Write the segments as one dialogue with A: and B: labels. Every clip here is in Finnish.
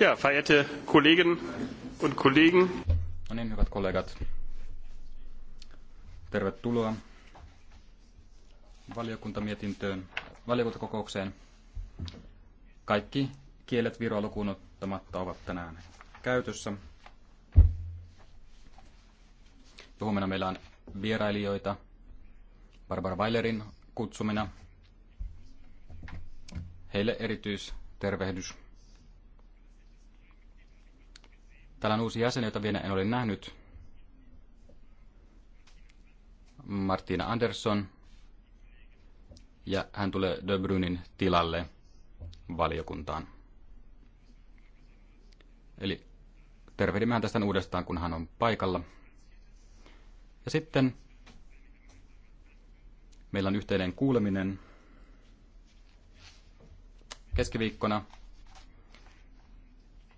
A: Ja, verehrte Kolleginnen und Kollegen. No niin, hyvät kollegat. Tervetuloa valiokuntamietintöön, valiokuntakokoukseen. Kaikki kielet Viroa lukuun ottamatta ovat tänään käytössä. Ja huomenna meillä on vierailijoita Barbara Weilerin kutsumina. Heille erityistervehdys. Täällä on uusi jäsen, jota vielä en ole nähnyt. Martina Andersson. Ja hän tulee De Brunin tilalle valiokuntaan. Eli tervehdimme häntä uudestaan, kun hän on paikalla. Ja sitten meillä on yhteinen kuuleminen keskiviikkona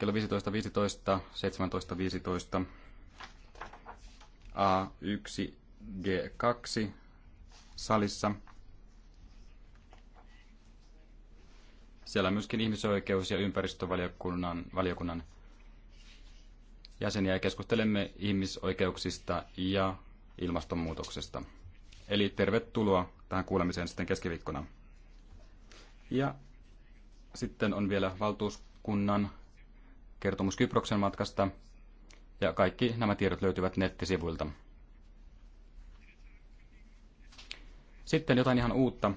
A: kello 15.15, 17.15, A1, G2 salissa. Siellä on myöskin ihmisoikeus- ja ympäristövaliokunnan valiokunnan jäseniä ja keskustelemme ihmisoikeuksista ja ilmastonmuutoksesta. Eli tervetuloa tähän kuulemiseen sitten keskiviikkona. Ja sitten on vielä valtuuskunnan kertomus Kyproksen matkasta, ja kaikki nämä tiedot löytyvät nettisivuilta. Sitten jotain ihan uutta,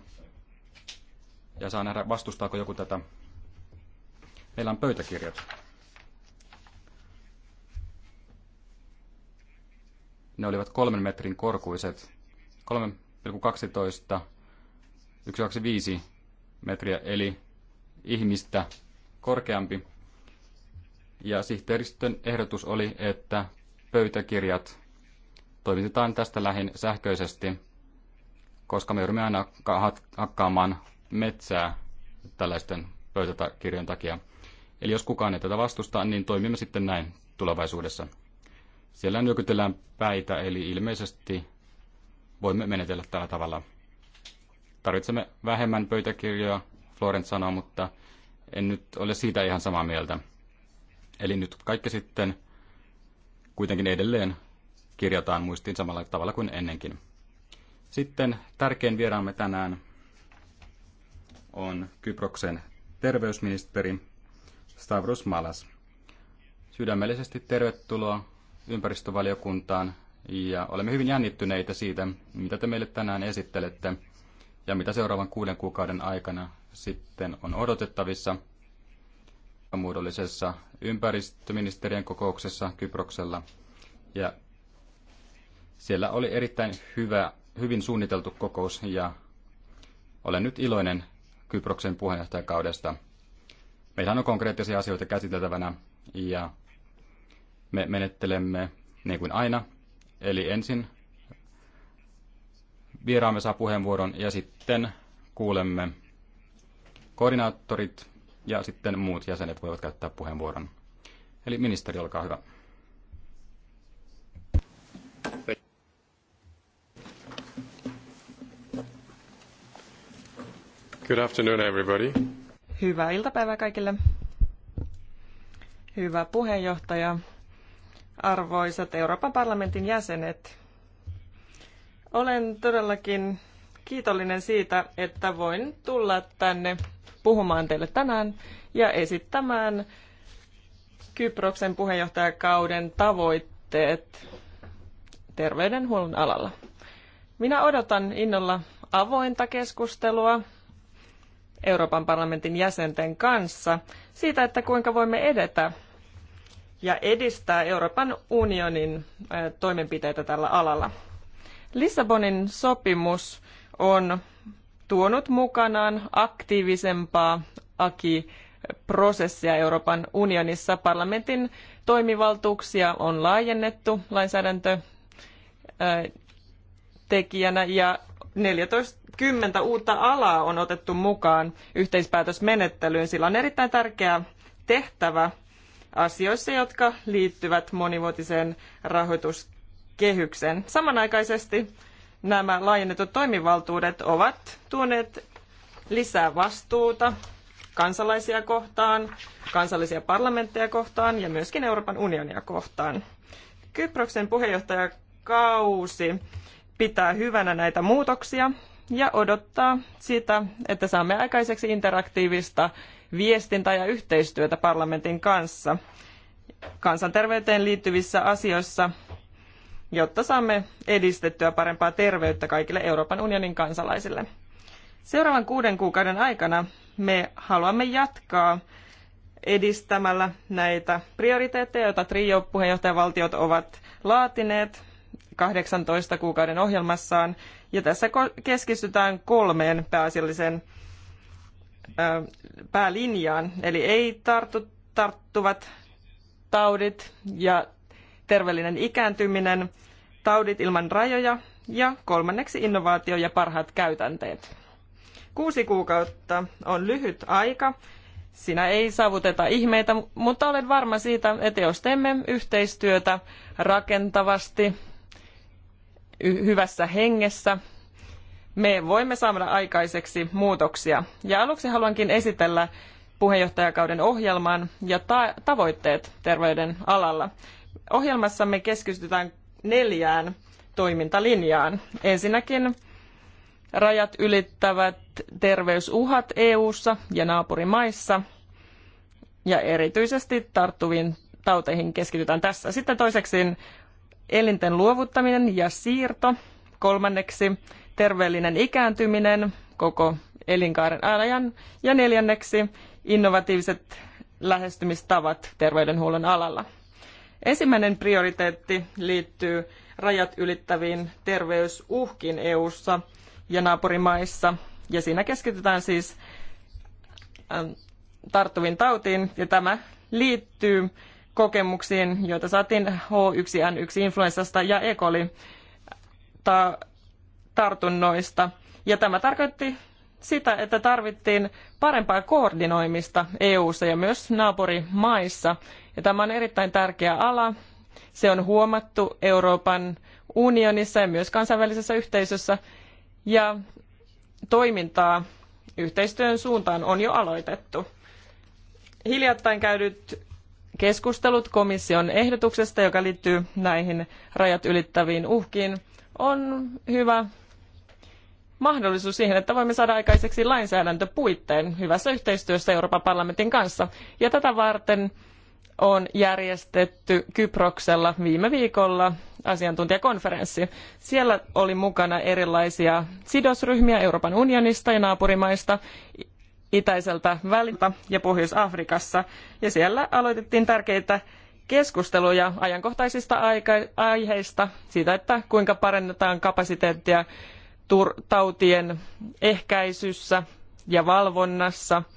A: ja saa nähdä vastustaako joku tätä. Meillä on pöytäkirjat. Ne olivat kolmen metrin korkuiset, 3,12, 1,25 metriä, eli ihmistä korkeampi. Ja sihteeristön ehdotus oli, että pöytäkirjat toimitetaan tästä lähin sähköisesti, koska me joudumme aina hakkaamaan metsää tällaisten pöytäkirjojen takia. Eli jos kukaan ei tätä vastusta, niin toimimme sitten näin tulevaisuudessa. Siellä nyökytellään päitä, eli ilmeisesti voimme menetellä tällä tavalla. Tarvitsemme vähemmän pöytäkirjoja, Florent sanoo, mutta en nyt ole siitä ihan samaa mieltä. Eli nyt kaikki sitten kuitenkin edelleen kirjataan muistiin samalla tavalla kuin ennenkin. Sitten tärkein vieraamme tänään on Kyproksen terveysministeri Stavros Malas. Sydämellisesti tervetuloa ympäristövaliokuntaan ja olemme hyvin jännittyneitä siitä, mitä te meille tänään esittelette ja mitä seuraavan kuuden kuukauden aikana sitten on odotettavissa – muodollisessa ympäristöministerien kokouksessa Kyproksella. Ja siellä oli erittäin hyvä, hyvin suunniteltu kokous ja olen nyt iloinen Kyproksen puheenjohtajakaudesta. Meillä on konkreettisia asioita käsiteltävänä ja me menettelemme niin kuin aina. Eli ensin vieraamme saa puheenvuoron ja sitten kuulemme koordinaattorit ja sitten muut jäsenet voivat käyttää puheenvuoron. Eli ministeri, olkaa hyvä. Good afternoon everybody.
B: Hyvää iltapäivää kaikille. Hyvä puheenjohtaja, arvoisat Euroopan parlamentin jäsenet. Olen todellakin kiitollinen siitä, että voin tulla tänne puhumaan teille tänään ja esittämään Kyproksen puheenjohtajakauden tavoitteet terveydenhuollon alalla. Minä odotan innolla avointa keskustelua Euroopan parlamentin jäsenten kanssa siitä, että kuinka voimme edetä ja edistää Euroopan unionin toimenpiteitä tällä alalla. Lissabonin sopimus on tuonut mukanaan aktiivisempaa aki prosessia Euroopan unionissa. Parlamentin toimivaltuuksia on laajennettu lainsäädäntötekijänä ja 14 kymmentä uutta alaa on otettu mukaan yhteispäätösmenettelyyn. Sillä on erittäin tärkeä tehtävä asioissa, jotka liittyvät monivuotiseen rahoituskehykseen. Samanaikaisesti nämä laajennetut toimivaltuudet ovat tuoneet lisää vastuuta kansalaisia kohtaan, kansallisia parlamentteja kohtaan ja myöskin Euroopan unionia kohtaan. Kyproksen puheenjohtajakausi pitää hyvänä näitä muutoksia ja odottaa sitä, että saamme aikaiseksi interaktiivista viestintää ja yhteistyötä parlamentin kanssa kansanterveyteen liittyvissä asioissa jotta saamme edistettyä parempaa terveyttä kaikille Euroopan unionin kansalaisille. Seuraavan kuuden kuukauden aikana me haluamme jatkaa edistämällä näitä prioriteetteja, joita Trio-puheenjohtajavaltiot ovat laatineet 18 kuukauden ohjelmassaan. Ja tässä keskitytään kolmeen pääasialliseen päälinjaan, eli ei tarttu, tarttuvat taudit ja terveellinen ikääntyminen, taudit ilman rajoja ja kolmanneksi innovaatio ja parhaat käytänteet. Kuusi kuukautta on lyhyt aika. Sinä ei saavuteta ihmeitä, mutta olen varma siitä, että jos teemme yhteistyötä rakentavasti, hyvässä hengessä, me voimme saada aikaiseksi muutoksia. Ja aluksi haluankin esitellä puheenjohtajakauden ohjelman ja ta- tavoitteet terveyden alalla. Ohjelmassamme keskitytään neljään toimintalinjaan. Ensinnäkin rajat ylittävät terveysuhat EU:ssa ja naapurimaissa ja erityisesti tarttuviin tauteihin keskitytään tässä. Sitten toiseksi elinten luovuttaminen ja siirto. Kolmanneksi terveellinen ikääntyminen koko elinkaaren ajan. Ja neljänneksi innovatiiviset lähestymistavat terveydenhuollon alalla. Ensimmäinen prioriteetti liittyy rajat ylittäviin terveysuhkiin EU:ssa ja naapurimaissa. Ja siinä keskitytään siis ähm, tarttuviin tautiin ja tämä liittyy kokemuksiin, joita saatiin H1N1-influenssasta ja E. coli tartunnoista. Ja tämä tarkoitti sitä, että tarvittiin parempaa koordinoimista EU:ssa ja myös naapurimaissa ja tämä on erittäin tärkeä ala. Se on huomattu Euroopan unionissa ja myös kansainvälisessä yhteisössä. Ja toimintaa yhteistyön suuntaan on jo aloitettu. Hiljattain käydyt keskustelut komission ehdotuksesta, joka liittyy näihin rajat ylittäviin uhkiin, on hyvä mahdollisuus siihen, että voimme saada aikaiseksi lainsäädäntöpuitteen hyvässä yhteistyössä Euroopan parlamentin kanssa. Ja tätä varten on järjestetty Kyproksella viime viikolla asiantuntijakonferenssi. Siellä oli mukana erilaisia sidosryhmiä Euroopan unionista ja naapurimaista, itäiseltä väliltä ja Pohjois-Afrikassa. Ja siellä aloitettiin tärkeitä keskusteluja ajankohtaisista aiheista, siitä, että kuinka parannetaan kapasiteettia tautien ehkäisyssä ja valvonnassa –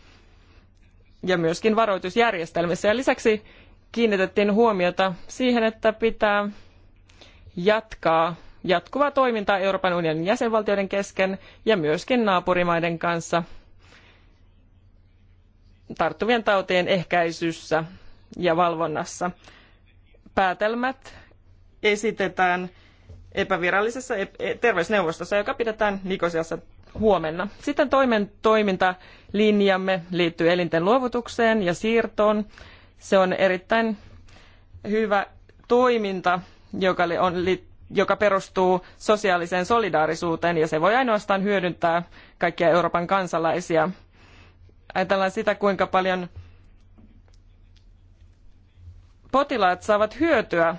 B: ja myöskin varoitusjärjestelmissä. Ja lisäksi kiinnitettiin huomiota siihen, että pitää jatkaa jatkuvaa toimintaa Euroopan unionin jäsenvaltioiden kesken ja myöskin naapurimaiden kanssa tarttuvien tautien ehkäisyssä ja valvonnassa. Päätelmät esitetään epävirallisessa terveysneuvostossa, joka pidetään Nikosiassa huomenna. Sitten toimen toimintalinjamme liittyy elinten luovutukseen ja siirtoon. Se on erittäin hyvä toiminta, joka, on, joka perustuu sosiaaliseen solidaarisuuteen ja se voi ainoastaan hyödyntää kaikkia Euroopan kansalaisia. Ajatellaan sitä, kuinka paljon potilaat saavat hyötyä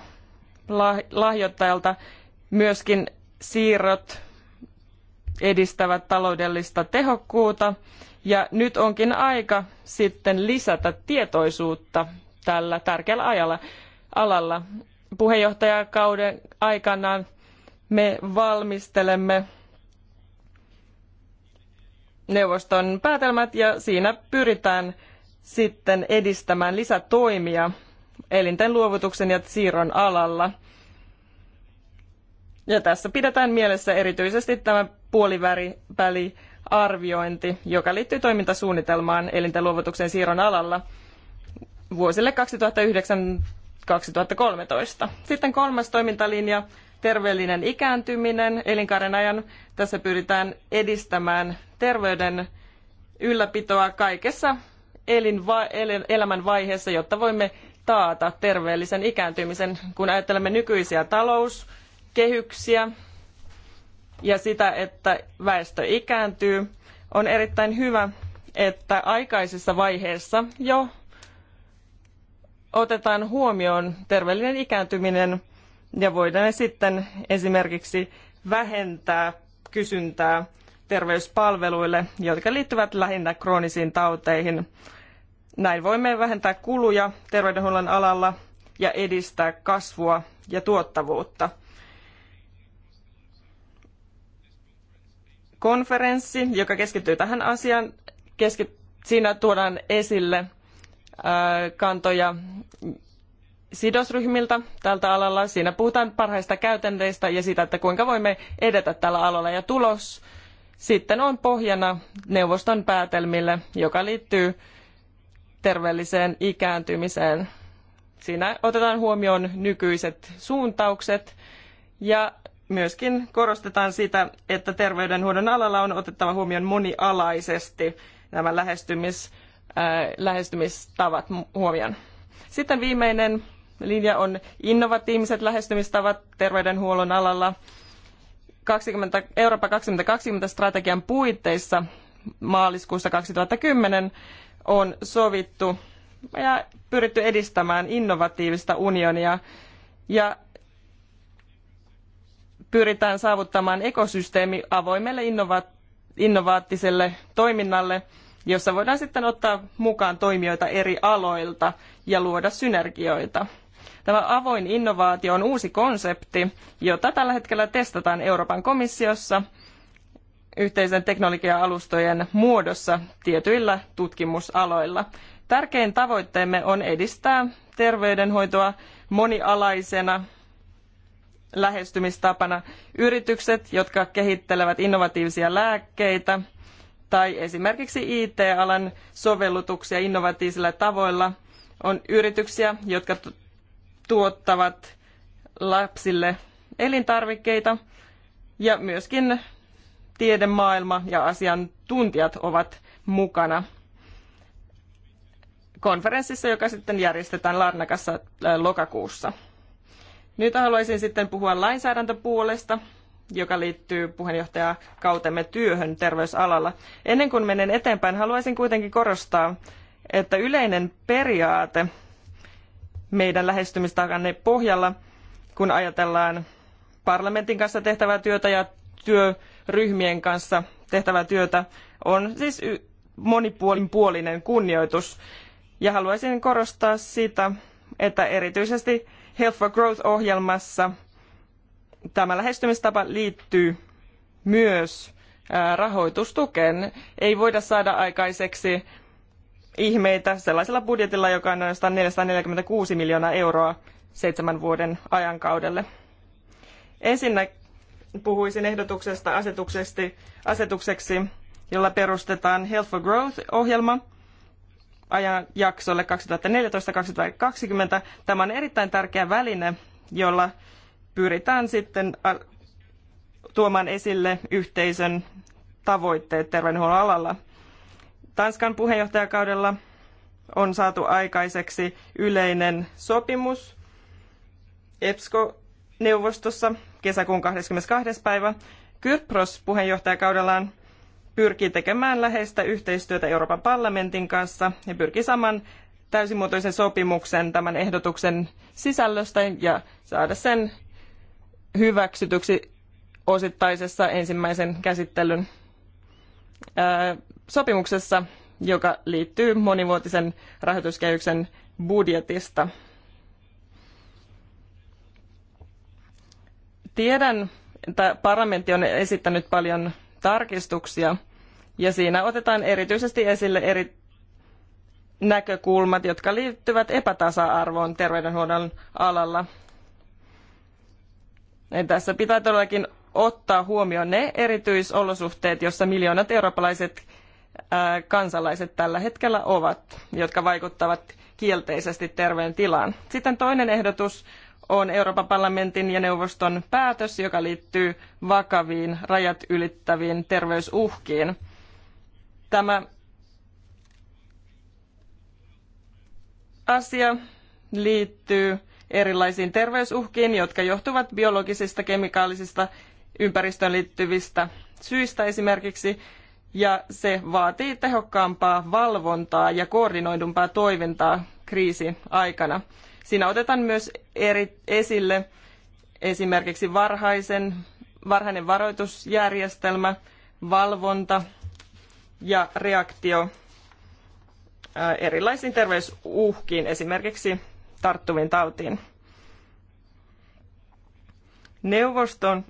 B: lahjoittajalta myöskin siirrot edistävät taloudellista tehokkuutta ja nyt onkin aika sitten lisätä tietoisuutta tällä tärkeällä ajalla, alalla. Puheenjohtajakauden aikana me valmistelemme neuvoston päätelmät ja siinä pyritään sitten edistämään lisätoimia elinten luovutuksen ja siirron alalla. Ja tässä pidetään mielessä erityisesti tämä puoliväli arviointi, joka liittyy toimintasuunnitelmaan elinten luovutuksen siirron alalla vuosille 2009-2013. Sitten kolmas toimintalinja, terveellinen ikääntyminen elinkaaren ajan. Tässä pyritään edistämään terveyden ylläpitoa kaikessa elämänvaiheessa, jotta voimme taata terveellisen ikääntymisen. Kun ajattelemme nykyisiä talous- kehyksiä ja sitä, että väestö ikääntyy, on erittäin hyvä, että aikaisessa vaiheessa jo otetaan huomioon terveellinen ikääntyminen ja voidaan sitten esimerkiksi vähentää kysyntää terveyspalveluille, jotka liittyvät lähinnä kroonisiin tauteihin. Näin voimme vähentää kuluja terveydenhuollon alalla ja edistää kasvua ja tuottavuutta. konferenssi, joka keskittyy tähän asiaan. Keski- siinä tuodaan esille äh, kantoja sidosryhmiltä tältä alalla. Siinä puhutaan parhaista käytänteistä ja siitä, että kuinka voimme edetä tällä alalla. Ja tulos sitten on pohjana neuvoston päätelmille, joka liittyy terveelliseen ikääntymiseen. Siinä otetaan huomioon nykyiset suuntaukset ja myöskin korostetaan sitä, että terveydenhuollon alalla on otettava huomioon monialaisesti nämä lähestymis, äh, lähestymistavat huomioon. Sitten viimeinen linja on innovatiiviset lähestymistavat terveydenhuollon alalla. 20, Eurooppa 2020 strategian puitteissa maaliskuussa 2010 on sovittu ja pyritty edistämään innovatiivista unionia ja pyritään saavuttamaan ekosysteemi avoimelle innovaattiselle toiminnalle, jossa voidaan sitten ottaa mukaan toimijoita eri aloilta ja luoda synergioita. Tämä avoin innovaatio on uusi konsepti, jota tällä hetkellä testataan Euroopan komissiossa yhteisen teknologia-alustojen muodossa tietyillä tutkimusaloilla. Tärkein tavoitteemme on edistää terveydenhoitoa monialaisena lähestymistapana yritykset, jotka kehittelevät innovatiivisia lääkkeitä tai esimerkiksi IT-alan sovellutuksia innovatiivisilla tavoilla, on yrityksiä, jotka tuottavat lapsille elintarvikkeita ja myöskin tiedemaailma ja asiantuntijat ovat mukana konferenssissa, joka sitten järjestetään Larnakassa äh, lokakuussa. Nyt haluaisin sitten puhua lainsäädäntöpuolesta joka liittyy puheenjohtajakautemme työhön terveysalalla. Ennen kuin menen eteenpäin, haluaisin kuitenkin korostaa, että yleinen periaate meidän lähestymistakanne pohjalla, kun ajatellaan parlamentin kanssa tehtävää työtä ja työryhmien kanssa tehtävää työtä, on siis monipuolinen kunnioitus. Ja haluaisin korostaa sitä, että erityisesti Health for Growth-ohjelmassa tämä lähestymistapa liittyy myös rahoitustukeen. Ei voida saada aikaiseksi ihmeitä sellaisella budjetilla, joka on noin 446 miljoonaa euroa seitsemän vuoden ajankaudelle. Ensinnä puhuisin ehdotuksesta asetukseksi, jolla perustetaan Health for Growth-ohjelma – ajanjaksolle 2014-2020. Tämä on erittäin tärkeä väline, jolla pyritään sitten tuomaan esille yhteisön tavoitteet terveydenhuollon alalla. Tanskan puheenjohtajakaudella on saatu aikaiseksi yleinen sopimus EPSCO-neuvostossa kesäkuun 22. päivä. Kypros puheenjohtajakaudellaan pyrkii tekemään läheistä yhteistyötä Euroopan parlamentin kanssa ja pyrkii saman täysimuotoisen sopimuksen tämän ehdotuksen sisällöstä ja saada sen hyväksytyksi osittaisessa ensimmäisen käsittelyn sopimuksessa, joka liittyy monivuotisen rahoituskehyksen budjetista. Tiedän, että parlamentti on esittänyt paljon tarkistuksia – ja siinä otetaan erityisesti esille eri näkökulmat, jotka liittyvät epätasa-arvoon terveydenhuollon alalla. Ja tässä pitää todellakin ottaa huomioon ne erityisolosuhteet, joissa miljoonat eurooppalaiset kansalaiset tällä hetkellä ovat, jotka vaikuttavat kielteisesti terveen tilaan. Sitten toinen ehdotus on Euroopan parlamentin ja neuvoston päätös, joka liittyy vakaviin rajat ylittäviin terveysuhkiin – Tämä asia liittyy erilaisiin terveysuhkiin, jotka johtuvat biologisista, kemikaalisista, ympäristöön liittyvistä syistä esimerkiksi, ja se vaatii tehokkaampaa valvontaa ja koordinoidumpaa toimintaa kriisin aikana. Siinä otetaan myös eri, esille esimerkiksi varhaisen, varhainen varoitusjärjestelmä, valvonta ja reaktio erilaisiin terveysuhkiin, esimerkiksi tarttuviin tautiin. Neuvoston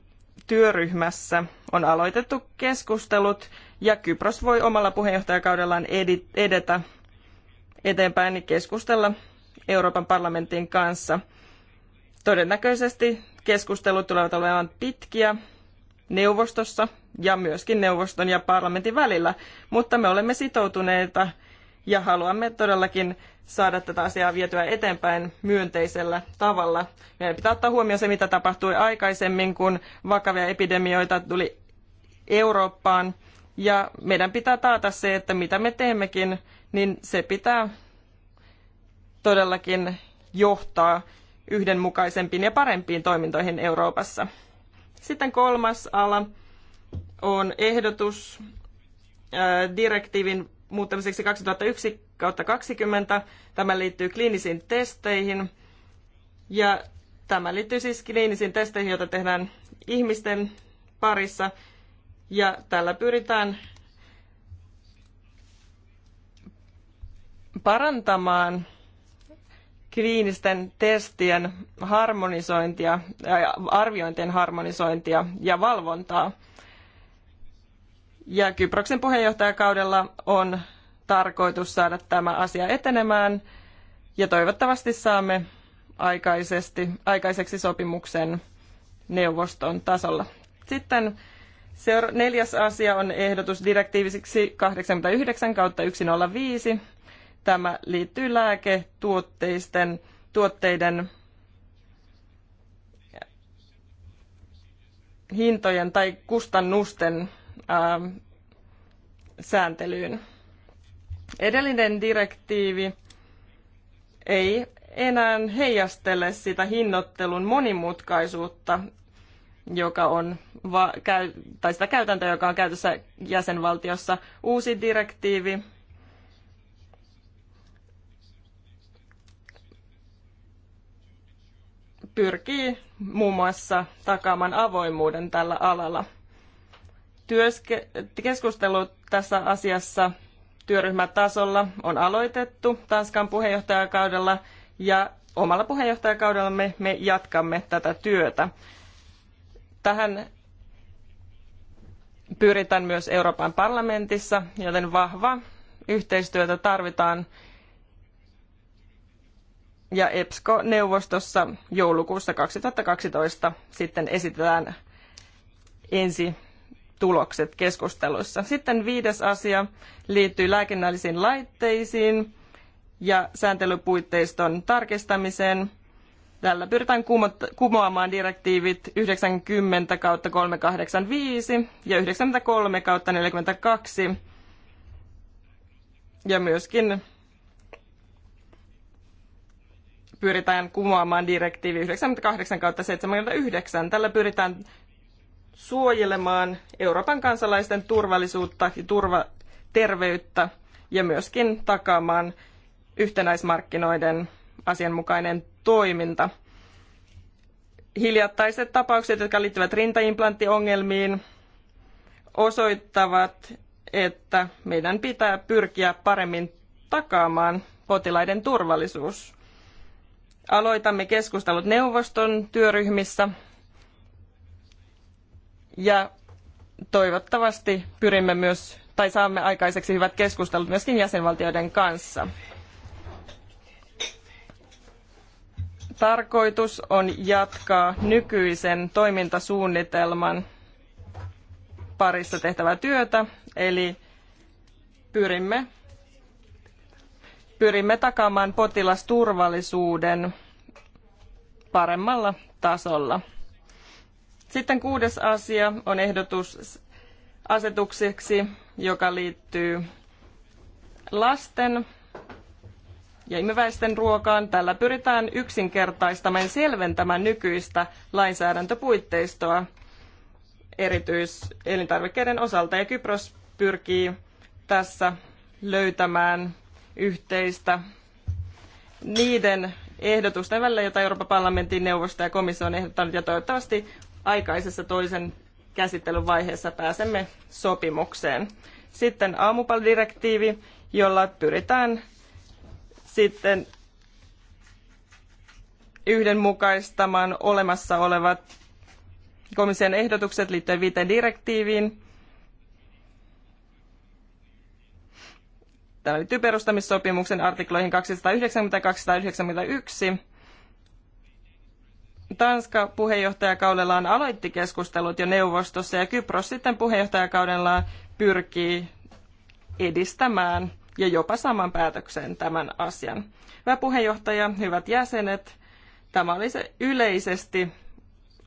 B: työryhmässä on aloitettu keskustelut ja Kypros voi omalla puheenjohtajakaudellaan edetä eteenpäin ja keskustella Euroopan parlamentin kanssa. Todennäköisesti keskustelut tulevat olemaan pitkiä neuvostossa ja myöskin neuvoston ja parlamentin välillä, mutta me olemme sitoutuneita ja haluamme todellakin saada tätä asiaa vietyä eteenpäin myönteisellä tavalla. Meidän pitää ottaa huomioon se, mitä tapahtui aikaisemmin, kun vakavia epidemioita tuli Eurooppaan. Ja meidän pitää taata se, että mitä me teemmekin, niin se pitää todellakin johtaa yhdenmukaisempiin ja parempiin toimintoihin Euroopassa. Sitten kolmas ala on ehdotus direktiivin muuttamiseksi 2001 2020 20. Tämä liittyy kliinisiin testeihin. Ja tämä liittyy siis kliinisiin testeihin, joita tehdään ihmisten parissa. Ja tällä pyritään parantamaan kliinisten testien harmonisointia, ja arviointien harmonisointia ja valvontaa. Ja Kyproksen puheenjohtajakaudella on tarkoitus saada tämä asia etenemään ja toivottavasti saamme aikaisesti, aikaiseksi sopimuksen neuvoston tasolla. Sitten neljäs asia on ehdotus direktiiviksi 89 105 Tämä liittyy lääketuotteisten tuotteiden hintojen tai kustannusten ää, ähm, sääntelyyn. Edellinen direktiivi ei enää heijastele sitä hinnoittelun monimutkaisuutta, joka on va- käy- tai sitä käytäntöä, joka on käytössä jäsenvaltiossa. Uusi direktiivi pyrkii muun muassa takaamaan avoimuuden tällä alalla. Työske- keskustelu tässä asiassa työryhmätasolla on aloitettu Tanskan puheenjohtajakaudella ja omalla puheenjohtajakaudellamme me jatkamme tätä työtä. Tähän pyritään myös Euroopan parlamentissa, joten vahva yhteistyötä tarvitaan ja EPSCO-neuvostossa joulukuussa 2012 sitten esitetään ensi tulokset keskusteluissa. Sitten viides asia liittyy lääkinnällisiin laitteisiin ja sääntelypuitteiston tarkistamiseen. Tällä pyritään kumoamaan direktiivit 90 kautta 385 ja 93 kautta 42 ja myöskin pyritään kumoamaan direktiivi 98-79. Tällä pyritään suojelemaan Euroopan kansalaisten turvallisuutta ja turvaterveyttä ja myöskin takaamaan yhtenäismarkkinoiden asianmukainen toiminta. Hiljattaiset tapaukset, jotka liittyvät rintaimplanttiongelmiin, osoittavat, että meidän pitää pyrkiä paremmin takaamaan potilaiden turvallisuus. Aloitamme keskustelut neuvoston työryhmissä ja toivottavasti pyrimme myös tai saamme aikaiseksi hyvät keskustelut myöskin jäsenvaltioiden kanssa. Tarkoitus on jatkaa nykyisen toimintasuunnitelman parissa tehtävää työtä, eli pyrimme pyrimme takaamaan potilasturvallisuuden paremmalla tasolla. Sitten kuudes asia on ehdotus asetukseksi, joka liittyy lasten ja imeväisten ruokaan. Tällä pyritään yksinkertaistamaan selventämään nykyistä lainsäädäntöpuitteistoa erityiselintarvikkeiden osalta. Ja Kypros pyrkii tässä löytämään yhteistä niiden ehdotusten välillä, jota Euroopan parlamentin neuvosto ja komissio on ehdottanut, ja toivottavasti aikaisessa toisen käsittelyn vaiheessa pääsemme sopimukseen. Sitten aamupaldirektiivi, jolla pyritään sitten yhdenmukaistamaan olemassa olevat komission ehdotukset liittyen viiteen direktiiviin tämä liittyy perustamissopimuksen artikloihin 290-291. Tanska puheenjohtajakaudellaan aloitti keskustelut jo neuvostossa ja Kypros sitten puheenjohtajakaudellaan pyrkii edistämään ja jopa saman päätökseen tämän asian. Hyvä puheenjohtaja, hyvät jäsenet, tämä oli se yleisesti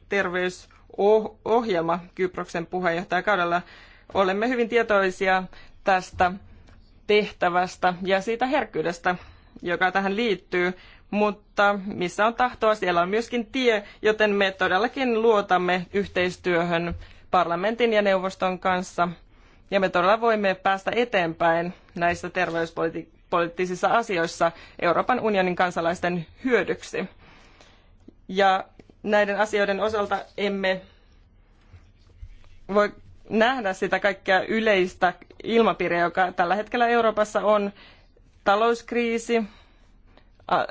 B: terveysohjelma Kyproksen puheenjohtajakaudella. Olemme hyvin tietoisia tästä tehtävästä ja siitä herkkyydestä, joka tähän liittyy, mutta missä on tahtoa, siellä on myöskin tie, joten me todellakin luotamme yhteistyöhön parlamentin ja neuvoston kanssa. Ja me todella voimme päästä eteenpäin näissä terveyspoliittisissa asioissa Euroopan unionin kansalaisten hyödyksi. Ja näiden asioiden osalta emme voi nähdä sitä kaikkea yleistä ilmapiiriä, joka tällä hetkellä Euroopassa on. Talouskriisi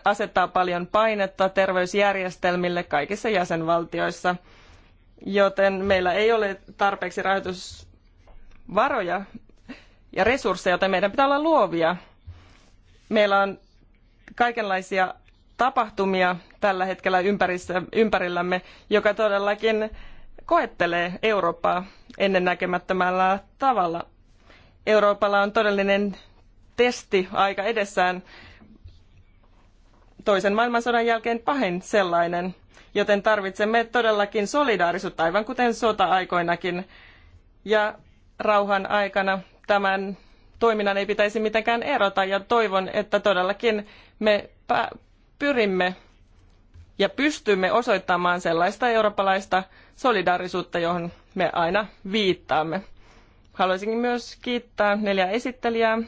B: asettaa paljon painetta terveysjärjestelmille kaikissa jäsenvaltioissa, joten meillä ei ole tarpeeksi rahoitusvaroja ja resursseja, joten meidän pitää olla luovia. Meillä on kaikenlaisia tapahtumia tällä hetkellä ympärillämme, joka todellakin koettelee Eurooppaa ennennäkemättömällä tavalla. Euroopalla on todellinen testi aika edessään toisen maailmansodan jälkeen pahin sellainen, joten tarvitsemme todellakin solidaarisuutta, aivan kuten sota-aikoinakin. Ja rauhan aikana tämän toiminnan ei pitäisi mitenkään erota, ja toivon, että todellakin me pyrimme ja pystymme osoittamaan sellaista eurooppalaista solidaarisuutta, johon me aina viittaamme. Haluaisin myös kiittää neljä esittelijää.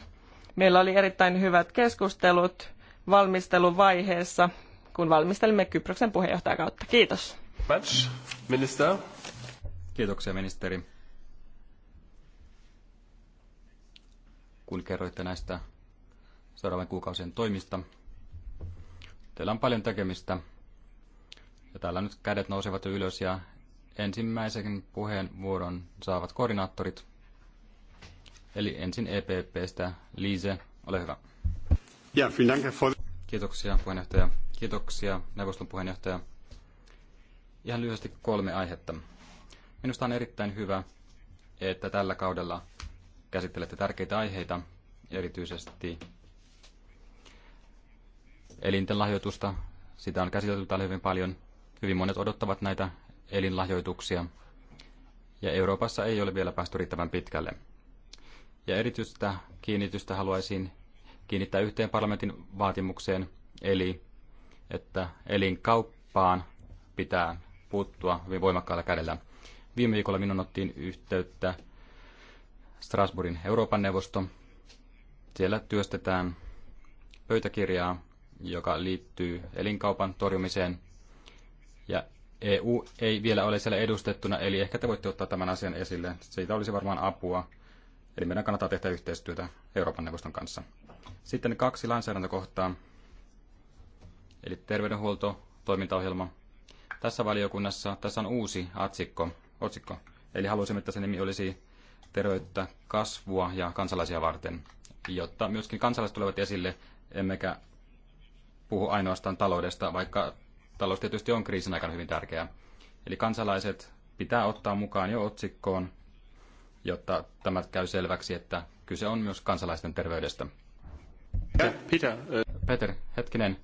B: Meillä oli erittäin hyvät keskustelut valmisteluvaiheessa, kun valmistelimme Kyproksen puheenjohtajakautta. Kiitos.
A: Minister. Kiitoksia ministeri. Kun kerroitte näistä seuraavan kuukausien toimista, teillä on paljon tekemistä ja täällä nyt kädet nousevat jo ylös ja ensimmäisen puheenvuoron saavat koordinaattorit. Eli ensin EPPstä Liise, ole hyvä. Ja, Kiitoksia puheenjohtaja. Kiitoksia neuvoston puheenjohtaja. Ihan lyhyesti kolme aihetta. Minusta on erittäin hyvä, että tällä kaudella käsittelette tärkeitä aiheita, erityisesti elinten lahjoitusta. Sitä on käsitelty täällä hyvin paljon. Hyvin monet odottavat näitä elinlahjoituksia, ja Euroopassa ei ole vielä päästy riittävän pitkälle. Ja erityistä kiinnitystä haluaisin kiinnittää yhteen parlamentin vaatimukseen, eli että elinkauppaan pitää puuttua hyvin voimakkaalla kädellä. Viime viikolla minun ottiin yhteyttä Strasbourgin Euroopan neuvosto. Siellä työstetään pöytäkirjaa, joka liittyy elinkaupan torjumiseen. EU ei vielä ole siellä edustettuna, eli ehkä te voitte ottaa tämän asian esille. Siitä olisi varmaan apua. Eli meidän kannattaa tehdä yhteistyötä Euroopan neuvoston kanssa. Sitten kaksi lainsäädäntökohtaa, eli terveydenhuolto, toimintaohjelma. Tässä valiokunnassa tässä on uusi atsikko, otsikko, eli haluaisimme, että se nimi olisi terveyttä, kasvua ja kansalaisia varten, jotta myöskin kansalaiset tulevat esille, emmekä puhu ainoastaan taloudesta, vaikka Talous tietysti on kriisin aikana hyvin tärkeää. Eli kansalaiset pitää ottaa mukaan jo otsikkoon, jotta tämä käy selväksi, että kyse on myös kansalaisten terveydestä. Peter, Peter hetkinen.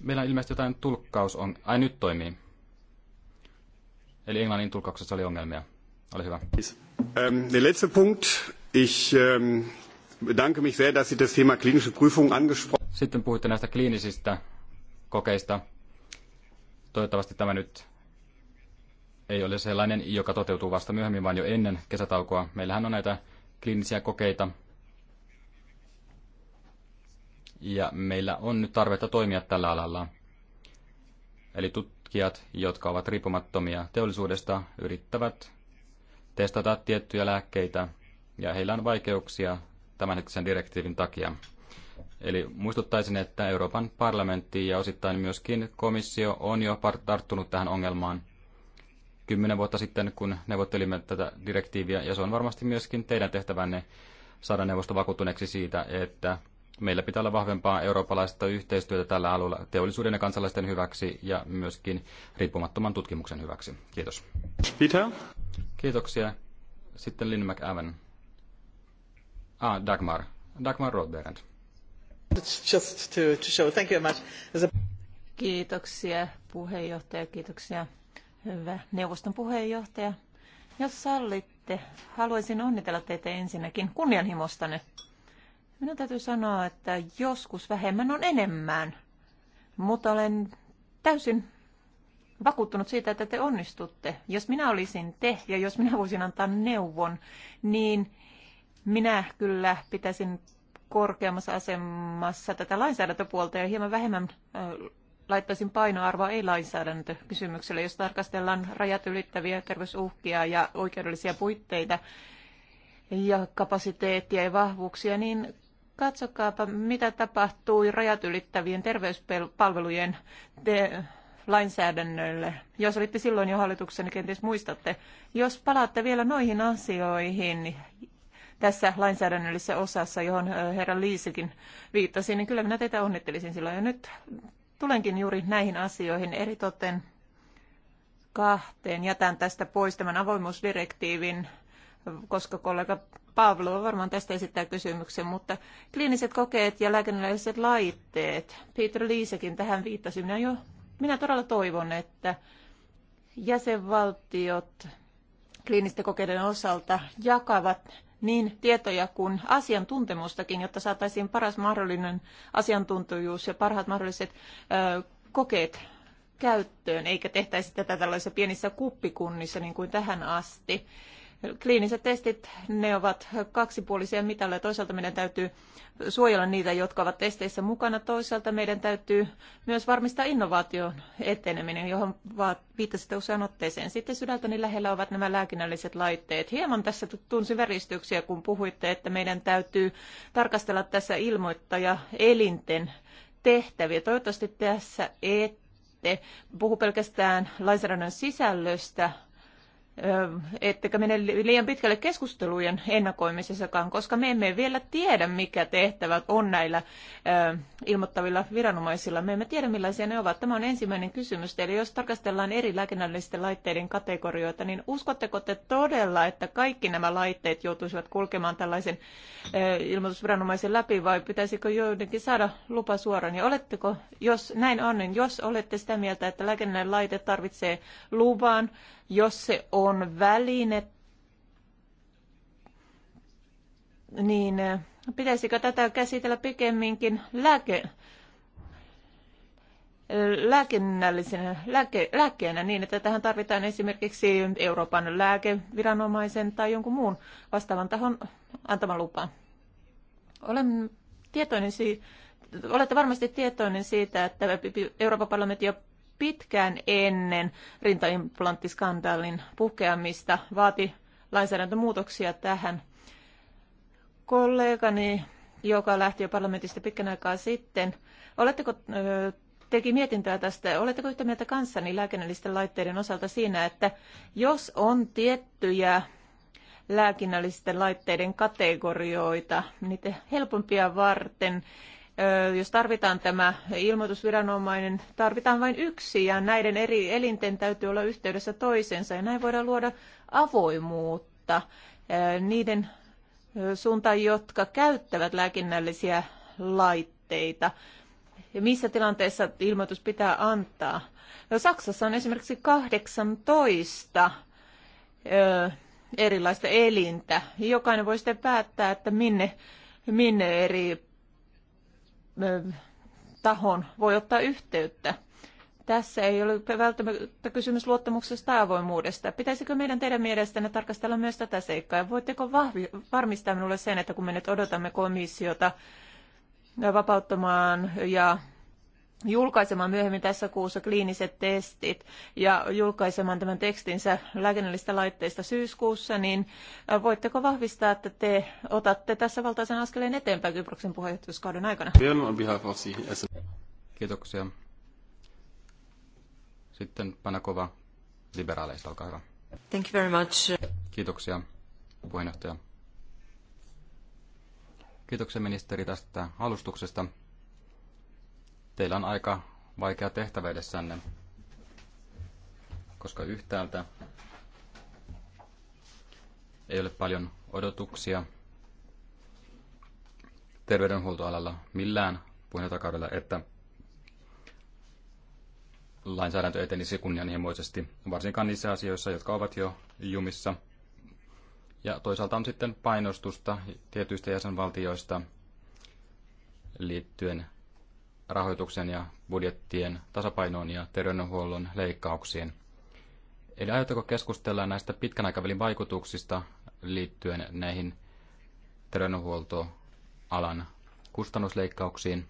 A: Meillä on ilmeisesti jotain tulkkaus on... Ai nyt toimii. Eli englannin tulkauksessa oli ongelmia. Ole hyvä. Ähm, der letzte Punkt. Ich ähm, bedanke mich sehr, dass Sie das Thema klinische Prüfung angesprochen Sitten puhuitte näistä kliinisistä kokeista. Toivottavasti tämä nyt ei ole sellainen, joka toteutuu vasta myöhemmin, vaan jo ennen kesätaukoa. Meillähän on näitä kliinisiä kokeita. Ja meillä on nyt tarvetta toimia tällä alalla. Eli tutkijat, jotka ovat riippumattomia teollisuudesta, yrittävät testata tiettyjä lääkkeitä, ja heillä on vaikeuksia tämänhetkisen direktiivin takia. Eli muistuttaisin, että Euroopan parlamentti ja osittain myöskin komissio on jo tarttunut tähän ongelmaan kymmenen vuotta sitten, kun neuvottelimme tätä direktiiviä, ja se on varmasti myöskin teidän tehtävänne saada neuvosto vakuuttuneeksi siitä, että meillä pitää olla vahvempaa eurooppalaista yhteistyötä tällä alueella teollisuuden ja kansalaisten hyväksi ja myöskin riippumattoman tutkimuksen hyväksi. Kiitos. Peter. Kiitoksia. Sitten Lynn McAven. Ah, Dagmar. Dagmar Rodberend.
C: Kiitoksia puheenjohtaja, kiitoksia hyvä neuvoston puheenjohtaja. Jos sallitte, haluaisin onnitella teitä ensinnäkin kunnianhimostanne. Minun täytyy sanoa, että joskus vähemmän on enemmän, mutta olen täysin vakuuttunut siitä, että te onnistutte. Jos minä olisin te ja jos minä voisin antaa neuvon, niin minä kyllä pitäisin korkeammassa asemassa tätä lainsäädäntöpuolta ja hieman vähemmän laittaisin painoarvoa ei-lainsäädäntökysymykselle, jos tarkastellaan rajat ylittäviä terveysuhkia ja oikeudellisia puitteita ja kapasiteettia ja vahvuuksia, niin katsokaapa, mitä tapahtui rajat ylittävien terveyspalvelujen te- lainsäädännölle. Jos olitte silloin jo hallituksen, niin kenties muistatte. Jos palaatte vielä noihin asioihin tässä lainsäädännöllisessä osassa, johon herra Liisikin viittasi, niin kyllä minä teitä onnittelisin silloin. Ja nyt tulenkin juuri näihin asioihin eritoten kahteen. Jätän tästä pois tämän avoimuusdirektiivin, koska kollega Pavlo varmaan tästä esittää kysymyksen, mutta kliiniset kokeet ja lääkinnälliset laitteet. Peter Liisekin tähän viittasi. Minä, jo, minä todella toivon, että jäsenvaltiot kliinisten kokeiden osalta jakavat niin tietoja kuin asiantuntemustakin, jotta saataisiin paras mahdollinen asiantuntijuus ja parhaat mahdolliset kokeet käyttöön, eikä tehtäisi tätä tällaisissa pienissä kuppikunnissa niin kuin tähän asti. Kliiniset testit, ne ovat kaksipuolisia mitalle. toisaalta meidän täytyy suojella niitä, jotka ovat testeissä mukana. Toisaalta meidän täytyy myös varmistaa innovaation eteneminen, johon viittasitte usean otteeseen. Sitten sydältäni lähellä ovat nämä lääkinnälliset laitteet. Hieman tässä tunsin väristyksiä, kun puhuitte, että meidän täytyy tarkastella tässä ilmoittaja elinten tehtäviä. Toivottavasti tässä ette puhu pelkästään lainsäädännön sisällöstä, ettekä mene liian pitkälle keskustelujen ennakoimisessakaan, koska me emme vielä tiedä, mikä tehtävä on näillä ilmoittavilla viranomaisilla. Me emme tiedä, millaisia ne ovat. Tämä on ensimmäinen kysymys. Eli jos tarkastellaan eri lääkinnällisten laitteiden kategorioita, niin uskotteko te todella, että kaikki nämä laitteet joutuisivat kulkemaan tällaisen ilmoitusviranomaisen läpi, vai pitäisikö joidenkin saada lupa suoraan? Ja oletteko, jos näin on, niin jos olette sitä mieltä, että lääkinnällinen laite tarvitsee luvan, jos se on väline, niin eh, pitäisikö tätä käsitellä pikemminkin lääke, eh, lääkinnällisenä, lääke, lääkkeenä niin, että tähän tarvitaan esimerkiksi Euroopan lääkeviranomaisen tai jonkun muun vastaavan tahon antama lupa. Olen tietoinen siitä, olette varmasti tietoinen siitä, että Euroopan parlamentti ja pitkään ennen rintaimplanttiskandaalin puhkeamista vaati lainsäädäntömuutoksia tähän. Kollegani, joka lähti jo parlamentista pitkän aikaa sitten, oletteko teki mietintöä tästä. Oletteko yhtä mieltä kanssani lääkinnällisten laitteiden osalta siinä, että jos on tiettyjä lääkinnällisten laitteiden kategorioita, niitä helpompia varten jos tarvitaan tämä ilmoitusviranomainen, tarvitaan vain yksi ja näiden eri elinten täytyy olla yhteydessä toisensa ja näin voidaan luoda avoimuutta niiden suuntaan, jotka käyttävät lääkinnällisiä laitteita ja missä tilanteessa ilmoitus pitää antaa. No, Saksassa on esimerkiksi 18 ö, erilaista elintä. Jokainen voi sitten päättää, että minne, minne eri tahon voi ottaa yhteyttä. Tässä ei ole välttämättä kysymys luottamuksesta ja avoimuudesta. Pitäisikö meidän teidän mielestänne tarkastella myös tätä seikkaa? Ja voitteko vahvi, varmistaa minulle sen, että kun me nyt odotamme komissiota vapauttamaan ja julkaisemaan myöhemmin tässä kuussa kliiniset testit ja julkaisemaan tämän tekstinsä lääkinnällistä laitteista syyskuussa, niin voitteko vahvistaa, että te otatte tässä valtaisen askeleen eteenpäin Kyproksen puheenjohtajuuskauden aikana?
A: Kiitoksia. Sitten Panakova liberaaleista, olkaa hyvä. Thank you very much. Kiitoksia puheenjohtaja. Kiitoksia ministeri tästä alustuksesta teillä on aika vaikea tehtävä edessänne, koska yhtäältä ei ole paljon odotuksia terveydenhuoltoalalla millään puheenjohtajakaudella, että lainsäädäntö etenisi kunnianhimoisesti, varsinkaan niissä asioissa, jotka ovat jo jumissa. Ja toisaalta on sitten painostusta tietyistä jäsenvaltioista liittyen rahoituksen ja budjettien tasapainoon ja terveydenhuollon leikkauksiin. Eli aiotteko keskustella näistä pitkän aikavälin vaikutuksista liittyen näihin terveydenhuoltoalan kustannusleikkauksiin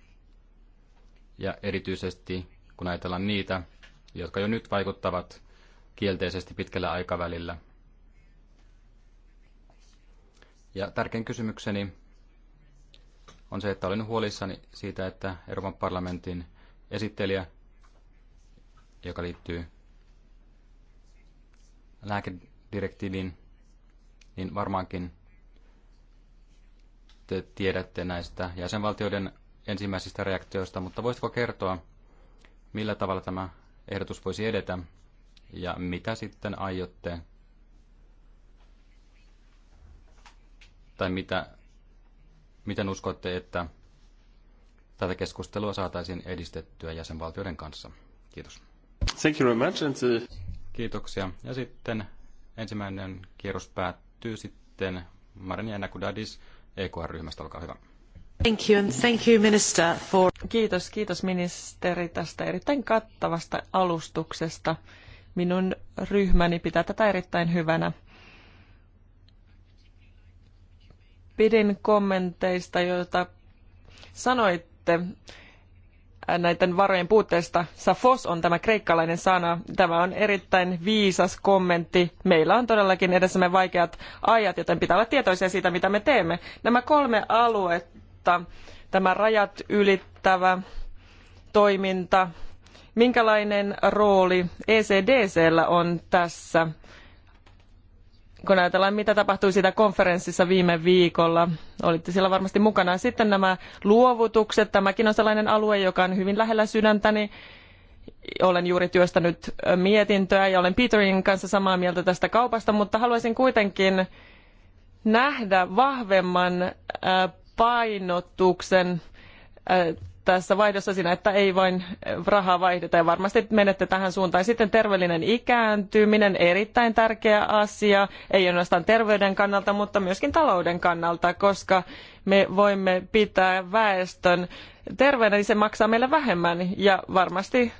A: ja erityisesti kun ajatellaan niitä, jotka jo nyt vaikuttavat kielteisesti pitkällä aikavälillä. Ja tärkein kysymykseni on se, että olen huolissani siitä, että Euroopan parlamentin esittelijä, joka liittyy lääkedirektiiviin, niin varmaankin te tiedätte näistä jäsenvaltioiden ensimmäisistä reaktioista, mutta voisitko kertoa, millä tavalla tämä ehdotus voisi edetä ja mitä sitten aiotte tai mitä miten uskotte, että tätä keskustelua saataisiin edistettyä jäsenvaltioiden kanssa? Kiitos. Thank you very much. And uh, Kiitoksia. Ja sitten ensimmäinen kierros päättyy sitten Marina Nakudadis EKR-ryhmästä. Olkaa hyvä.
B: Thank you and thank you minister for... Kiitos, kiitos ministeri tästä erittäin kattavasta alustuksesta. Minun ryhmäni pitää tätä erittäin hyvänä. pidin kommenteista, joita sanoitte näiden varojen puutteesta. Safos on tämä kreikkalainen sana. Tämä on erittäin viisas kommentti. Meillä on todellakin edessämme vaikeat ajat, joten pitää olla tietoisia siitä, mitä me teemme. Nämä kolme aluetta, tämä rajat ylittävä toiminta, minkälainen rooli ECDCllä on tässä? kun ajatellaan, mitä tapahtui siitä konferenssissa viime viikolla, olitte siellä varmasti mukana. Sitten nämä luovutukset, tämäkin on sellainen alue, joka on hyvin lähellä sydäntäni. Olen juuri työstänyt mietintöä ja olen Peterin kanssa samaa mieltä tästä kaupasta, mutta haluaisin kuitenkin nähdä vahvemman painotuksen tässä vaihdossa siinä, että ei vain rahaa vaihdeta ja varmasti menette tähän suuntaan. Sitten terveellinen ikääntyminen, erittäin tärkeä asia, ei ainoastaan terveyden kannalta, mutta myöskin talouden kannalta, koska me voimme pitää väestön terveenä, niin se maksaa meille vähemmän ja varmasti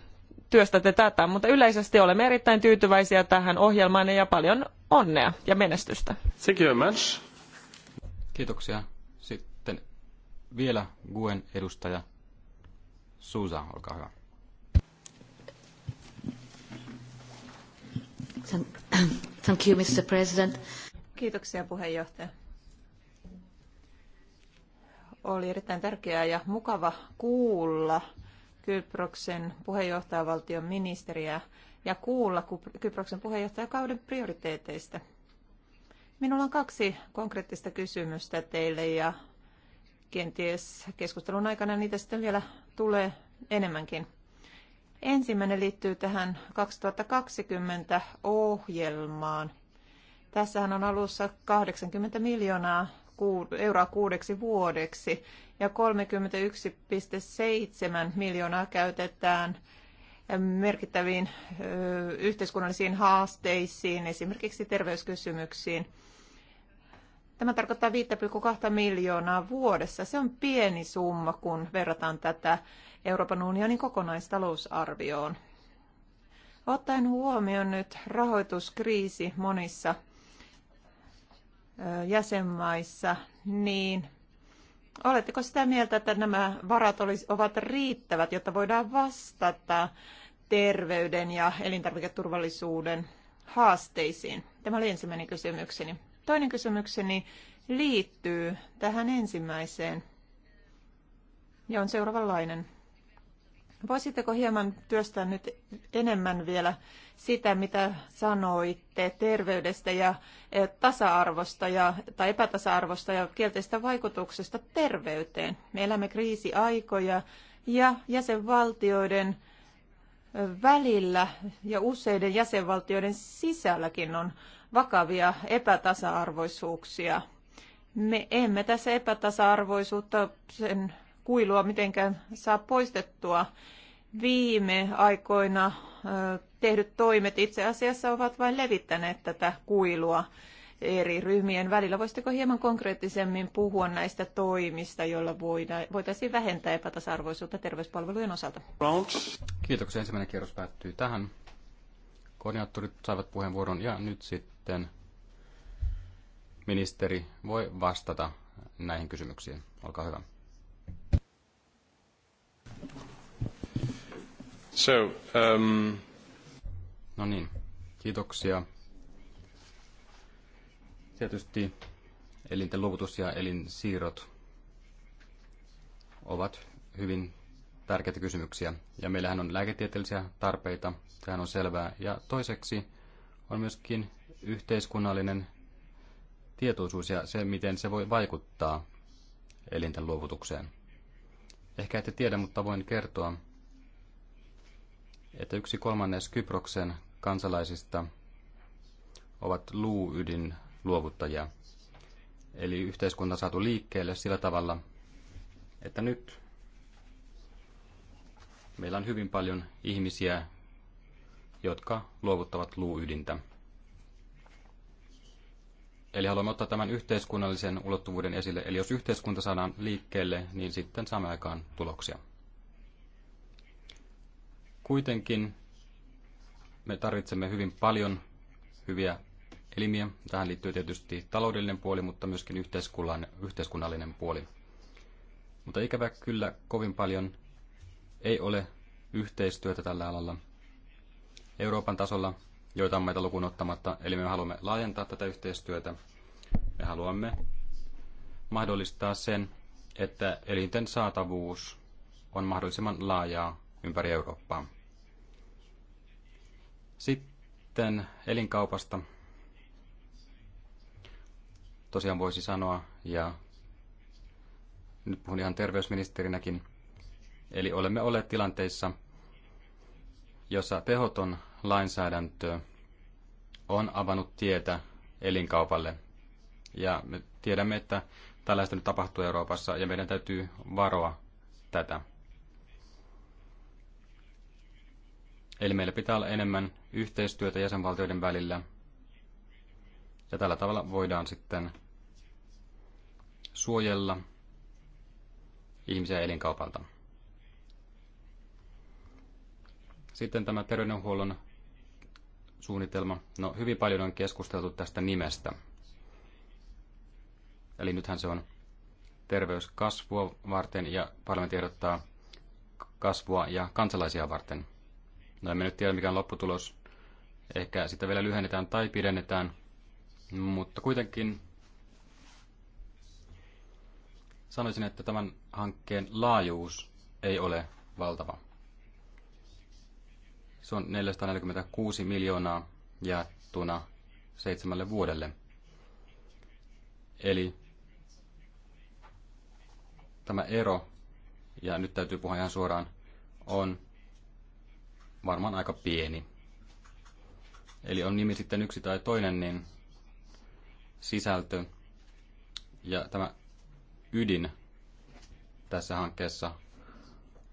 B: työstätte tätä, mutta yleisesti olemme erittäin tyytyväisiä tähän ohjelmaan ja paljon
A: onnea ja menestystä. Thank you very much. Kiitoksia. Sitten vielä Guen edustaja Suusa, olkaa hyvä. Thank you, Mr. President.
C: Kiitoksia puheenjohtaja. Oli erittäin tärkeää ja mukava kuulla Kyproksen puheenjohtajavaltion ministeriä ja kuulla Kyproksen puheenjohtajakauden prioriteeteista. Minulla on kaksi konkreettista kysymystä teille ja kenties keskustelun aikana niitä sitten vielä tulee enemmänkin. Ensimmäinen liittyy tähän 2020 ohjelmaan. Tässähän on alussa 80 miljoonaa euroa kuudeksi vuodeksi ja 31,7 miljoonaa käytetään merkittäviin yhteiskunnallisiin haasteisiin, esimerkiksi terveyskysymyksiin – Tämä tarkoittaa 5,2 miljoonaa vuodessa. Se on pieni summa, kun verrataan tätä Euroopan unionin kokonaistalousarvioon. Ottaen huomioon nyt rahoituskriisi monissa jäsenmaissa, niin oletteko sitä mieltä, että nämä varat olis, ovat riittävät, jotta voidaan vastata terveyden ja elintarviketurvallisuuden haasteisiin? Tämä oli ensimmäinen kysymykseni. Toinen kysymykseni liittyy tähän ensimmäiseen ja on seuraavanlainen. Voisitteko hieman työstää nyt enemmän vielä sitä, mitä sanoitte terveydestä ja eh, tasa-arvosta ja, tai epätasa-arvosta ja kielteistä vaikutuksesta terveyteen? Me elämme kriisiaikoja ja jäsenvaltioiden eh, välillä ja useiden jäsenvaltioiden sisälläkin on vakavia epätasa-arvoisuuksia. Me emme tässä epätasa-arvoisuutta, sen kuilua mitenkään saa poistettua. Viime aikoina tehdyt toimet itse asiassa ovat vain levittäneet tätä kuilua eri ryhmien välillä. Voisitteko hieman konkreettisemmin puhua näistä toimista, joilla voitaisiin vähentää epätasa-arvoisuutta terveyspalvelujen osalta?
A: Kiitoksia. Ensimmäinen kierros päättyy tähän. Koordinaattorit saivat puheenvuoron ja nyt sitten sitten ministeri voi vastata näihin kysymyksiin. Olkaa hyvä. So, um... No niin, kiitoksia. Tietysti elinten luovutus ja elinsiirrot ovat hyvin tärkeitä kysymyksiä. Ja meillähän on lääketieteellisiä tarpeita, Tähän on selvää. Ja toiseksi on myöskin yhteiskunnallinen tietoisuus ja se, miten se voi vaikuttaa elinten luovutukseen. Ehkä ette tiedä, mutta voin kertoa, että yksi kolmannes Kyproksen kansalaisista ovat luuydin luovuttajia. Eli yhteiskunta saatu liikkeelle sillä tavalla, että nyt meillä on hyvin paljon ihmisiä, jotka luovuttavat luuydintä. Eli haluamme ottaa tämän yhteiskunnallisen ulottuvuuden esille. Eli jos yhteiskunta saadaan liikkeelle, niin sitten saamme aikaan tuloksia. Kuitenkin me tarvitsemme hyvin paljon hyviä elimiä. Tähän liittyy tietysti taloudellinen puoli, mutta myöskin yhteiskunnallinen puoli. Mutta ikävä kyllä kovin paljon ei ole yhteistyötä tällä alalla. Euroopan tasolla on meitä lukuun ottamatta. Eli me haluamme laajentaa tätä yhteistyötä. Me haluamme mahdollistaa sen, että elinten saatavuus on mahdollisimman laajaa ympäri Eurooppaa. Sitten elinkaupasta tosiaan voisi sanoa, ja nyt puhun ihan terveysministerinäkin, eli olemme olleet tilanteissa, jossa tehoton lainsäädäntö on avannut tietä elinkaupalle. Ja me tiedämme, että tällaista nyt tapahtuu Euroopassa ja meidän täytyy varoa tätä. Eli meillä pitää olla enemmän yhteistyötä jäsenvaltioiden välillä. Ja tällä tavalla voidaan sitten suojella ihmisiä elinkaupalta. Sitten tämä terveydenhuollon suunnitelma. No, hyvin paljon on keskusteltu tästä nimestä. Eli nythän se on terveyskasvua varten ja parlamentti ehdottaa kasvua ja kansalaisia varten. No emme nyt tiedä, mikä on lopputulos. Ehkä sitä vielä lyhennetään tai pidennetään, mutta kuitenkin sanoisin, että tämän hankkeen laajuus ei ole valtava. Se on 446 miljoonaa jaettuna seitsemälle vuodelle. Eli tämä ero, ja nyt täytyy puhua ihan suoraan, on varmaan aika pieni. Eli on nimi sitten yksi tai toinen, niin sisältö ja tämä ydin tässä hankkeessa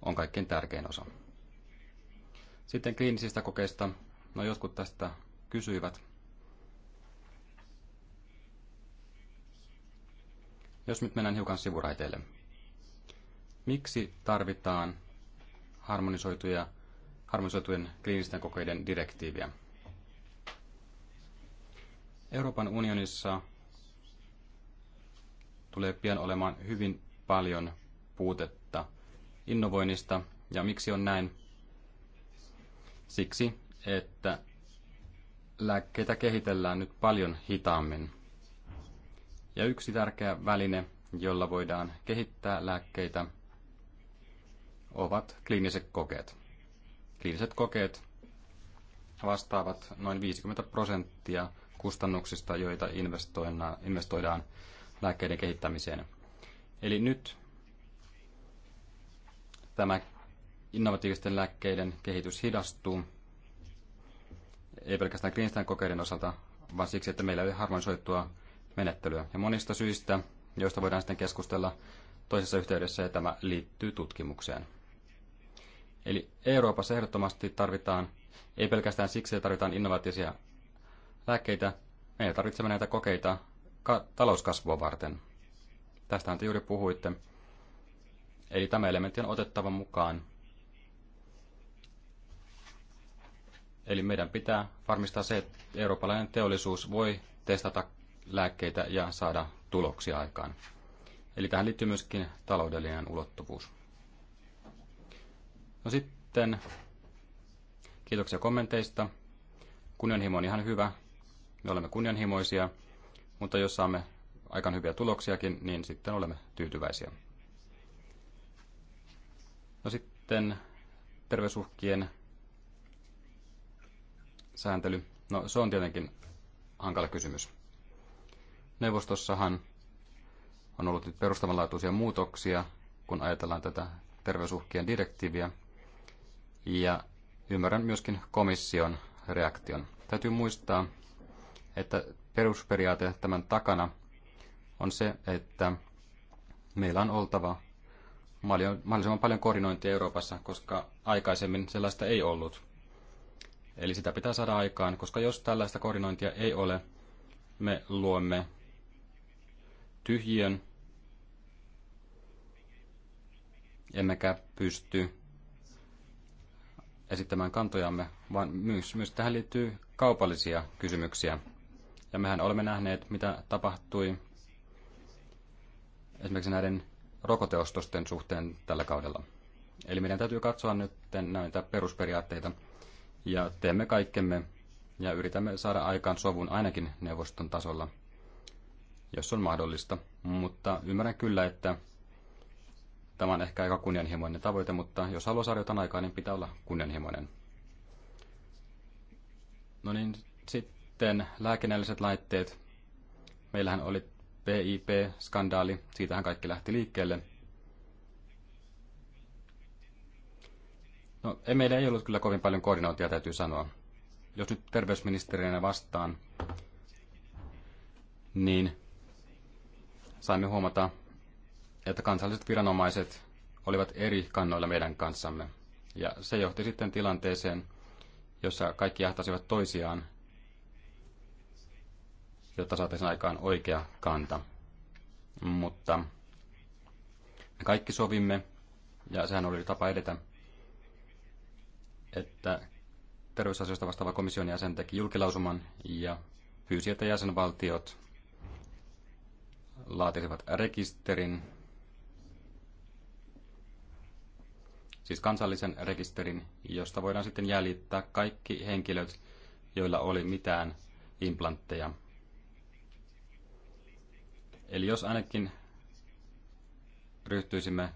A: on kaikkein tärkein osa. Sitten kliinisistä kokeista. No jotkut tästä kysyivät. Jos nyt mennään hiukan sivuraiteille. Miksi tarvitaan harmonisoituja, harmonisoitujen kliinisten kokeiden direktiiviä? Euroopan unionissa tulee pian olemaan hyvin paljon puutetta innovoinnista, ja miksi on näin? siksi, että lääkkeitä kehitellään nyt paljon hitaammin. Ja yksi tärkeä väline, jolla voidaan kehittää lääkkeitä, ovat kliiniset kokeet. Kliiniset kokeet vastaavat noin 50 prosenttia kustannuksista, joita investoidaan lääkkeiden kehittämiseen. Eli nyt tämä innovatiivisten lääkkeiden kehitys hidastuu, ei pelkästään kliinisten kokeiden osalta, vaan siksi, että meillä ei ole harmonisoitua menettelyä. Ja monista syistä, joista voidaan sitten keskustella toisessa yhteydessä, ja tämä liittyy tutkimukseen. Eli Euroopassa ehdottomasti tarvitaan, ei pelkästään siksi, että tarvitaan innovatiivisia lääkkeitä, meidän tarvitsemme näitä kokeita ka- talouskasvua varten. Tästähän te juuri puhuitte. Eli tämä elementti on otettava mukaan Eli meidän pitää varmistaa se, että eurooppalainen teollisuus voi testata lääkkeitä ja saada tuloksia aikaan. Eli tähän liittyy myöskin taloudellinen ulottuvuus. No sitten, kiitoksia kommenteista. Kunnianhimo on ihan hyvä. Me olemme kunnianhimoisia, mutta jos saamme aikaan hyviä tuloksiakin, niin sitten olemme tyytyväisiä. No sitten terveysuhkien sääntely? No se on tietenkin hankala kysymys. Neuvostossahan on ollut nyt perustavanlaatuisia muutoksia, kun ajatellaan tätä terveysuhkien direktiiviä. Ja ymmärrän myöskin komission reaktion. Täytyy muistaa, että perusperiaate tämän takana on se, että meillä on oltava mahdollisimman paljon koordinointia Euroopassa, koska aikaisemmin sellaista ei ollut. Eli sitä pitää saada aikaan, koska jos tällaista koordinointia ei ole, me luomme tyhjön, emmekä pysty esittämään kantojamme, vaan myös, myös tähän liittyy kaupallisia kysymyksiä. Ja mehän olemme nähneet, mitä tapahtui esimerkiksi näiden rokoteostosten suhteen tällä kaudella. Eli meidän täytyy katsoa nyt näitä perusperiaatteita ja teemme kaikkemme ja yritämme saada aikaan sovun ainakin neuvoston tasolla, jos on mahdollista. Mutta ymmärrän kyllä, että tämä on ehkä aika kunnianhimoinen tavoite, mutta jos haluaa saada jotain aikaa, niin pitää olla kunnianhimoinen. No niin, sitten lääkinnälliset laitteet. Meillähän oli PIP-skandaali, siitähän kaikki lähti liikkeelle – No, ei, meillä ei ollut kyllä kovin paljon koordinointia, täytyy sanoa. Jos nyt terveysministerinä vastaan, niin saimme huomata, että kansalliset viranomaiset olivat eri kannoilla meidän kanssamme. Ja se johti sitten tilanteeseen, jossa kaikki jahtasivat toisiaan, jotta saataisiin aikaan oikea kanta. Mutta me kaikki sovimme, ja sehän oli tapa edetä että terveysasioista vastaava komission jäsen teki julkilausuman ja pyysi, että jäsenvaltiot laatisivat rekisterin, siis kansallisen rekisterin, josta voidaan sitten jäljittää kaikki henkilöt, joilla oli mitään implantteja. Eli jos ainakin ryhtyisimme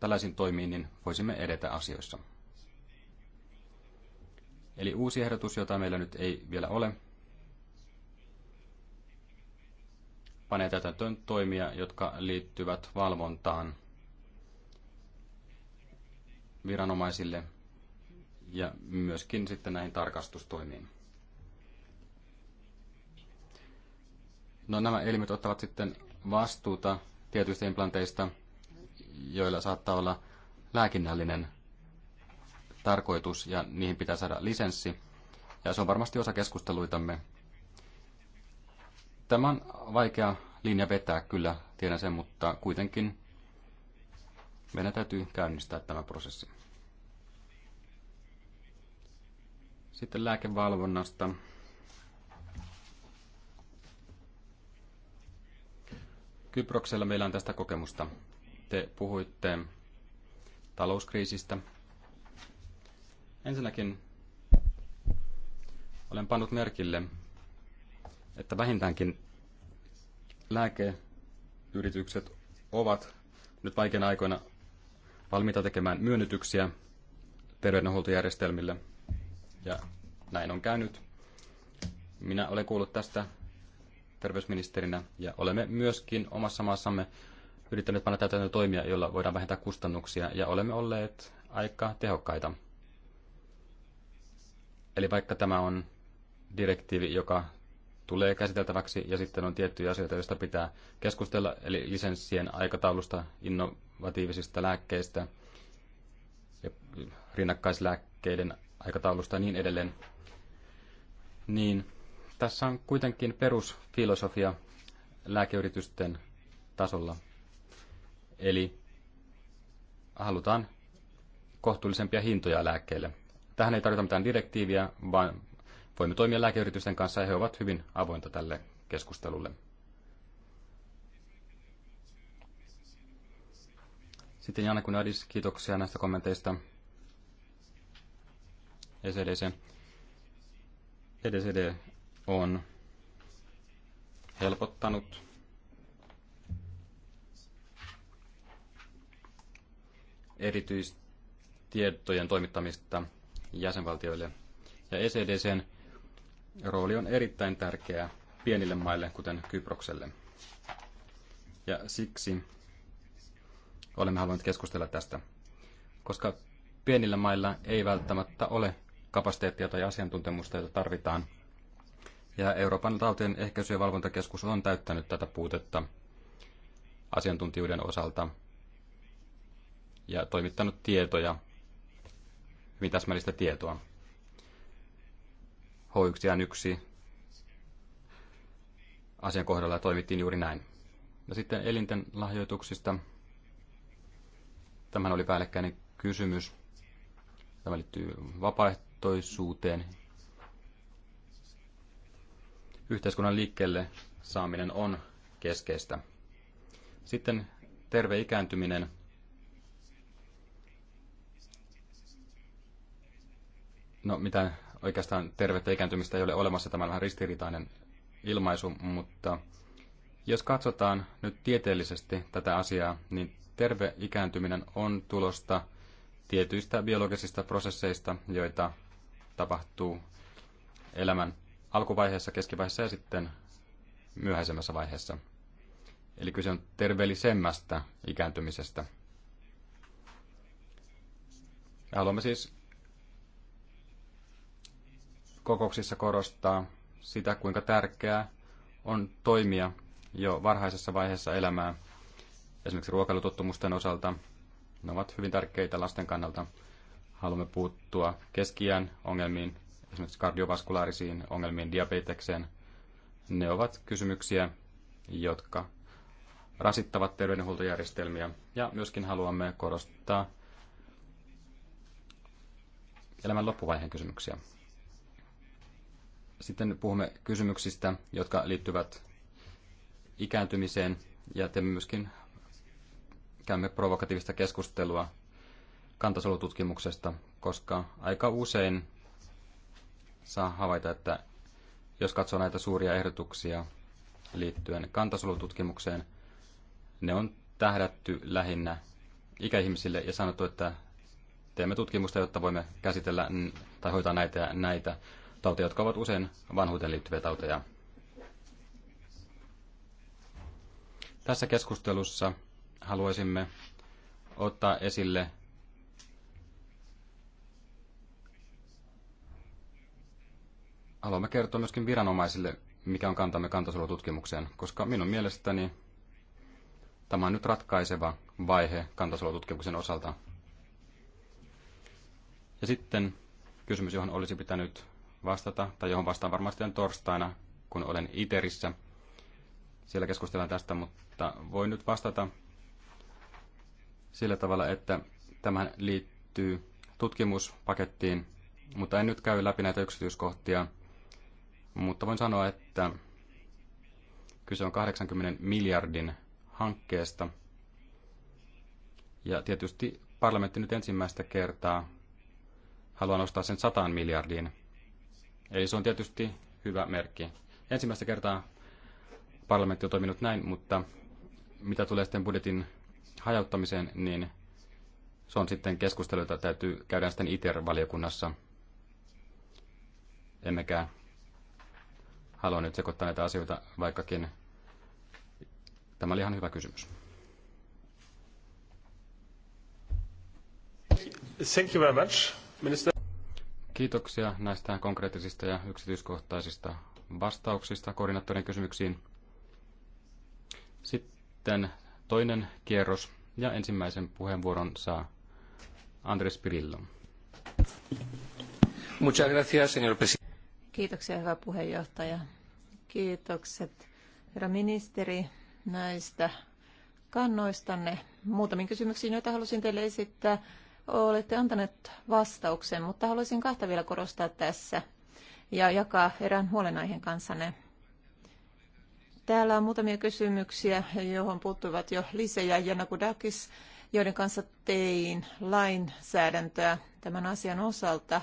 A: tällaisiin toimiin, niin voisimme edetä asioissa. Eli uusi ehdotus, jota meillä nyt ei vielä ole, panee täytäntöön toimia, jotka liittyvät valvontaan viranomaisille ja myöskin sitten näihin tarkastustoimiin. No nämä elimet ottavat sitten vastuuta tietyistä implanteista, joilla saattaa olla lääkinnällinen tarkoitus ja niihin pitää saada lisenssi. Ja se on varmasti osa keskusteluitamme. Tämä on vaikea linja vetää, kyllä tiedän sen, mutta kuitenkin meidän täytyy käynnistää tämä prosessi. Sitten lääkevalvonnasta. Kyproksella meillä on tästä kokemusta. Te puhuitte talouskriisistä Ensinnäkin olen pannut merkille, että vähintäänkin lääkeyritykset ovat nyt vaikeina aikoina valmiita tekemään myönnytyksiä terveydenhuoltojärjestelmille. Ja näin on käynyt. Minä olen kuullut tästä terveysministerinä ja olemme myöskin omassa maassamme yrittäneet panna täytäntöön toimia, joilla voidaan vähentää kustannuksia ja olemme olleet aika tehokkaita. Eli vaikka tämä on direktiivi, joka tulee käsiteltäväksi ja sitten on tiettyjä asioita, joista pitää keskustella, eli lisenssien aikataulusta, innovatiivisista lääkkeistä, rinnakkaislääkkeiden aikataulusta ja niin edelleen, niin tässä on kuitenkin perusfilosofia lääkeyritysten tasolla. Eli halutaan kohtuullisempia hintoja lääkkeille. Tähän ei tarvita mitään direktiiviä, vaan voimme toimia lääkeyritysten kanssa ja he ovat hyvin avointa tälle keskustelulle. Sitten Janne Kunadis, kiitoksia näistä kommenteista. ECDC. EDCD on helpottanut erityistietojen toimittamista jäsenvaltioille. Ja ECDCn rooli on erittäin tärkeä pienille maille, kuten Kyprokselle. Ja siksi olemme halunneet keskustella tästä, koska pienillä mailla ei välttämättä ole kapasiteettia tai asiantuntemusta, jota tarvitaan. Ja Euroopan tautien ehkäisy- ja valvontakeskus on täyttänyt tätä puutetta asiantuntijuuden osalta ja toimittanut tietoja hyvin täsmällistä tietoa. h 1 ja 1 asian kohdalla toimittiin juuri näin. Ja sitten elinten lahjoituksista. Tämähän oli päällekkäinen kysymys. Tämä liittyy vapaaehtoisuuteen. Yhteiskunnan liikkeelle saaminen on keskeistä. Sitten terve ikääntyminen No mitään oikeastaan tervettä ikääntymistä ei ole olemassa, tämä on vähän ristiriitainen ilmaisu, mutta jos katsotaan nyt tieteellisesti tätä asiaa, niin terve ikääntyminen on tulosta tietyistä biologisista prosesseista, joita tapahtuu elämän alkuvaiheessa, keskivaiheessa ja sitten myöhäisemmässä vaiheessa. Eli kyse on terveellisemmästä ikääntymisestä. Me haluamme siis kokouksissa korostaa sitä, kuinka tärkeää on toimia jo varhaisessa vaiheessa elämää, esimerkiksi ruokailutottumusten osalta. Ne ovat hyvin tärkeitä lasten kannalta. Haluamme puuttua keskiään ongelmiin, esimerkiksi kardiovaskulaarisiin ongelmiin, diabetekseen. Ne ovat kysymyksiä, jotka rasittavat terveydenhuoltojärjestelmiä. Ja myöskin haluamme korostaa elämän loppuvaiheen kysymyksiä. Sitten puhumme kysymyksistä, jotka liittyvät ikääntymiseen ja teemme myöskin käymme provokatiivista keskustelua kantasolututkimuksesta, koska aika usein saa havaita, että jos katsoo näitä suuria ehdotuksia liittyen kantasolututkimukseen, ne on tähdätty lähinnä ikäihmisille ja sanottu, että teemme tutkimusta, jotta voimme käsitellä tai hoitaa näitä ja näitä tauteja, jotka ovat usein vanhuuteen liittyviä tauteja. Tässä keskustelussa haluaisimme ottaa esille haluamme kertoa myöskin viranomaisille, mikä on kantamme kantasolututkimukseen, koska minun mielestäni tämä on nyt ratkaiseva vaihe kantasolututkimuksen osalta. Ja sitten kysymys, johon olisi pitänyt vastata, tai johon vastaan varmasti on torstaina, kun olen ITERissä. Siellä keskustellaan tästä, mutta voin nyt vastata sillä tavalla, että tämä liittyy tutkimuspakettiin, mutta en nyt käy läpi näitä yksityiskohtia, mutta voin sanoa, että kyse on 80 miljardin hankkeesta. Ja tietysti parlamentti nyt ensimmäistä kertaa haluaa nostaa sen 100 miljardiin. Eli se on tietysti hyvä merkki. Ensimmäistä kertaa parlamentti on toiminut näin, mutta mitä tulee sitten budjetin hajauttamiseen, niin se on sitten keskustelu, jota täytyy käydä sitten ITER-valiokunnassa. Emmekä halua nyt sekoittaa näitä asioita, vaikkakin tämä oli ihan hyvä kysymys.
D: Thank you very much,
A: Minister. Kiitoksia näistä konkreettisista ja yksityiskohtaisista vastauksista koordinaattorin kysymyksiin. Sitten toinen kierros ja ensimmäisen puheenvuoron saa Andres Pirillo. Muchas gracias, señor
C: Kiitoksia, hyvä puheenjohtaja. Kiitokset, herra ministeri, näistä kannoistanne. Muutamiin kysymyksiin, joita halusin teille esittää olette antaneet vastauksen, mutta haluaisin kahta vielä korostaa tässä ja jakaa erään huolenaiheen kanssanne. Täällä on muutamia kysymyksiä, johon puuttuivat jo Lise ja Kudakis, joiden kanssa tein lainsäädäntöä tämän asian osalta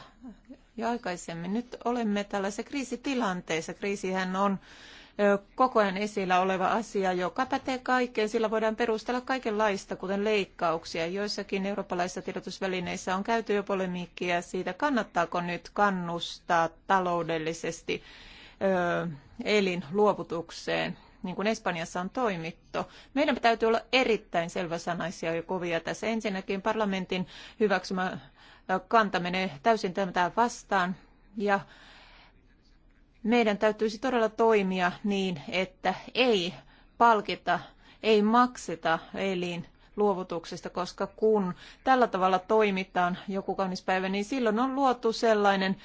C: jo aikaisemmin. Nyt olemme tällaisessa kriisitilanteessa. Kriisihän on koko ajan esillä oleva asia, joka pätee kaikkeen. Sillä voidaan perustella kaikenlaista, kuten leikkauksia. Joissakin eurooppalaisissa tiedotusvälineissä on käyty jo polemiikkia siitä, kannattaako nyt kannustaa taloudellisesti elinluovutukseen niin kuin Espanjassa on toimittu. Meidän täytyy olla erittäin selväsanaisia ja kovia tässä. Ensinnäkin parlamentin hyväksymä kanta menee täysin tätä vastaan ja meidän täytyisi todella toimia niin, että ei palkita, ei makseta elin luovutuksista, koska kun tällä tavalla toimitaan joku kaunis päivä, niin silloin on luotu sellainen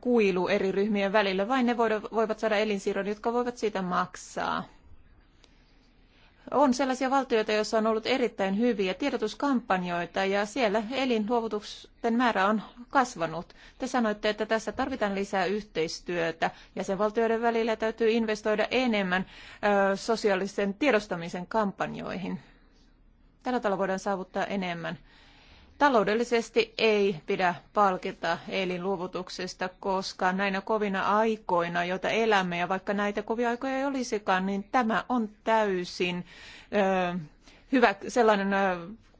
C: kuilu eri ryhmien välillä. Vain ne voivat saada elinsiirron, jotka voivat siitä maksaa on sellaisia valtioita, joissa on ollut erittäin hyviä tiedotuskampanjoita ja siellä elinluovutusten määrä on kasvanut. Te sanoitte, että tässä tarvitaan lisää yhteistyötä ja sen valtioiden välillä täytyy investoida enemmän ö, sosiaalisen tiedostamisen kampanjoihin. Tällä tavalla voidaan saavuttaa enemmän. Taloudellisesti ei pidä palkita elinluovutuksesta, koska näinä kovina aikoina, joita elämme, ja vaikka näitä kovia aikoja ei olisikaan, niin tämä on täysin ö, hyvä, sellainen ö,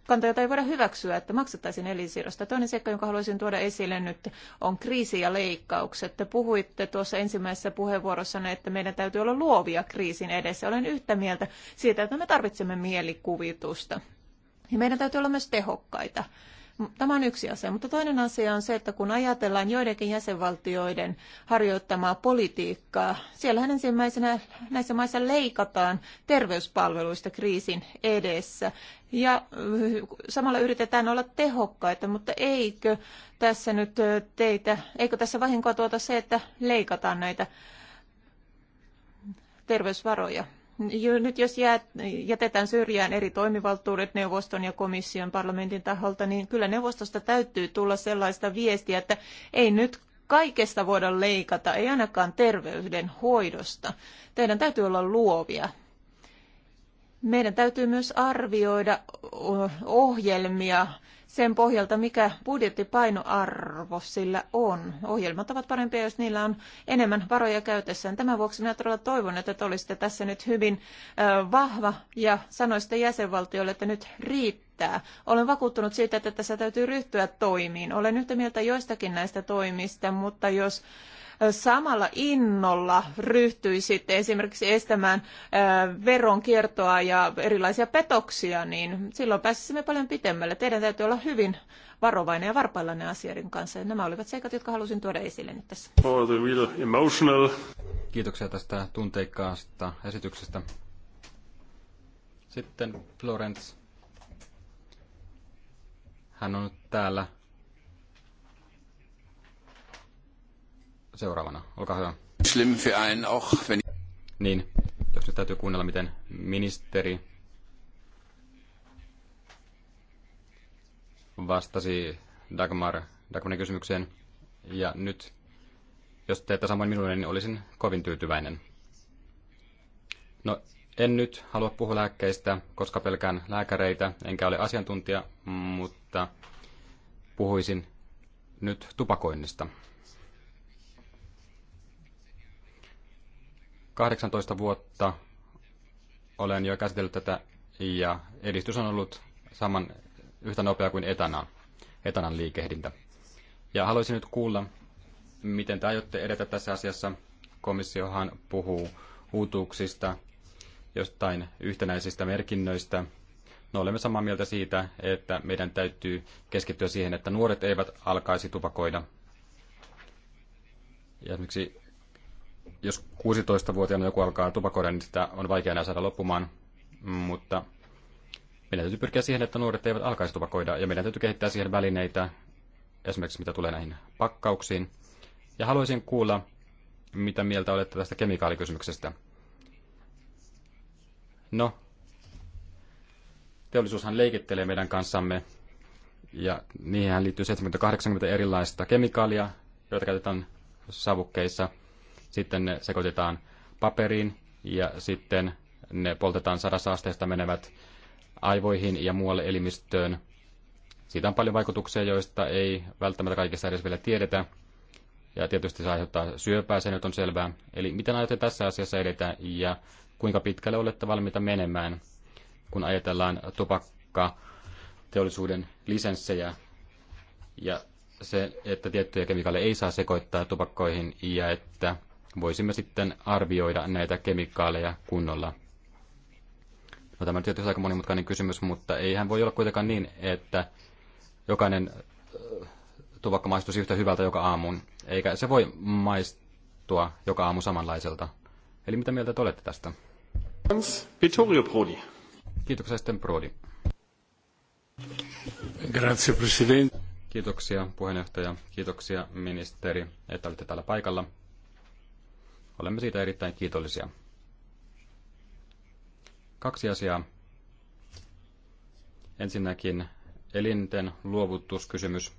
C: kanta, jota ei voida hyväksyä, että maksettaisiin elinsiirrosta. Toinen seikka, jonka haluaisin tuoda esille nyt, on kriisi ja leikkaukset. Te puhuitte tuossa ensimmäisessä puheenvuorossanne, että meidän täytyy olla luovia kriisin edessä. Olen yhtä mieltä siitä, että me tarvitsemme mielikuvitusta. Ja meidän täytyy olla myös tehokkaita. Tämä on yksi asia. Mutta toinen asia on se, että kun ajatellaan joidenkin jäsenvaltioiden harjoittamaa politiikkaa, siellähän ensimmäisenä näissä maissa leikataan terveyspalveluista kriisin edessä. Ja äh, samalla yritetään olla tehokkaita, mutta eikö tässä nyt äh, teitä, eikö tässä vahinkoa tuota se, että leikataan näitä terveysvaroja? nyt jos jätetään syrjään eri toimivaltuudet neuvoston ja komission parlamentin taholta, niin kyllä neuvostosta täytyy tulla sellaista viestiä, että ei nyt kaikesta voida leikata, ei ainakaan terveydenhoidosta. Teidän täytyy olla luovia. Meidän täytyy myös arvioida ohjelmia sen pohjalta, mikä budjettipainoarvo sillä on. Ohjelmat ovat parempia, jos niillä on enemmän varoja käytössään. Tämän vuoksi minä todella toivon, että te olisitte tässä nyt hyvin vahva ja sanoisitte jäsenvaltiolle, että nyt riittää. Olen vakuuttunut siitä, että tässä täytyy ryhtyä toimiin. Olen yhtä mieltä joistakin näistä toimista, mutta jos samalla innolla ryhtyisitte esimerkiksi estämään veronkiertoa ja erilaisia petoksia, niin silloin pääsisimme paljon pitemmälle. Teidän täytyy olla hyvin varovainen ja varpaillanne asioiden kanssa. Ja nämä olivat seikat, jotka halusin tuoda esille nyt tässä.
A: Kiitoksia tästä tunteikkaasta esityksestä. Sitten Florence. Hän on nyt täällä seuraavana. Olkaa hyvä. Schlimm für einen auch, wenn... Niin, jos nyt täytyy kuunnella, miten ministeri vastasi Dagmar, Dagmarin kysymykseen. Ja nyt, jos teette samoin minulle, niin olisin kovin tyytyväinen. No, en nyt halua puhua lääkkeistä, koska pelkään lääkäreitä, enkä ole asiantuntija, mutta puhuisin nyt tupakoinnista. 18 vuotta olen jo käsitellyt tätä ja edistys on ollut saman yhtä nopea kuin etanan, etanan liikehdintä. Ja haluaisin nyt kuulla, miten te aiotte edetä tässä asiassa. Komissiohan puhuu uutuuksista, jostain yhtenäisistä merkinnöistä. No olemme samaa mieltä siitä, että meidän täytyy keskittyä siihen, että nuoret eivät alkaisi tupakoida. Ja esimerkiksi jos 16-vuotiaana joku alkaa tupakoida, niin sitä on vaikea enää saada loppumaan, mutta meidän täytyy pyrkiä siihen, että nuoret eivät alkaisi tupakoida, ja meidän täytyy kehittää siihen välineitä, esimerkiksi mitä tulee näihin pakkauksiin. Ja haluaisin kuulla, mitä mieltä olette tästä kemikaalikysymyksestä. No, teollisuushan leikittelee meidän kanssamme, ja niihin liittyy 70-80 erilaista kemikaalia, joita käytetään savukkeissa – sitten ne sekoitetaan paperiin ja sitten ne poltetaan sadassa asteesta menevät aivoihin ja muualle elimistöön. Siitä on paljon vaikutuksia, joista ei välttämättä kaikessa edes vielä tiedetä. Ja tietysti se aiheuttaa syöpää, se nyt on selvää. Eli miten aiotte tässä asiassa edetä ja kuinka pitkälle olette valmiita menemään, kun ajatellaan tupakka teollisuuden lisenssejä ja se, että tiettyjä kemikaaleja ei saa sekoittaa tupakkoihin ja että voisimme sitten arvioida näitä kemikaaleja kunnolla. No, tämä on tietysti aika monimutkainen kysymys, mutta eihän voi olla kuitenkaan niin, että jokainen tupakka maistuisi yhtä hyvältä joka aamuun, eikä se voi maistua joka aamu samanlaiselta. Eli mitä mieltä te olette tästä? Vittorio Prodi. Kiitoksia sitten Prodi.
C: Grazie, Presidente.
A: Kiitoksia puheenjohtaja, kiitoksia ministeri, että olette täällä paikalla. Olemme siitä erittäin kiitollisia. Kaksi asiaa. Ensinnäkin elinten luovutuskysymys.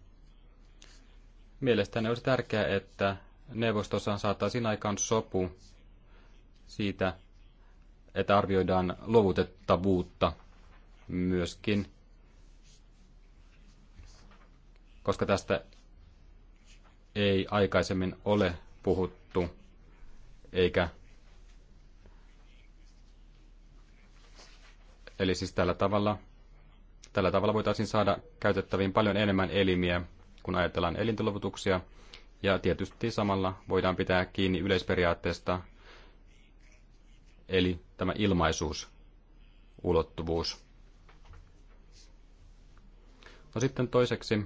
A: Mielestäni olisi tärkeää, että neuvostossa saataisiin aikaan sopu siitä, että arvioidaan luovutettavuutta myöskin, koska tästä ei aikaisemmin ole puhuttu eikä Eli siis tällä tavalla, tällä tavalla voitaisiin saada käytettäviin paljon enemmän elimiä, kun ajatellaan elintulovutuksia. Ja tietysti samalla voidaan pitää kiinni yleisperiaatteesta, eli tämä ilmaisuus, ulottuvuus. No sitten toiseksi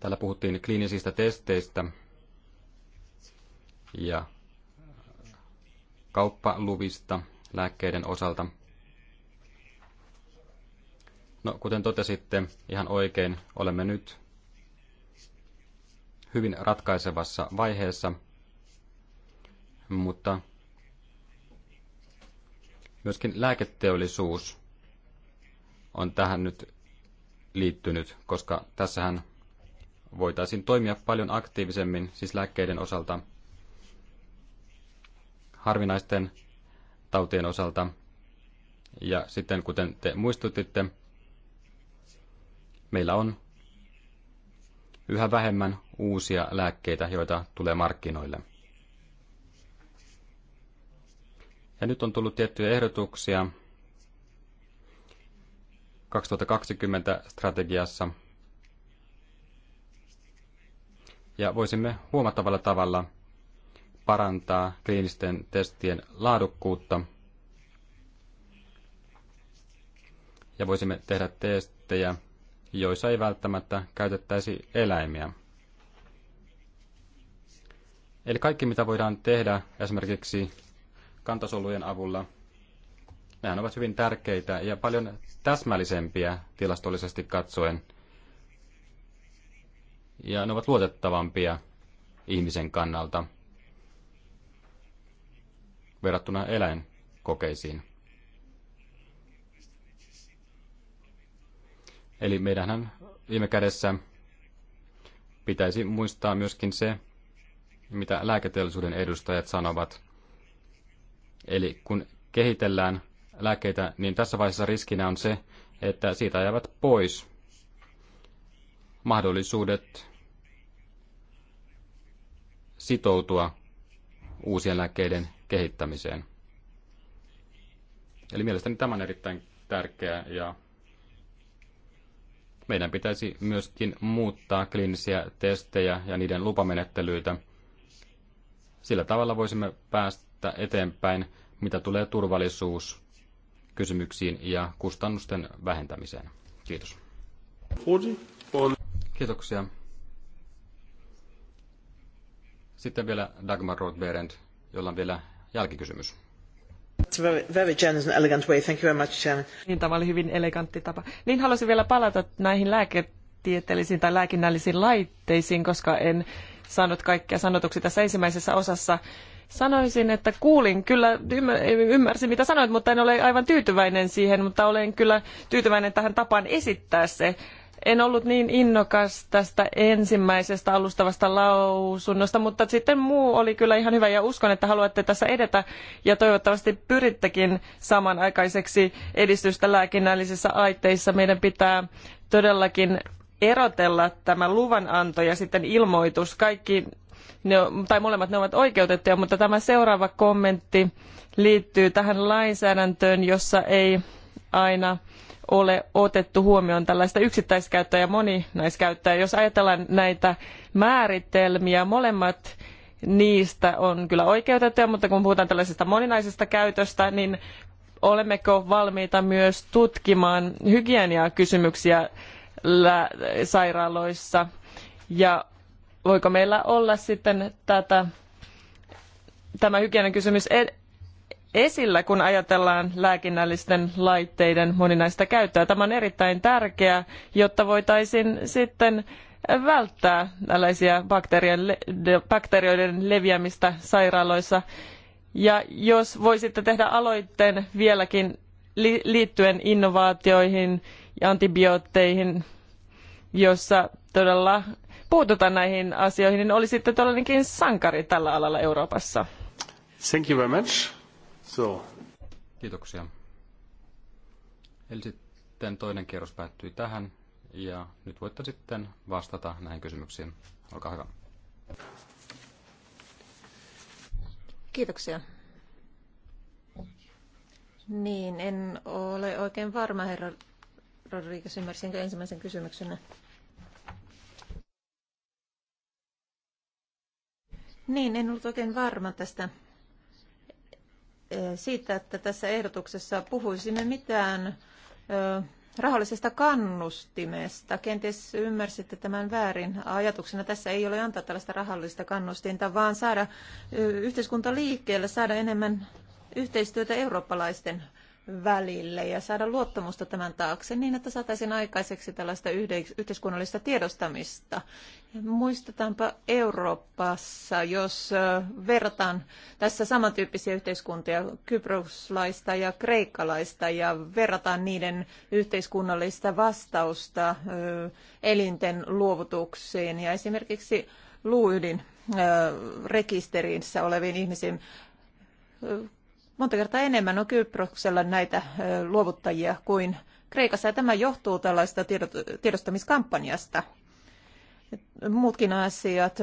A: Täällä puhuttiin kliinisistä testeistä ja kauppaluvista lääkkeiden osalta. No, kuten totesitte ihan oikein, olemme nyt hyvin ratkaisevassa vaiheessa, mutta myöskin lääketeollisuus on tähän nyt liittynyt, koska tässähän voitaisiin toimia paljon aktiivisemmin, siis lääkkeiden osalta, harvinaisten tautien osalta. Ja sitten, kuten te muistutitte, meillä on yhä vähemmän uusia lääkkeitä, joita tulee markkinoille. Ja nyt on tullut tiettyjä ehdotuksia 2020 strategiassa – ja voisimme huomattavalla tavalla parantaa kliinisten testien laadukkuutta ja voisimme tehdä testejä, joissa ei välttämättä käytettäisi eläimiä. Eli kaikki, mitä voidaan tehdä esimerkiksi kantasolujen avulla, nehän ovat hyvin tärkeitä ja paljon täsmällisempiä tilastollisesti katsoen – ja ne ovat luotettavampia ihmisen kannalta verrattuna eläinkokeisiin. Eli meidän viime kädessä pitäisi muistaa myöskin se, mitä lääketeollisuuden edustajat sanovat. Eli kun kehitellään lääkkeitä, niin tässä vaiheessa riskinä on se, että siitä jäävät pois mahdollisuudet sitoutua uusien lääkkeiden kehittämiseen. Eli mielestäni tämä on erittäin tärkeää ja meidän pitäisi myöskin muuttaa kliinisiä testejä ja niiden lupamenettelyitä. Sillä tavalla voisimme päästä eteenpäin, mitä tulee turvallisuuskysymyksiin ja kustannusten vähentämiseen. Kiitos. Kiitoksia. Sitten vielä Dagmar Rothberend, jolla on vielä jälkikysymys.
B: very, very
C: generous and elegant way. Thank you very much, Chairman.
B: Niin, tämä oli hyvin elegantti tapa. Niin halusin vielä palata näihin lääketieteellisiin tai lääkinnällisiin laitteisiin, koska en saanut kaikkea sanotuksia tässä ensimmäisessä osassa. Sanoisin, että kuulin kyllä, ymmärsin mitä sanoit, mutta en ole aivan tyytyväinen siihen, mutta olen kyllä tyytyväinen tähän tapaan esittää se en ollut niin innokas tästä ensimmäisestä alustavasta lausunnosta, mutta sitten muu oli kyllä ihan hyvä ja uskon, että haluatte tässä edetä ja toivottavasti pyrittekin samanaikaiseksi edistystä lääkinnällisissä aitteissa. Meidän pitää todellakin erotella tämä luvananto ja sitten ilmoitus. Kaikki ne, tai molemmat ne ovat oikeutettuja, mutta tämä seuraava kommentti liittyy tähän lainsäädäntöön, jossa ei aina ole otettu huomioon tällaista yksittäiskäyttäjää ja moninaiskäyttäjää. Jos ajatellaan näitä määritelmiä, molemmat niistä on kyllä oikeutettuja, mutta kun puhutaan tällaisesta moninaisesta käytöstä, niin olemmeko valmiita myös tutkimaan hygieniakysymyksiä sairaaloissa ja voiko meillä olla sitten tätä, tämä hygienian kysymys esillä, kun ajatellaan lääkinnällisten laitteiden moninaista käyttöä. Tämä on erittäin tärkeää, jotta voitaisiin sitten välttää tällaisia bakteerioiden leviämistä sairaaloissa. Ja jos voisitte tehdä aloitteen vieläkin liittyen innovaatioihin ja antibiootteihin, jossa todella puututaan näihin asioihin, niin olisitte todellakin sankari tällä alalla Euroopassa.
A: Thank you very much. So. Kiitoksia. Eli sitten toinen kierros päättyi tähän ja nyt voitte sitten vastata näihin kysymyksiin. Olkaa hyvä.
C: Kiitoksia. Niin, en ole oikein varma, herra Rodriguez, ymmärsinkö ensimmäisen kysymyksen. Niin, en ollut oikein varma tästä siitä, että tässä ehdotuksessa puhuisimme mitään rahallisesta kannustimesta. Kenties ymmärsitte tämän väärin. Ajatuksena tässä ei ole antaa tällaista rahallista kannustinta, vaan saada yhteiskunta liikkeelle, saada enemmän yhteistyötä eurooppalaisten välille ja saada luottamusta tämän taakse niin, että saataisiin aikaiseksi tällaista yhteiskunnallista tiedostamista. Muistetaanpa Euroopassa, jos verrataan tässä samantyyppisiä yhteiskuntia, kyproslaista ja kreikkalaista, ja verrataan niiden yhteiskunnallista vastausta elinten luovutuksiin ja esimerkiksi luuydin rekisterissä oleviin ihmisiin monta kertaa enemmän on Kyproksella näitä luovuttajia kuin Kreikassa, ja tämä johtuu tällaista tiedostamiskampanjasta. Muutkin asiat,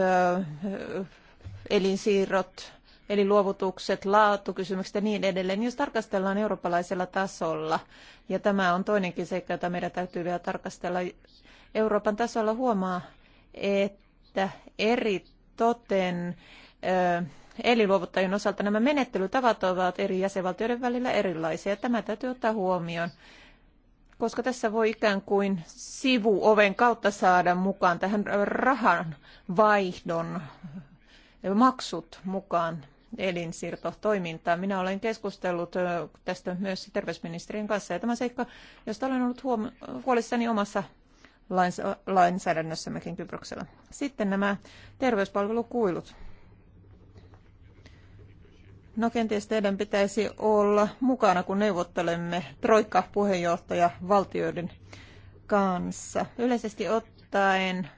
C: elinsiirrot, eli luovutukset, laatukysymykset ja niin edelleen, jos tarkastellaan eurooppalaisella tasolla. Ja tämä on toinenkin seikka, jota meidän täytyy vielä tarkastella. Euroopan tasolla huomaa, että eri toten elinluovuttajien osalta nämä menettelytavat ovat eri jäsenvaltioiden välillä erilaisia. Tämä täytyy ottaa huomioon, koska tässä voi ikään kuin sivuoven kautta saada mukaan tähän rahan vaihdon maksut mukaan elinsiirtotoimintaan. Minä olen keskustellut tästä myös terveysministerin kanssa ja tämä seikka, josta olen ollut huom- huolissani omassa lainsäädännössämmekin Kyproksella. Sitten nämä terveyspalvelukuilut. No kenties teidän pitäisi olla mukana, kun neuvottelemme Troikka-puheenjohtaja valtioiden kanssa. Yleisesti ottaen,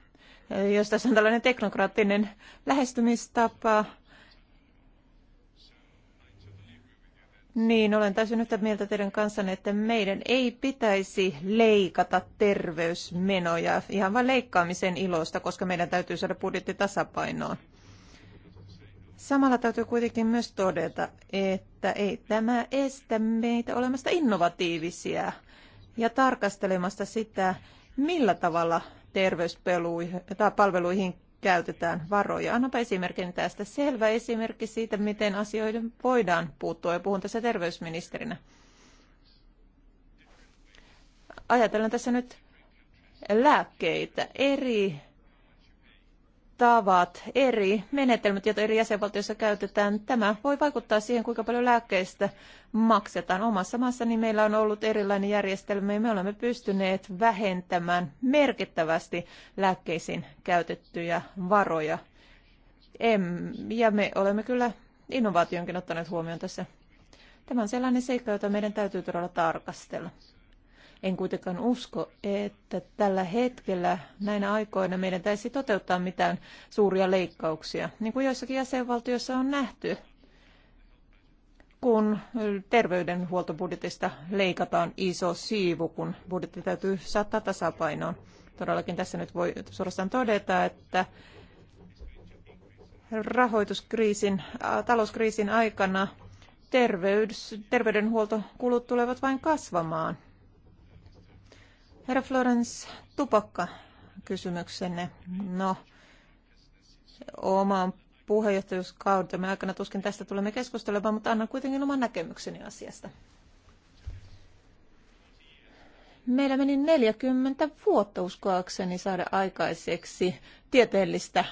C: jos tässä on tällainen teknokraattinen lähestymistapa, Niin, olen täysin yhtä mieltä teidän kanssanne, että meidän ei pitäisi leikata terveysmenoja ihan vain leikkaamisen ilosta, koska meidän täytyy saada budjetti tasapainoon. Samalla täytyy kuitenkin myös todeta, että ei tämä estä meitä olemasta innovatiivisia ja tarkastelemasta sitä, millä tavalla terveyspalveluihin käytetään varoja. Annapa esimerkin tästä selvä esimerkki siitä, miten asioiden voidaan puuttua. Ja puhun tässä terveysministerinä. Ajatellaan tässä nyt lääkkeitä. Eri tavat, eri menetelmät, joita eri jäsenvaltioissa käytetään, tämä voi vaikuttaa siihen, kuinka paljon lääkkeistä maksetaan. Omassa maassani meillä on ollut erilainen järjestelmä ja me olemme pystyneet vähentämään merkittävästi lääkkeisiin käytettyjä varoja. Em, ja me olemme kyllä innovaationkin ottaneet huomioon tässä. Tämä on sellainen seikka, jota meidän täytyy todella tarkastella. En kuitenkaan usko, että tällä hetkellä näinä aikoina meidän täisi toteuttaa mitään suuria leikkauksia, niin kuin joissakin jäsenvaltioissa on nähty kun terveydenhuoltobudjetista leikataan iso siivu, kun budjetti täytyy saattaa tasapainoon. Todellakin tässä nyt voi suorastaan todeta, että rahoituskriisin, talouskriisin aikana terveys, terveydenhuoltokulut tulevat vain kasvamaan. Herra Florence Tupakka, kysymyksenne. No, omaan puheenjohtajuuskautemme aikana tuskin tästä tulemme keskustelemaan, mutta annan kuitenkin oman näkemykseni asiasta. Meillä meni 40 vuotta uskoakseni saada aikaiseksi tieteellistä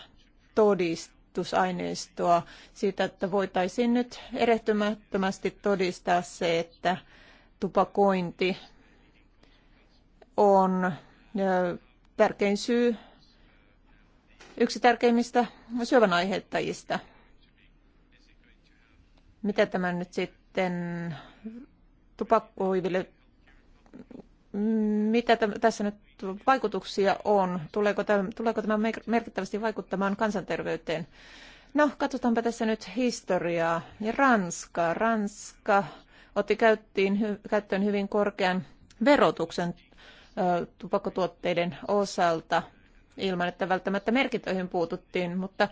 C: todistusaineistoa siitä, että voitaisiin nyt erehtymättömästi todistaa se, että tupakointi on tärkein syy, yksi tärkeimmistä syövän aiheuttajista. Mitä tämä nyt sitten tupakkoiville, mitä tässä nyt vaikutuksia on? Tuleeko tämä, tuleeko tämä merkittävästi vaikuttamaan kansanterveyteen? No, katsotaanpa tässä nyt historiaa. Ja Ranska. Ranska otti käyttiin, käyttöön hyvin korkean verotuksen tupakkatuotteiden osalta ilman, että välttämättä merkintöihin puututtiin, mutta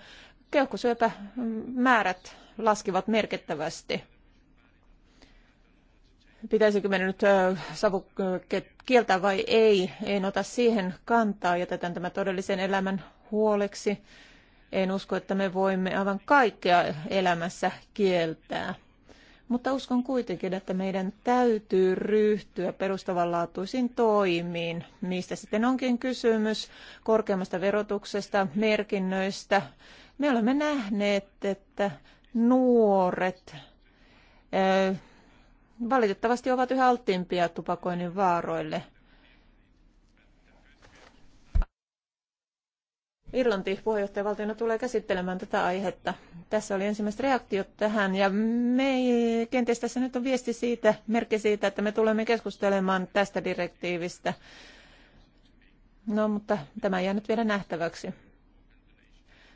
C: keuhkosyöpämäärät mm, laskivat merkittävästi. Pitäisikö meidän nyt savukkeet kieltää vai ei? En ota siihen kantaa. Jätetään tämä todellisen elämän huoleksi. En usko, että me voimme aivan kaikkea elämässä kieltää. Mutta uskon kuitenkin, että meidän täytyy ryhtyä perustavanlaatuisiin toimiin, mistä sitten onkin kysymys korkeammasta verotuksesta, merkinnöistä. Me olemme nähneet, että nuoret valitettavasti ovat yhä alttiimpia tupakoinnin vaaroille. Irlanti puheenjohtajavaltiona tulee käsittelemään tätä aihetta. Tässä oli ensimmäiset reaktiot tähän ja me, kenties tässä nyt on viesti siitä, merkki siitä, että me tulemme keskustelemaan tästä direktiivistä. No, mutta tämä jää nyt vielä nähtäväksi.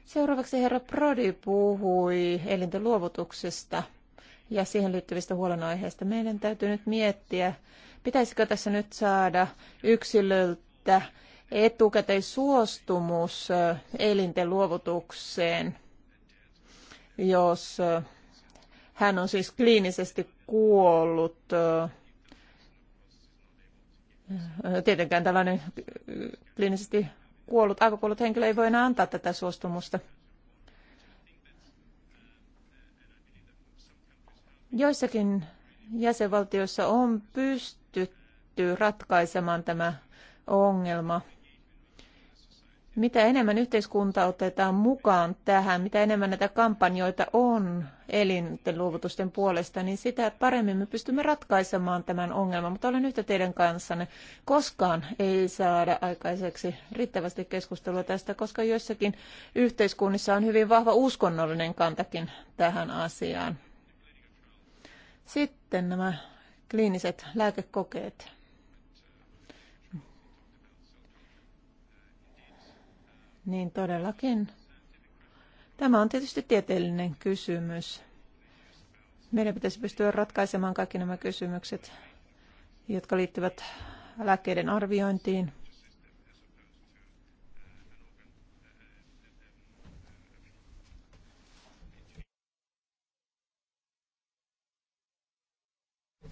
C: Seuraavaksi herra Prodi puhui elinten luovutuksesta ja siihen liittyvistä huolenaiheista. Meidän täytyy nyt miettiä, pitäisikö tässä nyt saada yksilöltä Etukäteis-suostumus elinten luovutukseen, jos hän on siis kliinisesti kuollut. Tietenkään tällainen kliinisesti kuollut, aivokuollut henkilö ei voi enää antaa tätä suostumusta. Joissakin jäsenvaltioissa on pystytty ratkaisemaan tämä ongelma mitä enemmän yhteiskunta otetaan mukaan tähän, mitä enemmän näitä kampanjoita on elinten luovutusten puolesta, niin sitä paremmin me pystymme ratkaisemaan tämän ongelman. Mutta olen yhtä teidän kanssanne. Koskaan ei saada aikaiseksi riittävästi keskustelua tästä, koska joissakin yhteiskunnissa on hyvin vahva uskonnollinen kantakin tähän asiaan. Sitten nämä kliiniset lääkekokeet. niin todellakin. Tämä on tietysti tieteellinen kysymys. Meidän pitäisi pystyä ratkaisemaan kaikki nämä kysymykset, jotka liittyvät lääkkeiden arviointiin.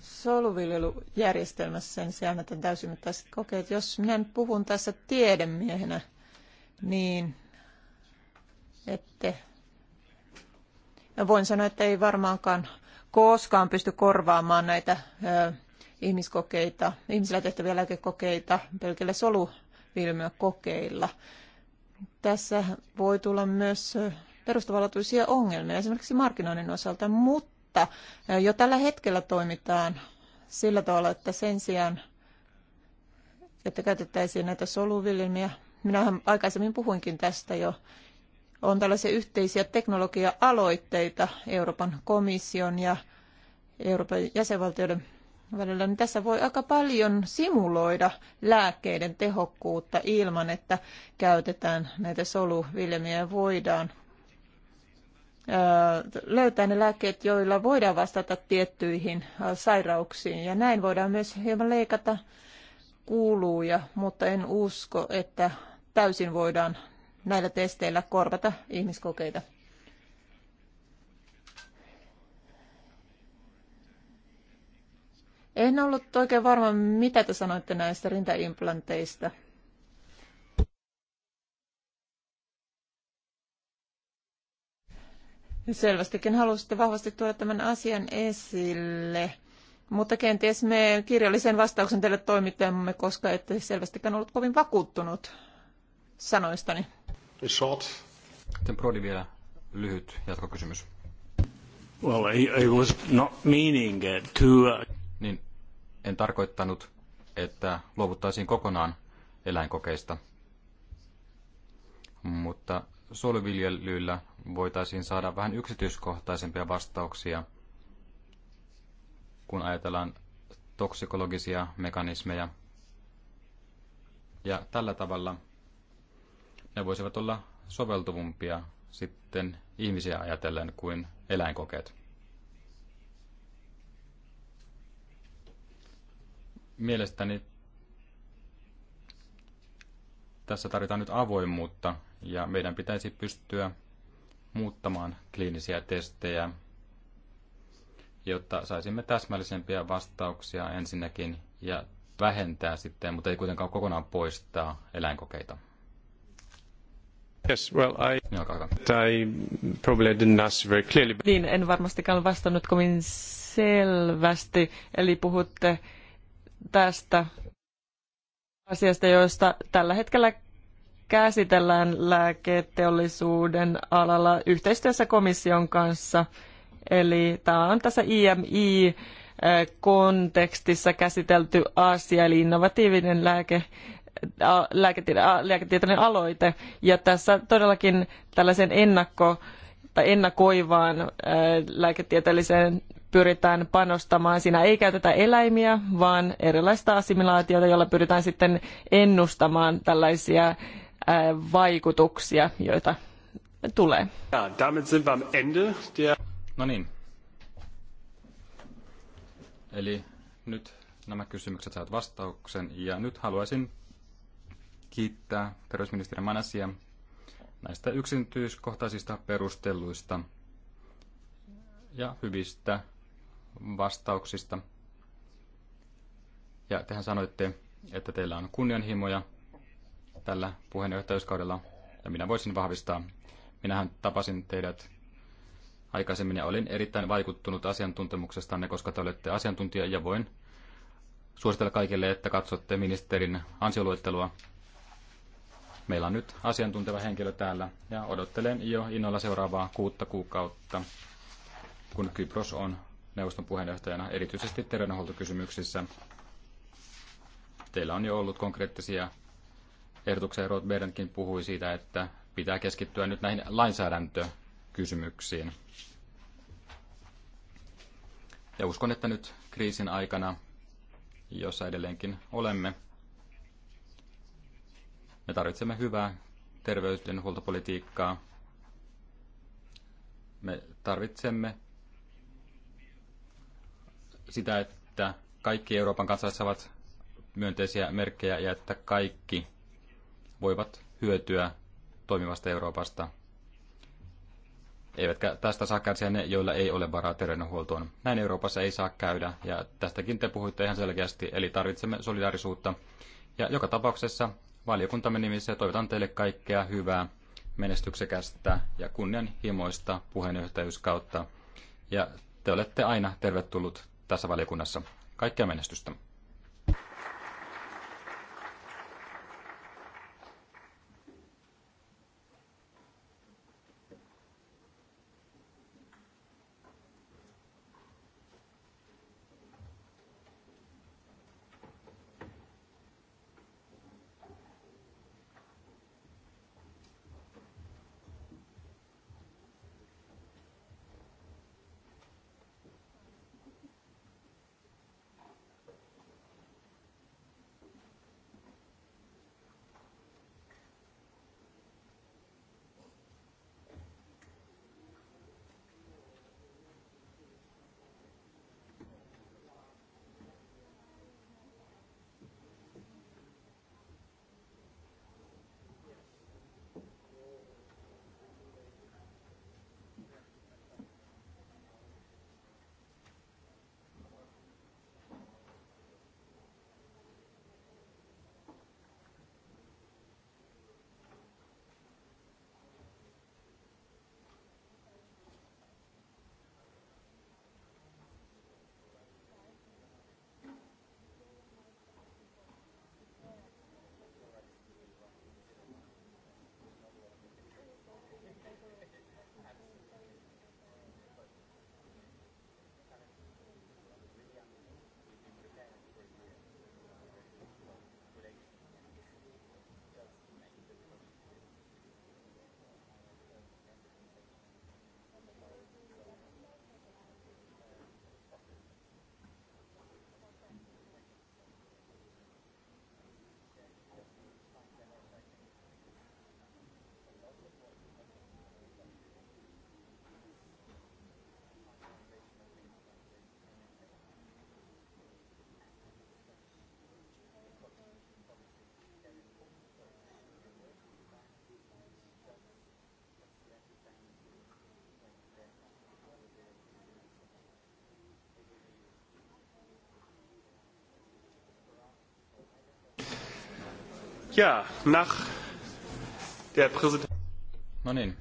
C: Soluviljelujärjestelmässä sen niin sijaan, että täysimittaiset kokeet. Jos minä nyt puhun tässä tiedemiehenä, niin ette voin sanoa, että ei varmaankaan koskaan pysty korvaamaan näitä ihmiskokeita, ihmisillä tehtäviä lääkekokeita pelkillä kokeilla. Tässä voi tulla myös perustavanlaatuisia ongelmia esimerkiksi markkinoinnin osalta, mutta jo tällä hetkellä toimitaan sillä tavalla, että sen sijaan, että käytettäisiin näitä soluvilmiä Minähän aikaisemmin puhuinkin tästä jo. On tällaisia yhteisiä teknologia-aloitteita Euroopan komission ja Euroopan jäsenvaltioiden välillä, niin tässä voi aika paljon simuloida lääkkeiden tehokkuutta ilman, että käytetään näitä soluviljelmiä ja voidaan löytää ne lääkkeet, joilla voidaan vastata tiettyihin sairauksiin. Ja näin voidaan myös hieman leikata kuuluja, mutta en usko, että täysin voidaan näillä testeillä korvata ihmiskokeita. En ollut oikein varma, mitä te sanoitte näistä rintaimplanteista. Selvästikin halusitte vahvasti tuoda tämän asian esille, mutta kenties me kirjallisen vastauksen teille toimittajamme, koska ette selvästikään ollut kovin vakuuttunut
A: sanoistani. Short. Sitten Prodi vielä lyhyt jatkokysymys. Well, I, I was not meaning to... Uh, niin, en tarkoittanut, että luovuttaisiin kokonaan eläinkokeista. Mutta suoliviljelyillä voitaisiin saada vähän yksityiskohtaisempia vastauksia, kun ajatellaan toksikologisia mekanismeja. Ja tällä tavalla ne voisivat olla soveltuvumpia sitten ihmisiä ajatellen kuin eläinkokeet. Mielestäni tässä tarvitaan nyt avoimuutta ja meidän pitäisi pystyä muuttamaan kliinisiä testejä, jotta saisimme täsmällisempiä vastauksia ensinnäkin ja vähentää sitten, mutta ei kuitenkaan kokonaan poistaa eläinkokeita. Yes, well, I, niin, I probably didn't ask very clearly. But...
B: Niin, en varmastikaan vastannut kovin selvästi, eli puhutte tästä asiasta, joista tällä hetkellä käsitellään lääketeollisuuden alalla yhteistyössä komission kanssa. Eli tämä on tässä IMI eh, kontekstissa käsitelty asia, eli innovatiivinen lääke lääketieteellinen aloite. Ja tässä todellakin tällaisen ennakko- tai ennakoivaan lääketieteelliseen pyritään panostamaan. Siinä ei käytetä eläimiä, vaan erilaista assimilaatiota, jolla pyritään sitten ennustamaan tällaisia vaikutuksia, joita tulee.
A: Ja, damit sind wir am Ende der... No niin. Eli nyt nämä kysymykset saat vastauksen ja nyt haluaisin kiittää terveysministeri Manasia näistä yksityiskohtaisista perusteluista ja hyvistä vastauksista. Ja tehän sanoitte, että teillä on kunnianhimoja tällä puheenjohtajuuskaudella, ja minä voisin vahvistaa. Minähän tapasin teidät aikaisemmin ja olin erittäin vaikuttunut asiantuntemuksestanne, koska te olette asiantuntija ja voin suositella kaikille, että katsotte ministerin ansioluettelua Meillä on nyt asiantunteva henkilö täällä ja odottelen jo innolla seuraavaa kuutta kuukautta, kun Kypros on neuvoston puheenjohtajana erityisesti terveydenhuoltokysymyksissä. Teillä on jo ollut konkreettisia ehdotuksia. Rod Berendkin puhui siitä, että pitää keskittyä nyt näihin lainsäädäntökysymyksiin. Ja uskon, että nyt kriisin aikana, jossa edelleenkin olemme, me tarvitsemme hyvää terveydenhuoltopolitiikkaa. Me tarvitsemme sitä, että kaikki Euroopan kansalaiset saavat myönteisiä merkkejä ja että kaikki voivat hyötyä toimivasta Euroopasta. Eivätkä tästä saa kärsiä ne, joilla ei ole varaa terveydenhuoltoon. Näin Euroopassa ei saa käydä, ja tästäkin te puhuitte ihan selkeästi, eli tarvitsemme solidaarisuutta. Ja joka tapauksessa valiokuntamme nimissä ja toivotan teille kaikkea hyvää, menestyksekästä ja kunnianhimoista puheenjohtajuuskautta. Ja te olette aina tervetullut tässä valiokunnassa. Kaikkea menestystä! No niin.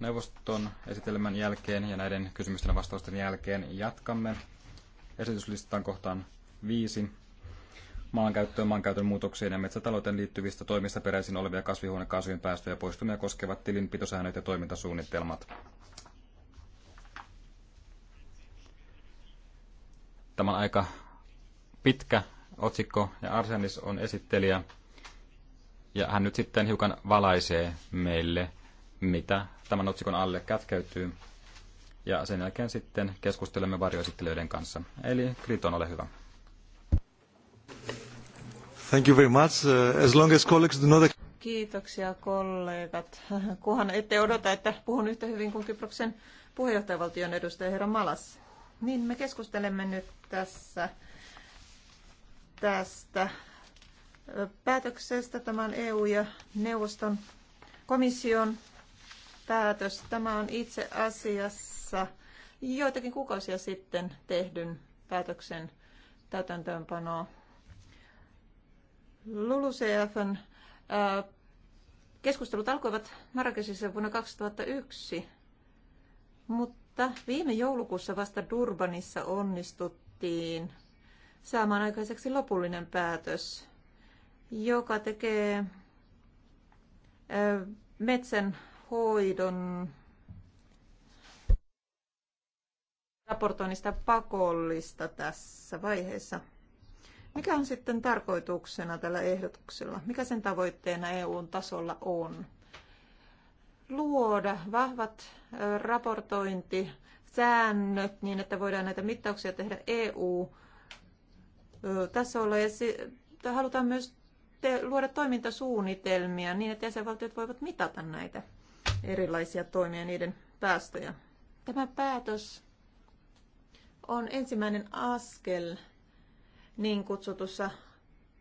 A: Neuvoston esitelmän jälkeen ja näiden kysymysten ja vastausten jälkeen jatkamme esityslistan kohtaan viisi ja maankäytön muutoksiin ja metsätalouteen liittyvistä toimista peräisin olevia kasvihuonekaasujen päästöjä poistumia koskevat tilinpitosäännöt ja toimintasuunnitelmat. Tämä on aika pitkä otsikko ja Arsenis on esittelijä. Ja hän nyt sitten hiukan valaisee meille, mitä tämän otsikon alle kätkeytyy. Ja sen jälkeen sitten keskustelemme varjoesittelijöiden kanssa. Eli Kriton, ole hyvä. Thank you very much. Uh, as long as colleagues do not...
C: Kiitoksia kollegat. Kuhan ette odota, että puhun yhtä hyvin kuin Kyproksen puheenjohtajavaltion edustaja herra Malas. Niin, me keskustelemme nyt tässä tästä päätöksestä. Tämä on EU ja neuvoston komission päätös. Tämä on itse asiassa joitakin kuukausia sitten tehdyn päätöksen täytäntöönpanoa. LULUCFn äh, keskustelut alkoivat Marrakesissa vuonna 2001, mutta viime joulukuussa vasta Durbanissa onnistuttiin saamaan aikaiseksi lopullinen päätös, joka tekee metsän hoidon raportoinnista pakollista tässä vaiheessa. Mikä on sitten tarkoituksena tällä ehdotuksella? Mikä sen tavoitteena EUn tasolla on? Luoda vahvat raportointisäännöt niin, että voidaan näitä mittauksia tehdä EU tässä olla. ja se, halutaan myös te, luoda toimintasuunnitelmia niin, että jäsenvaltiot voivat mitata näitä erilaisia toimia niiden päästöjä. Tämä päätös on ensimmäinen askel niin kutsutussa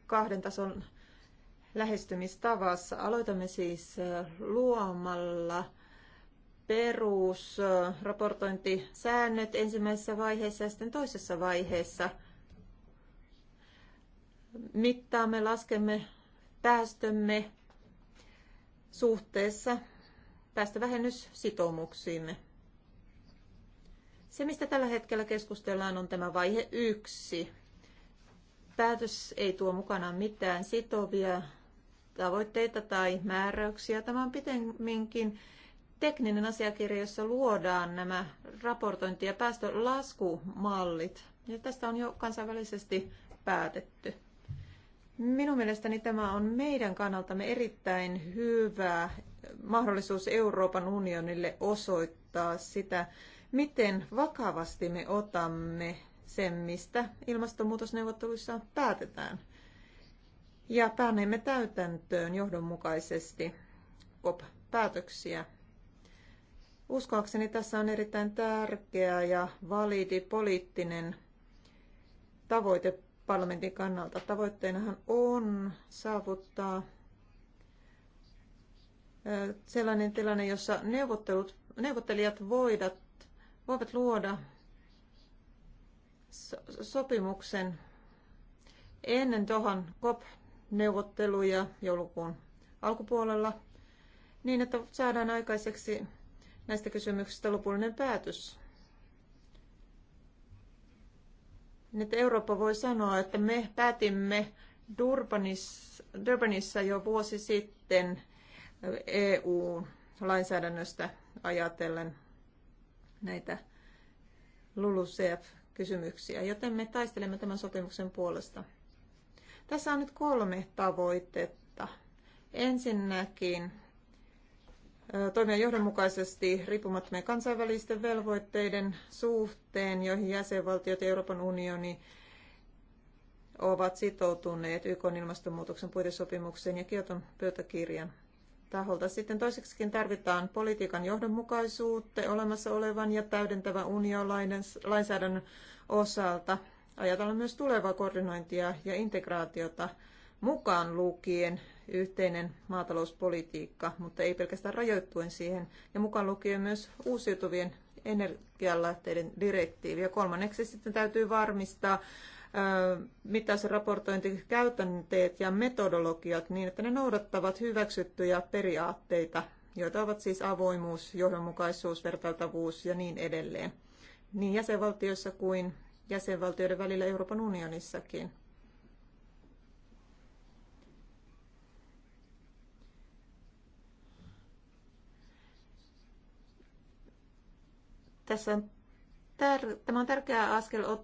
C: kahden tason lähestymistavassa. Aloitamme siis luomalla perusraportointisäännöt ensimmäisessä vaiheessa ja sitten toisessa vaiheessa – mittaamme, laskemme päästömme suhteessa päästövähennyssitoumuksiimme. Se, mistä tällä hetkellä keskustellaan, on tämä vaihe yksi. Päätös ei tuo mukanaan mitään sitovia tavoitteita tai määräyksiä. Tämä on pitemminkin tekninen asiakirja, jossa luodaan nämä raportointi- ja päästölaskumallit. Ja tästä on jo kansainvälisesti päätetty. Minun mielestäni tämä on meidän kannaltamme erittäin hyvä mahdollisuus Euroopan unionille osoittaa sitä, miten vakavasti me otamme sen, mistä ilmastonmuutosneuvotteluissa päätetään. Ja päänemme täytäntöön johdonmukaisesti COP-päätöksiä. Uskoakseni tässä on erittäin tärkeä ja validi poliittinen tavoite parlamentin kannalta. Tavoitteenahan on saavuttaa sellainen tilanne, jossa neuvottelut, neuvottelijat voidat, voivat luoda so, sopimuksen ennen tuohon COP-neuvotteluja joulukuun alkupuolella, niin että saadaan aikaiseksi näistä kysymyksistä lopullinen päätös että Eurooppa voi sanoa, että me päätimme Durbanissa, Durbanissa jo vuosi sitten EU-lainsäädännöstä ajatellen näitä LULUCF-kysymyksiä, joten me taistelemme tämän sopimuksen puolesta. Tässä on nyt kolme tavoitetta. Ensinnäkin toimia johdonmukaisesti riippumattomien kansainvälisten velvoitteiden suhteen, joihin jäsenvaltiot ja Euroopan unioni ovat sitoutuneet YK ilmastonmuutoksen puitesopimukseen ja Kioton pöytäkirjan taholta. Sitten toiseksikin tarvitaan politiikan johdonmukaisuutta olemassa olevan ja täydentävän unionin lainsäädännön osalta. Ajatellaan myös tulevaa koordinointia ja integraatiota mukaan lukien yhteinen maatalouspolitiikka, mutta ei pelkästään rajoittuen siihen, ja mukaan lukien myös uusiutuvien energialähteiden direktiivi. Ja kolmanneksi sitten täytyy varmistaa mitä raportointi käytänteet ja metodologiat niin, että ne noudattavat hyväksyttyjä periaatteita, joita ovat siis avoimuus, johdonmukaisuus, vertailtavuus ja niin edelleen, niin jäsenvaltioissa kuin jäsenvaltioiden välillä Euroopan unionissakin. Tässä on tär- tämä on tärkeä askel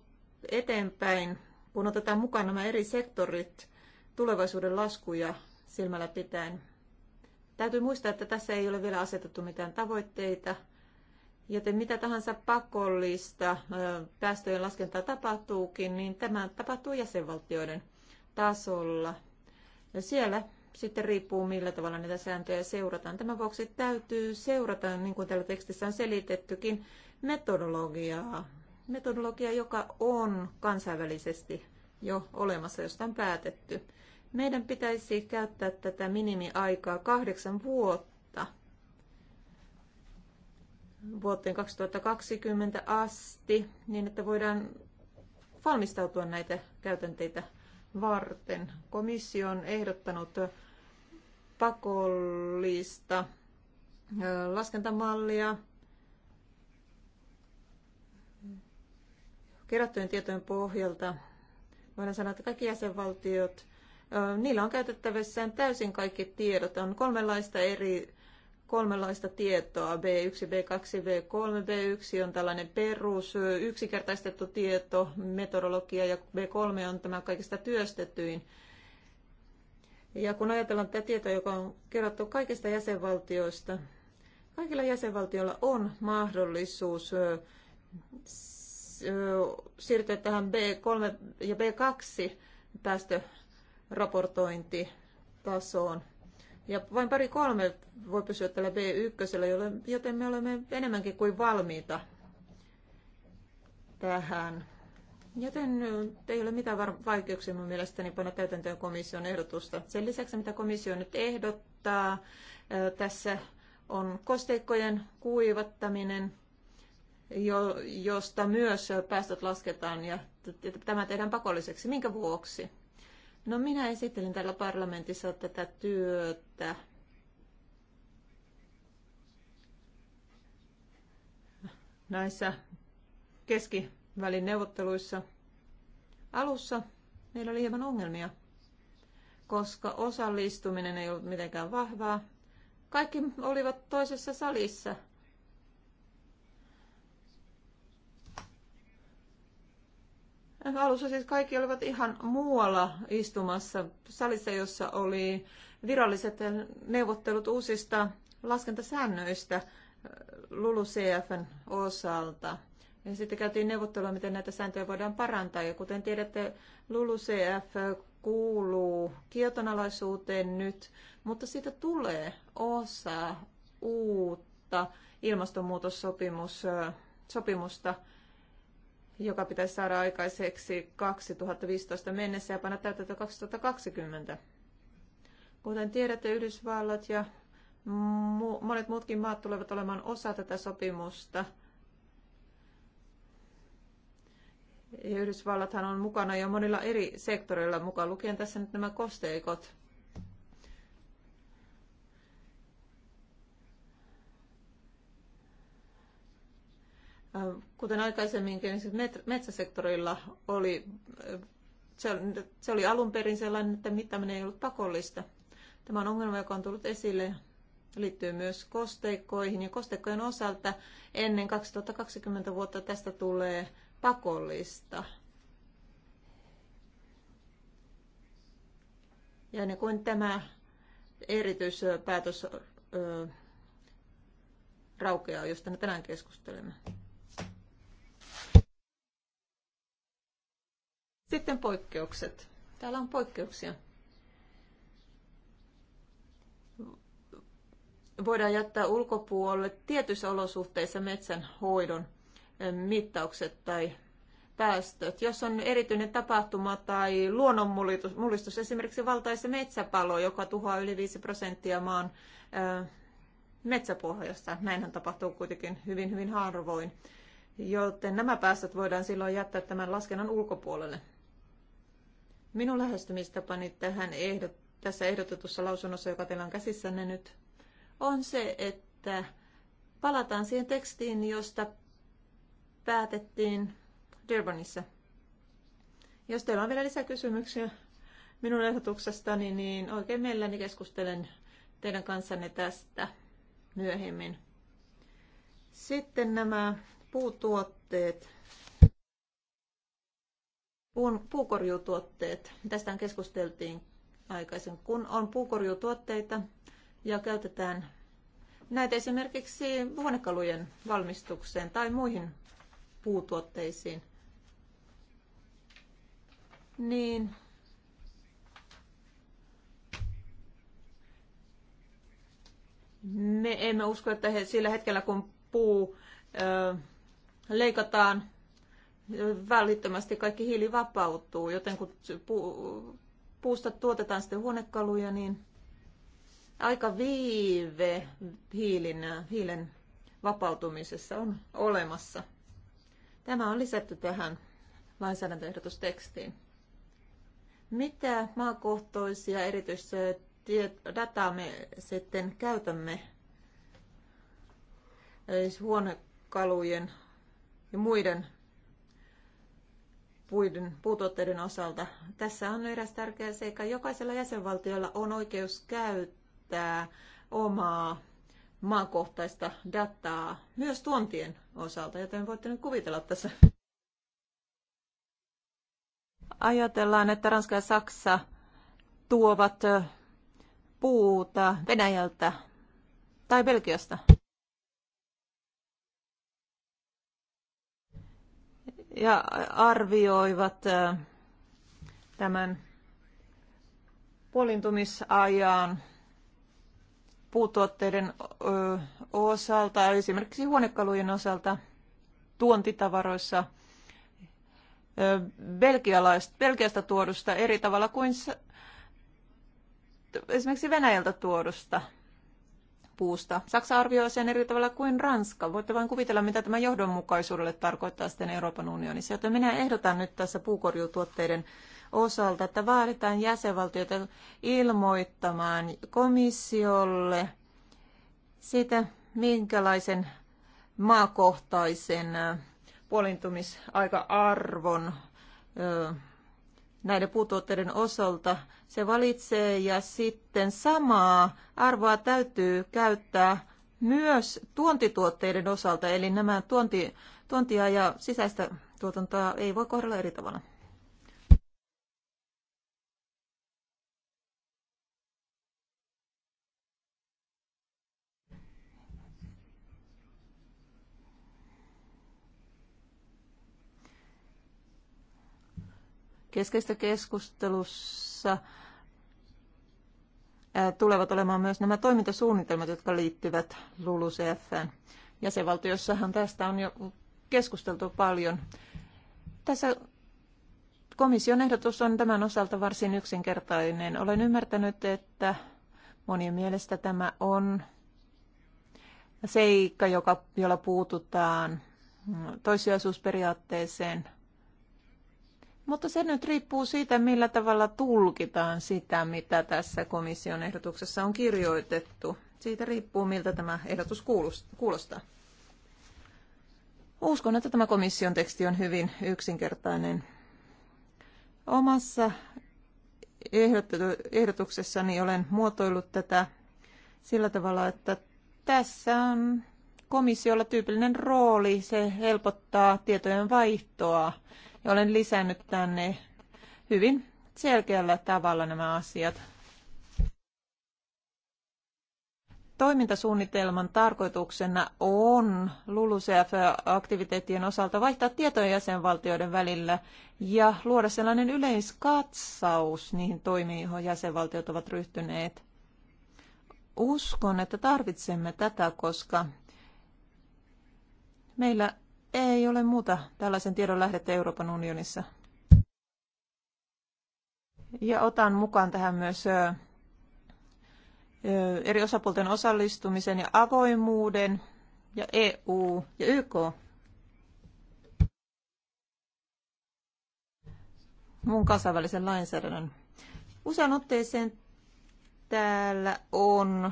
C: eteenpäin, kun otetaan mukaan nämä eri sektorit tulevaisuuden laskuja silmällä pitäen. Täytyy muistaa, että tässä ei ole vielä asetettu mitään tavoitteita, joten mitä tahansa pakollista päästöjen laskentaa tapahtuukin, niin tämä tapahtuu jäsenvaltioiden tasolla. Ja siellä sitten riippuu, millä tavalla niitä sääntöjä seurataan. Tämän vuoksi täytyy seurata, niin kuin täällä tekstissä on selitettykin, metodologiaa, metodologiaa, joka on kansainvälisesti jo olemassa, josta on päätetty. Meidän pitäisi käyttää tätä minimiaikaa kahdeksan vuotta vuoteen 2020 asti, niin että voidaan valmistautua näitä käytänteitä varten. Komissio on ehdottanut pakollista laskentamallia kerättyjen tietojen pohjalta voidaan sanoa, että kaikki jäsenvaltiot, niillä on käytettävissään täysin kaikki tiedot. On kolmenlaista eri kolmenlaista tietoa, B1, B2, B3. B1 on tällainen perus, yksinkertaistettu tieto, metodologia ja B3 on tämä kaikista työstetyin. Ja kun ajatellaan tätä tietoa, joka on kerätty kaikista jäsenvaltioista, kaikilla jäsenvaltioilla on mahdollisuus siirtyä tähän B3 ja B2 päästöraportointitasoon. Ja vain pari kolme voi pysyä tällä B1, joten me olemme enemmänkin kuin valmiita tähän. Joten ei ole mitään vaikeuksia mun mielestäni panna täytäntöön komission ehdotusta. Sen lisäksi, mitä komissio nyt ehdottaa, tässä on kosteikkojen kuivattaminen, jo, josta myös päästöt lasketaan ja tämä tehdään pakolliseksi. Minkä vuoksi? No minä esittelin täällä parlamentissa tätä työtä. Näissä keskivälin neuvotteluissa alussa meillä oli hieman ongelmia, koska osallistuminen ei ollut mitenkään vahvaa. Kaikki olivat toisessa salissa – Alussa siis kaikki olivat ihan muualla istumassa salissa, jossa oli viralliset neuvottelut uusista laskentasäännöistä äh, LULUCFn osalta. Ja sitten käytiin neuvottelua, miten näitä sääntöjä voidaan parantaa. Ja kuten tiedätte, LULUCF kuuluu kiotonalaisuuteen nyt, mutta siitä tulee osa uutta ilmastonmuutossopimusta, äh, joka pitäisi saada aikaiseksi 2015 mennessä ja panna täytäntö 2020. Kuten tiedätte, Yhdysvallat ja monet muutkin maat tulevat olemaan osa tätä sopimusta. Ja Yhdysvallathan on mukana jo monilla eri sektoreilla, mukaan lukien tässä nyt nämä kosteikot. Kuten aikaisemminkin, niin metsäsektorilla oli, se oli alun perin sellainen, että mittaaminen ei ollut pakollista. Tämä on ongelma, joka on tullut esille liittyy myös kosteikkoihin ja kosteikkojen osalta ennen 2020 vuotta tästä tulee pakollista. Ja niin kuin tämä erityispäätös raukeaa, josta tänään keskustelemme. Sitten poikkeukset. Täällä on poikkeuksia. Voidaan jättää ulkopuolelle tietyissä olosuhteissa metsän hoidon eh, mittaukset tai päästöt. Jos on erityinen tapahtuma tai luonnonmullistus, esimerkiksi valtaisa metsäpalo, joka tuhoaa yli 5 prosenttia maan eh, metsäpohjasta, näinhän tapahtuu kuitenkin hyvin, hyvin harvoin, joten nämä päästöt voidaan silloin jättää tämän laskennan ulkopuolelle. Minun lähestymistapani tähän ehdot, tässä ehdotetussa lausunnossa, joka teillä on käsissänne nyt, on se, että palataan siihen tekstiin, josta päätettiin Durbanissa. Jos teillä on vielä lisäkysymyksiä minun ehdotuksestani, niin oikein mielelläni keskustelen teidän kanssanne tästä myöhemmin. Sitten nämä puutuotteet puun, puukorjuutuotteet. Tästä keskusteltiin aikaisemmin. Kun on puukorjuutuotteita ja käytetään näitä esimerkiksi huonekalujen valmistukseen tai muihin puutuotteisiin, niin me emme usko, että he, sillä hetkellä kun puu ö, leikataan välittömästi kaikki hiili vapautuu, joten kun puusta tuotetaan sitten huonekaluja, niin aika viive hiilin, hiilen vapautumisessa on olemassa. Tämä on lisätty tähän lainsäädäntöehdotustekstiin. Mitä maakohtaisia erityisdataa me sitten käytämme huonekalujen ja muiden puiden, puutuotteiden osalta. Tässä on eräs tärkeä seikka. Jokaisella jäsenvaltiolla on oikeus käyttää omaa maakohtaista dataa myös tuontien osalta, joten voitte nyt kuvitella tässä. Ajatellaan, että Ranska ja Saksa tuovat puuta Venäjältä tai Belgiasta. ja arvioivat tämän puolintumisajan puutuotteiden osalta, esimerkiksi huonekalujen osalta tuontitavaroissa Belgiasta tuodusta eri tavalla kuin esimerkiksi Venäjältä tuodusta puusta. Saksa arvioi sen eri tavalla kuin Ranska. Voitte vain kuvitella, mitä tämä johdonmukaisuudelle tarkoittaa sitten Euroopan unionissa. Joten minä ehdotan nyt tässä puukorjuutuotteiden osalta, että vaaditaan jäsenvaltioita ilmoittamaan komissiolle siitä, minkälaisen maakohtaisen puolintumisaika-arvon näiden puutuotteiden osalta se valitsee ja sitten samaa arvoa täytyy käyttää myös tuontituotteiden osalta, eli nämä tuonti, tuontia ja sisäistä tuotantoa ei voi kohdella eri tavalla. keskeistä keskustelussa tulevat olemaan myös nämä toimintasuunnitelmat, jotka liittyvät LULUCFään. Jäsenvaltiossahan tästä on jo keskusteltu paljon. Tässä komission ehdotus on tämän osalta varsin yksinkertainen. Olen ymmärtänyt, että monien mielestä tämä on seikka, joka, jolla puututaan toissijaisuusperiaatteeseen – mutta se nyt riippuu siitä, millä tavalla tulkitaan sitä, mitä tässä komission ehdotuksessa on kirjoitettu. Siitä riippuu, miltä tämä ehdotus kuulostaa. Uskon, että tämä komission teksti on hyvin yksinkertainen. Omassa ehdotuksessani olen muotoillut tätä sillä tavalla, että tässä on komissiolla tyypillinen rooli. Se helpottaa tietojen vaihtoa ja olen lisännyt tänne hyvin selkeällä tavalla nämä asiat. Toimintasuunnitelman tarkoituksena on LULUCF-aktiviteettien osalta vaihtaa tietoja jäsenvaltioiden välillä ja luoda sellainen yleiskatsaus niihin toimiin, joihin jäsenvaltiot ovat ryhtyneet. Uskon, että tarvitsemme tätä, koska meillä ei ole muuta tällaisen tiedon lähdettä Euroopan unionissa. Ja otan mukaan tähän myös eri osapuolten osallistumisen ja avoimuuden ja EU ja YK. mun kansainvälisen lainsäädännön. Usean otteeseen täällä on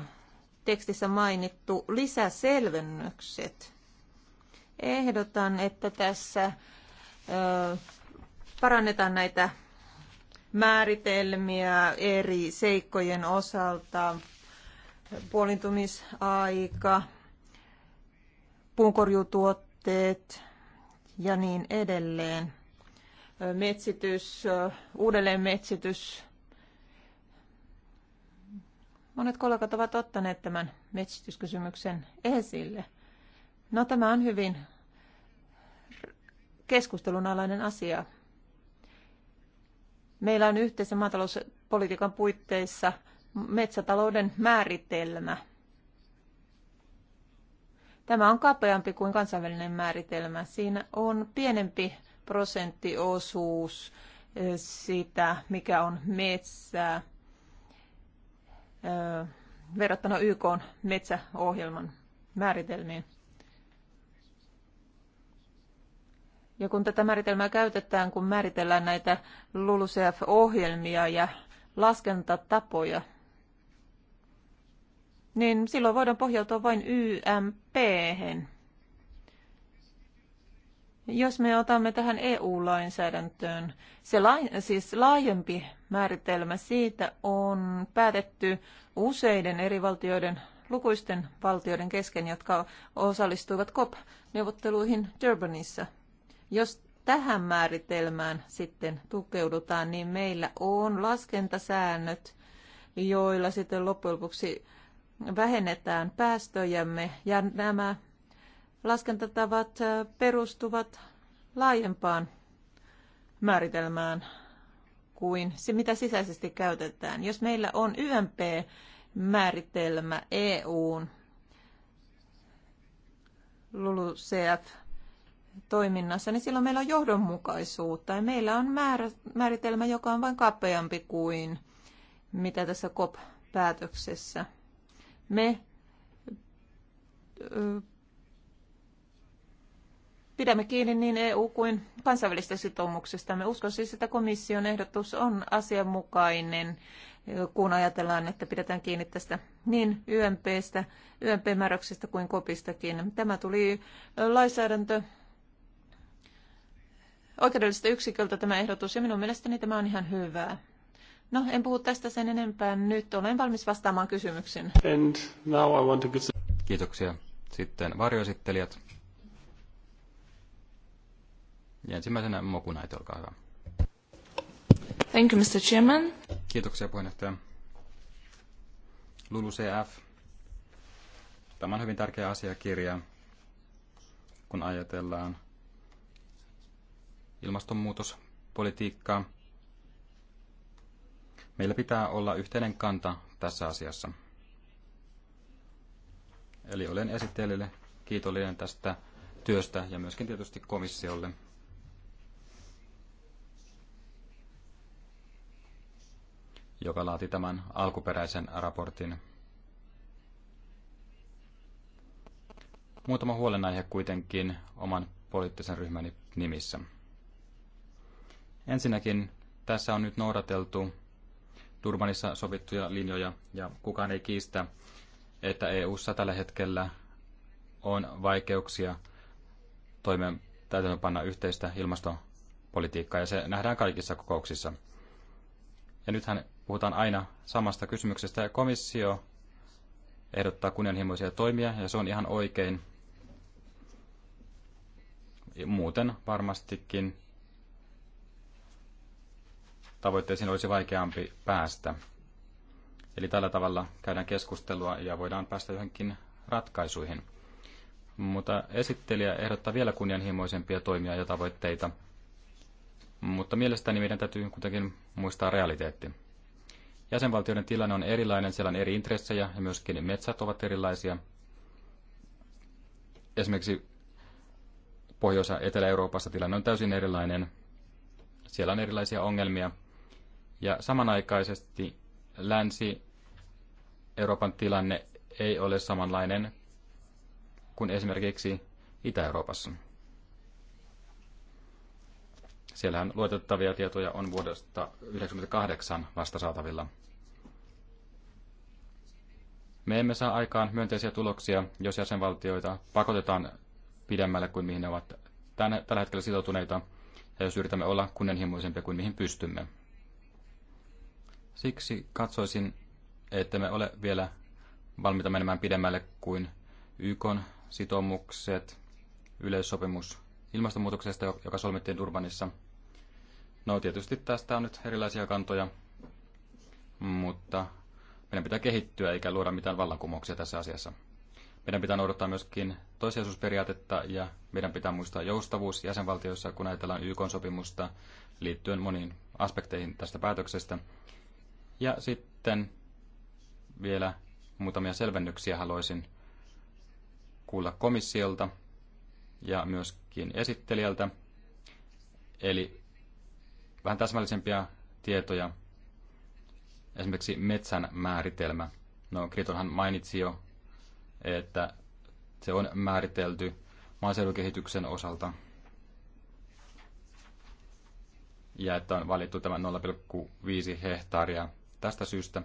C: tekstissä mainittu lisäselvennykset ehdotan, että tässä parannetaan näitä määritelmiä eri seikkojen osalta, puolintumisaika, puunkorjuutuotteet ja niin edelleen. Metsitys, uudelleen metsitys. Monet kollegat ovat ottaneet tämän metsityskysymyksen esille. No tämä on hyvin alainen asia. Meillä on yhteisen maatalouspolitiikan puitteissa metsätalouden määritelmä. Tämä on kapeampi kuin kansainvälinen määritelmä. Siinä on pienempi prosenttiosuus sitä, mikä on metsää verrattuna YK metsäohjelman määritelmiin. Ja kun tätä määritelmää käytetään, kun määritellään näitä LULUCF-ohjelmia ja laskentatapoja, niin silloin voidaan pohjautua vain YMP. -hen. Jos me otamme tähän EU-lainsäädäntöön, se lai, siis laajempi määritelmä siitä on päätetty useiden eri valtioiden lukuisten valtioiden kesken, jotka osallistuivat COP-neuvotteluihin Durbanissa. Jos tähän määritelmään sitten tukeudutaan, niin meillä on laskentasäännöt, joilla sitten loppujen lopuksi vähennetään päästöjämme ja nämä laskentatavat perustuvat laajempaan määritelmään kuin se, mitä sisäisesti käytetään. Jos meillä on YMP-määritelmä EUn LULUCF toiminnassa, niin silloin meillä on johdonmukaisuutta ja meillä on määrä, määritelmä, joka on vain kapeampi kuin mitä tässä COP-päätöksessä. Me pidämme kiinni niin EU- kuin kansainvälistä sitoumuksista. Me uskon siis, että komission ehdotus on asianmukainen, kun ajatellaan, että pidetään kiinni tästä niin YMPstä, YMP-määräyksestä kuin kopistakin. Tämä tuli lainsäädäntö oikeudellisesta yksiköltä tämä ehdotus, ja minun mielestäni tämä on ihan hyvää. No, en puhu tästä sen enempää nyt. Olen valmis vastaamaan kysymyksiin.
A: give... Kiitoksia. Sitten varjoesittelijät. Ja ensimmäisenä Mokunaita, olkaa hyvä.
C: Thank you, Mr. Chairman.
A: Kiitoksia puheenjohtaja. CF. Tämä on hyvin tärkeä asiakirja, kun ajatellaan ilmastonmuutospolitiikkaa. Meillä pitää olla yhteinen kanta tässä asiassa. Eli olen esittelijälle kiitollinen tästä työstä ja myöskin tietysti komissiolle. joka laati tämän alkuperäisen raportin. Muutama huolenaihe kuitenkin oman poliittisen ryhmäni nimissä. Ensinnäkin tässä on nyt noudateltu Durbanissa sovittuja linjoja ja kukaan ei kiistä, että EU:ssa tällä hetkellä on vaikeuksia toimeen täytäntöönpanna yhteistä ilmastopolitiikkaa ja se nähdään kaikissa kokouksissa. Ja nythän puhutaan aina samasta kysymyksestä ja komissio ehdottaa kunnianhimoisia toimia ja se on ihan oikein. Muuten varmastikin tavoitteisiin olisi vaikeampi päästä. Eli tällä tavalla käydään keskustelua ja voidaan päästä johonkin ratkaisuihin. Mutta esittelijä ehdottaa vielä kunnianhimoisempia toimia ja tavoitteita. Mutta mielestäni meidän täytyy kuitenkin muistaa realiteetti. Jäsenvaltioiden tilanne on erilainen, siellä on eri intressejä ja myöskin metsät ovat erilaisia. Esimerkiksi Pohjois- ja Etelä-Euroopassa tilanne on täysin erilainen. Siellä on erilaisia ongelmia ja samanaikaisesti Länsi-Euroopan tilanne ei ole samanlainen kuin esimerkiksi Itä-Euroopassa. Siellähän luotettavia tietoja on vuodesta 1998 vasta saatavilla. Me emme saa aikaan myönteisiä tuloksia, jos jäsenvaltioita pakotetaan pidemmälle kuin mihin ne ovat tällä hetkellä sitoutuneita, ja jos yritämme olla kunnianhimoisempia kuin mihin pystymme. Siksi katsoisin, että me ole vielä valmiita menemään pidemmälle kuin YK sitoumukset, yleissopimus ilmastonmuutoksesta, joka solmittiin Durbanissa. No tietysti tästä on nyt erilaisia kantoja, mutta meidän pitää kehittyä eikä luoda mitään vallankumouksia tässä asiassa. Meidän pitää noudattaa myöskin toisiasuusperiaatetta ja meidän pitää muistaa joustavuus jäsenvaltioissa, kun ajatellaan YK-sopimusta liittyen moniin aspekteihin tästä päätöksestä. Ja sitten vielä muutamia selvennyksiä haluaisin kuulla komissiolta ja myöskin esittelijältä. Eli vähän täsmällisempiä tietoja. Esimerkiksi metsän määritelmä. No, Kritonhan mainitsi jo, että se on määritelty maaseudun kehityksen osalta. Ja että on valittu tämä 0,5 hehtaaria tästä syystä.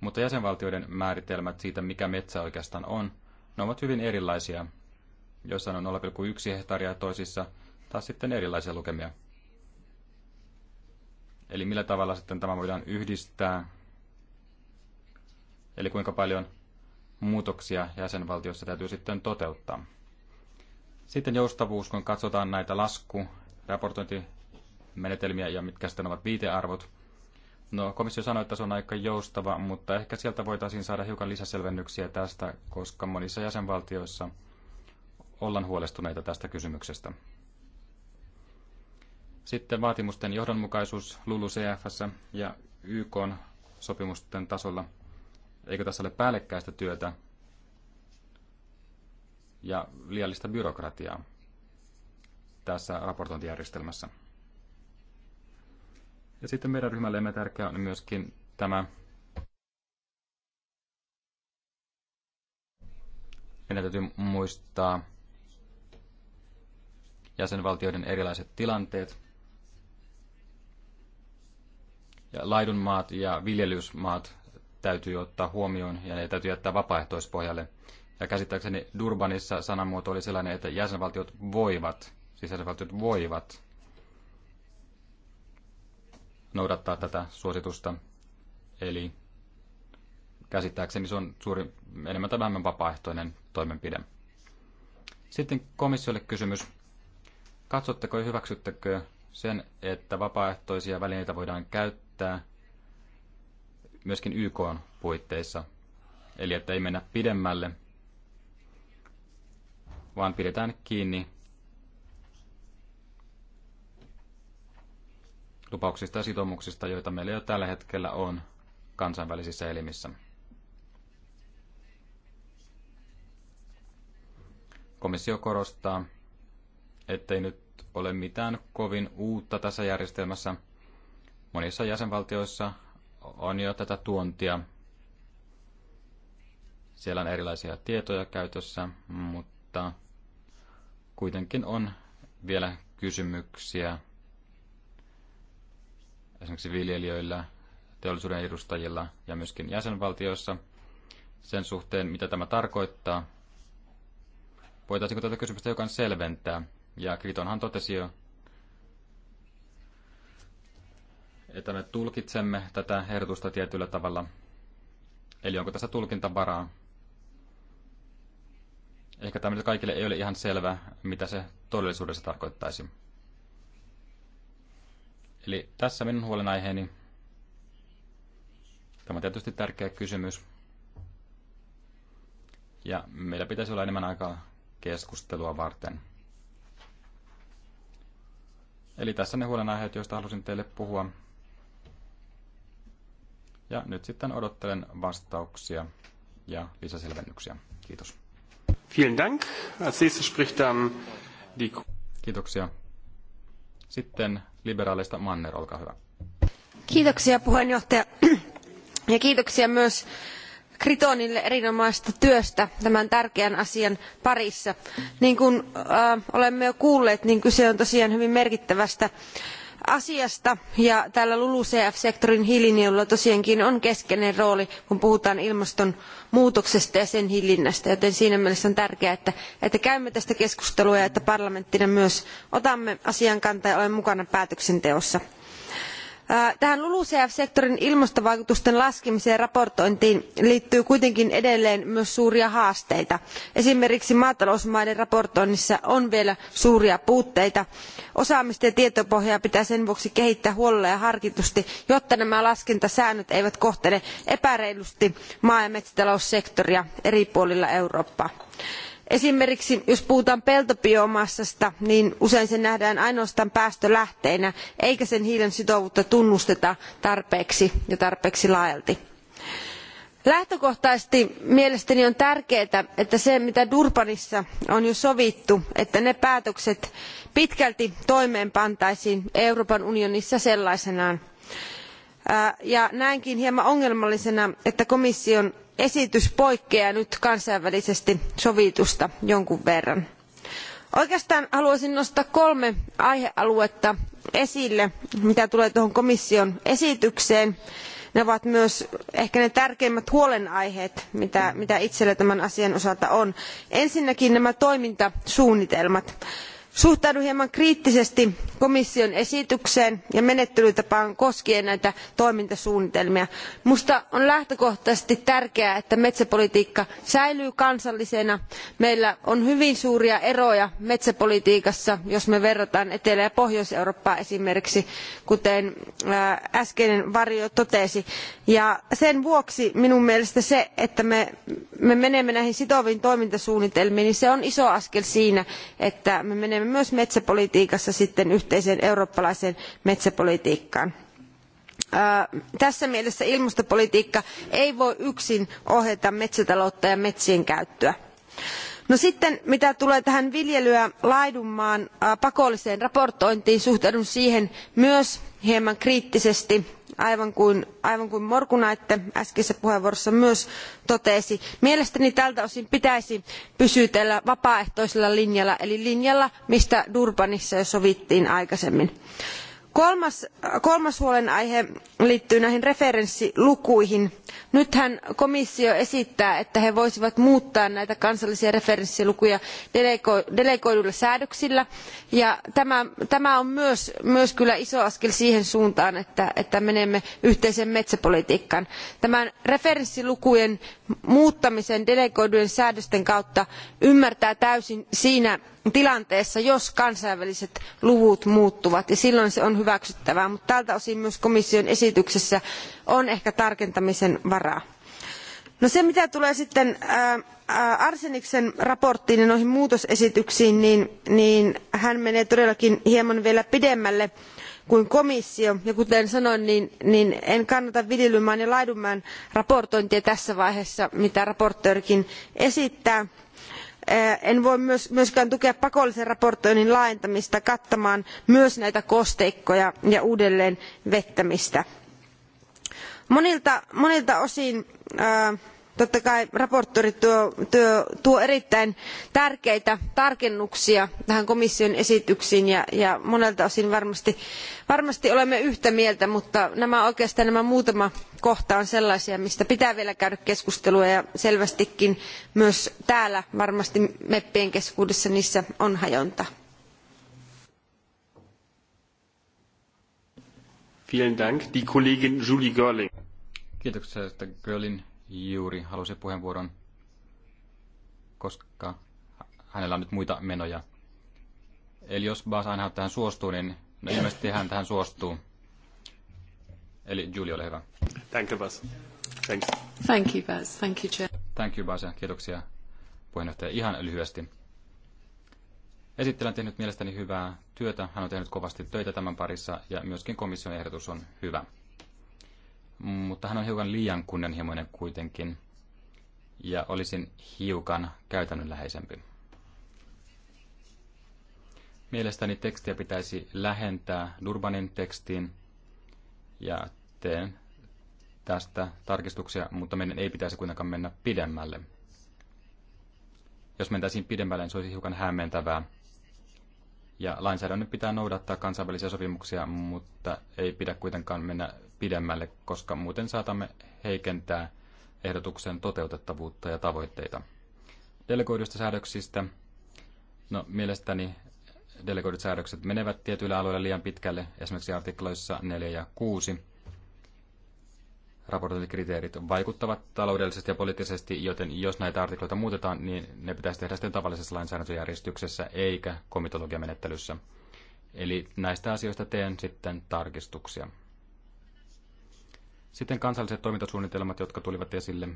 A: Mutta jäsenvaltioiden määritelmät siitä, mikä metsä oikeastaan on, ne ovat hyvin erilaisia. Joissain on 0,1 hehtaaria toisissa taas sitten erilaisia lukemia. Eli millä tavalla sitten tämä voidaan yhdistää? Eli kuinka paljon muutoksia jäsenvaltiossa täytyy sitten toteuttaa? Sitten joustavuus, kun katsotaan näitä lasku, raportointimenetelmiä ja mitkä sitten ovat viitearvot. No, komissio sanoi, että se on aika joustava, mutta ehkä sieltä voitaisiin saada hiukan lisäselvennyksiä tästä, koska monissa jäsenvaltioissa ollaan huolestuneita tästä kysymyksestä. Sitten vaatimusten johdonmukaisuus LULU-CFS ja YK-sopimusten tasolla. Eikö tässä ole päällekkäistä työtä ja liiallista byrokratiaa tässä raportointijärjestelmässä? Ja sitten meidän ryhmällemme tärkeä on myöskin tämä meidän täytyy muistaa jäsenvaltioiden erilaiset tilanteet. Ja laidunmaat ja viljelysmaat täytyy ottaa huomioon ja ne täytyy jättää vapaaehtoispohjalle. Ja käsittääkseni Durbanissa sanamuoto oli sellainen, että jäsenvaltiot voivat, siis jäsenvaltiot voivat noudattaa tätä suositusta. Eli käsittääkseni se on suuri, enemmän tai vähemmän vapaaehtoinen toimenpide. Sitten komissiolle kysymys. Katsotteko ja hyväksyttekö sen, että vapaaehtoisia välineitä voidaan käyttää myöskin YK puitteissa? Eli että ei mennä pidemmälle, vaan pidetään kiinni lupauksista ja sitoumuksista, joita meillä jo tällä hetkellä on kansainvälisissä elimissä. Komissio korostaa, ettei nyt ole mitään kovin uutta tässä järjestelmässä. Monissa jäsenvaltioissa on jo tätä tuontia. Siellä on erilaisia tietoja käytössä, mutta kuitenkin on vielä kysymyksiä esimerkiksi viljelijöillä, teollisuuden edustajilla ja myöskin jäsenvaltioissa sen suhteen, mitä tämä tarkoittaa. Voitaisiinko tätä kysymystä hiukan selventää? Ja Kritonhan totesi jo, että me tulkitsemme tätä ehdotusta tietyllä tavalla. Eli onko tässä tulkintavaraa? Ehkä tämä kaikille ei ole ihan selvä, mitä se todellisuudessa tarkoittaisi. Eli tässä minun huolenaiheeni. Tämä on tietysti tärkeä kysymys. Ja meillä pitäisi olla enemmän aikaa keskustelua varten. Eli tässä ne huolenaiheet, joista halusin teille puhua. Ja nyt sitten odottelen vastauksia ja lisäselvennyksiä. Kiitos. Vielen Dank. Als nächstes spricht dann die... Kiitoksia. Sitten liberaaleista Manner, olkaa hyvä.
D: Kiitoksia puheenjohtaja ja kiitoksia myös Kritonille erinomaisesta työstä tämän tärkeän asian parissa. Niin kuin äh, olemme jo kuulleet, niin kyse on tosiaan hyvin merkittävästä äh, asiasta ja tällä lulucf sektorin hiilinieluilla tosiaankin on keskeinen rooli kun puhutaan ilmastonmuutoksesta ja sen hillinnästä joten siinä mielessä on tärkeää että, että käymme tästä keskustelua ja että parlamenttina myös otamme asiaan kantaa ja olemme mukana päätöksenteossa tähän lulucf sektorin ilmastovaikutusten laskemiseen ja raportointiin liittyy kuitenkin edelleen myös suuria haasteita. esimerkiksi maatalousmaiden raportoinnissa on vielä suuria puutteita. osaamista ja tietopohjaa pitää sen vuoksi kehittää huolella ja harkitusti jotta nämä laskentasäännöt eivät kohtele epäreilusti maa ja metsätaloussektoria eri puolilla eurooppaa esimerkiksi jos puhutaan peltobiomassasta niin usein se nähdään ainoastaan päästölähteenä eikä sen hiilen sitovuutta tunnusteta tarpeeksi ja tarpeeksi laajalti. lähtökohtaisesti mielestäni on tärkeää että se mitä durbanissa on jo sovittu että ne päätökset pitkälti toimeenpantaisiin euroopan unionissa sellaisenaan ja näenkin hieman ongelmallisena että komission esitys poikkeaa nyt kansainvälisesti sovitusta jonkun verran. oikeastaan haluaisin nostaa kolme aihealuetta esille mitä tulee tuohon komission esitykseen. ne ovat myös ehkä ne tärkeimmät huolenaiheet mitä, itselläni tämän asian osalta on. ensinnäkin nämä toimintasuunnitelmat suhtaudun hieman kriittisesti komission esitykseen ja menettelytapaan koskien näitä toimintasuunnitelmia. minusta on lähtökohtaisesti tärkeää että metsäpolitiikka säilyy kansallisena. meillä on hyvin suuria eroja metsäpolitiikassa jos me vertaamme etelä ja pohjois eurooppaa esimerkiksi kuten äskeinen varjo totesi ja sen vuoksi minun mielestäni se että me, menemme näihin sitoviin toimintasuunnitelmiin niin se on iso askel siinä että me menemme myös metsäpolitiikassa sitten yhteiseen eurooppalaiseen metsäpolitiikkaan. tässä mielessä ilmastopolitiikka ei voi yksin ohjata metsätaloutta ja metsien käyttöä No sitten mitä tulee tähän viljelyä laidunmaan äh, pakolliseen raportointiin suhtaudun siihen myös hieman kriittisesti aivan kuin, aivan kuin äskeisessä puheenvuorossa myös totesi. mielestäni tältä osin pitäisi pysytellä vapaaehtoisella linjalla eli linjalla mistä durbanissa jo sovittiin aikaisemmin. Kolmas, huolenaihe liittyy näihin referenssilukuihin. nythän komissio esittää että he voisivat muuttaa näitä kansallisia referenssilukuja delegoiduilla säädöksillä ja tämä, on myös, kyllä iso askel siihen suuntaan että, menemme yhteiseen metsäpolitiikkaan. tämän referenssilukujen muuttamisen delegoitujen säädösten kautta ymmärtää täysin siinä tilanteessa jos kansainväliset luvut muuttuvat ja silloin se on hyväksyttävää mutta tältä osin myös komission esityksessä on ehkä tarkentamisen varaa. No se mitä tulee sitten arseniksen mietintöön ja noihin muutosesityksiin niin, niin hän menee todellakin hieman vielä pidemmälle kuin komissio ja kuten sanoin niin, niin en kannata viljelymaan ja laidunmaan raportointia tässä vaiheessa mitä esittelijäkin esittää Eh, en voi myöskään tukea pakollisen raportoinnin laajentamista kattamaan myös näitä kosteikkoja ja uudelleen vettämistä. monilta, osin äh, totta kai mietintö tuo erittäin tärkeitä tarkennuksia tähän komission esitykseen ja monelta osin varmasti olemme yhtä mieltä mutta oikeastaan nämä muutama kohta ovat sellaisia joista pitää vielä käydä keskustelua ja selvästikin myös täällä varmasti meppien keskuudessa niissä on hajontaa.
A: Vielen Dank, die Kollegin Julie Görling. Kiitoksia, että Görling juuri halusi puheenvuoron, koska hänellä on nyt muita menoja. Eli jos Bas aina tähän suostuu, niin no ilmeisesti hän tähän suostuu. Eli Julia, ole hyvä. Thank you, Bas. Thanks. Thank you, Bas. Thank you, Chair. Thank you, Bas. Kiitoksia puheenjohtaja. Ihan lyhyesti. Esittelen tehnyt mielestäni hyvää työtä. Hän on tehnyt kovasti töitä tämän parissa ja myöskin komission ehdotus on hyvä mutta hän on hiukan liian kunnianhimoinen kuitenkin ja olisin hiukan käytännönläheisempi. Mielestäni tekstiä pitäisi lähentää Durbanin tekstiin ja teen tästä tarkistuksia, mutta meidän ei pitäisi kuitenkaan mennä pidemmälle. Jos mentäisiin pidemmälle, niin se olisi hiukan hämmentävää. Ja lainsäädännön pitää noudattaa kansainvälisiä sopimuksia, mutta ei pidä kuitenkaan mennä pidemmälle, koska muuten saatamme heikentää ehdotuksen toteutettavuutta ja tavoitteita. Delegoiduista säädöksistä. No, mielestäni delegoidut säädökset menevät tietyillä alueilla liian pitkälle, esimerkiksi artikloissa 4 ja 6. Raportointikriteerit vaikuttavat taloudellisesti ja poliittisesti, joten jos näitä artikloita muutetaan, niin ne pitäisi tehdä sitten tavallisessa lainsäädäntöjärjestyksessä eikä komitologiamenettelyssä. Eli näistä asioista teen sitten tarkistuksia. Sitten kansalliset toimintasuunnitelmat, jotka tulivat esille.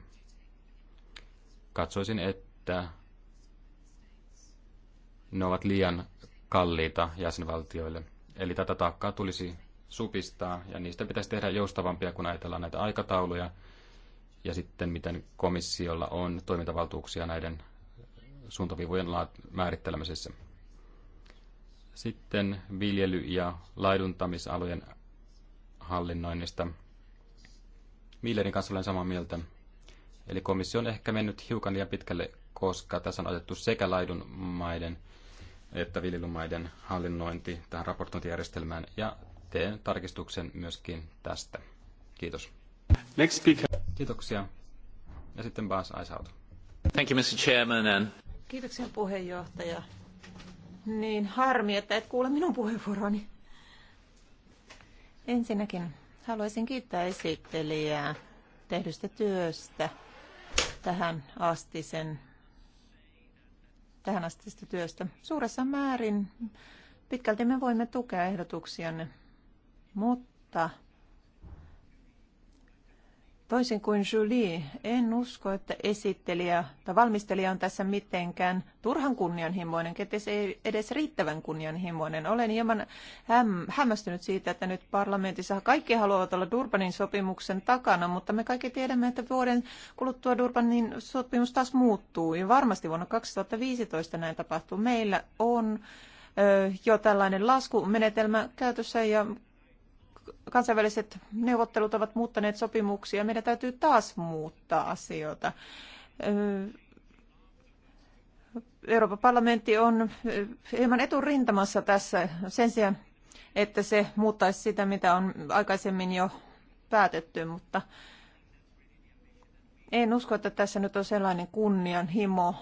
A: Katsoisin, että ne ovat liian kalliita jäsenvaltioille. Eli tätä taakkaa tulisi supistaa ja niistä pitäisi tehdä joustavampia, kun ajatellaan näitä aikatauluja ja sitten miten komissiolla on toimintavaltuuksia näiden suuntaviivojen määrittelemisessä. Sitten viljely- ja laiduntamisalojen hallinnoinnista – Millerin kanssa olen samaa mieltä. Eli komissio on ehkä mennyt hiukan liian pitkälle, koska tässä on otettu sekä maiden, että viljelumaiden hallinnointi tähän raportointijärjestelmään. Ja teen tarkistuksen myöskin tästä. Kiitos. Next speaker. Kiitoksia. Ja sitten Bas Aisaut. Thank you, Mr. Chairman. And...
C: Kiitoksia puheenjohtaja. Niin harmi, että et kuule minun puheenvuoroni. Ensinnäkin Haluaisin kiittää esittelijää tehdystä työstä tähän asti sen tähän astista työstä. Suuressa määrin pitkälti me voimme tukea ehdotuksianne, mutta Toisin kuin Julie, en usko, että esittelijä tai valmistelija on tässä mitenkään turhan kunnianhimoinen, kenties ei edes riittävän kunnianhimoinen. Olen hieman häm, hämmästynyt siitä, että nyt parlamentissa kaikki haluavat olla Durbanin sopimuksen takana, mutta me kaikki tiedämme, että vuoden kuluttua Durbanin sopimus taas muuttuu. Ja varmasti vuonna 2015 näin tapahtuu. Meillä on jo tällainen laskumenetelmä käytössä ja kansainväliset neuvottelut ovat muuttaneet sopimuksia. Meidän täytyy taas muuttaa asioita. Euroopan parlamentti on hieman eturintamassa tässä sen sijaan, että se muuttaisi sitä, mitä on aikaisemmin jo päätetty, mutta en usko, että tässä nyt on sellainen kunnianhimo,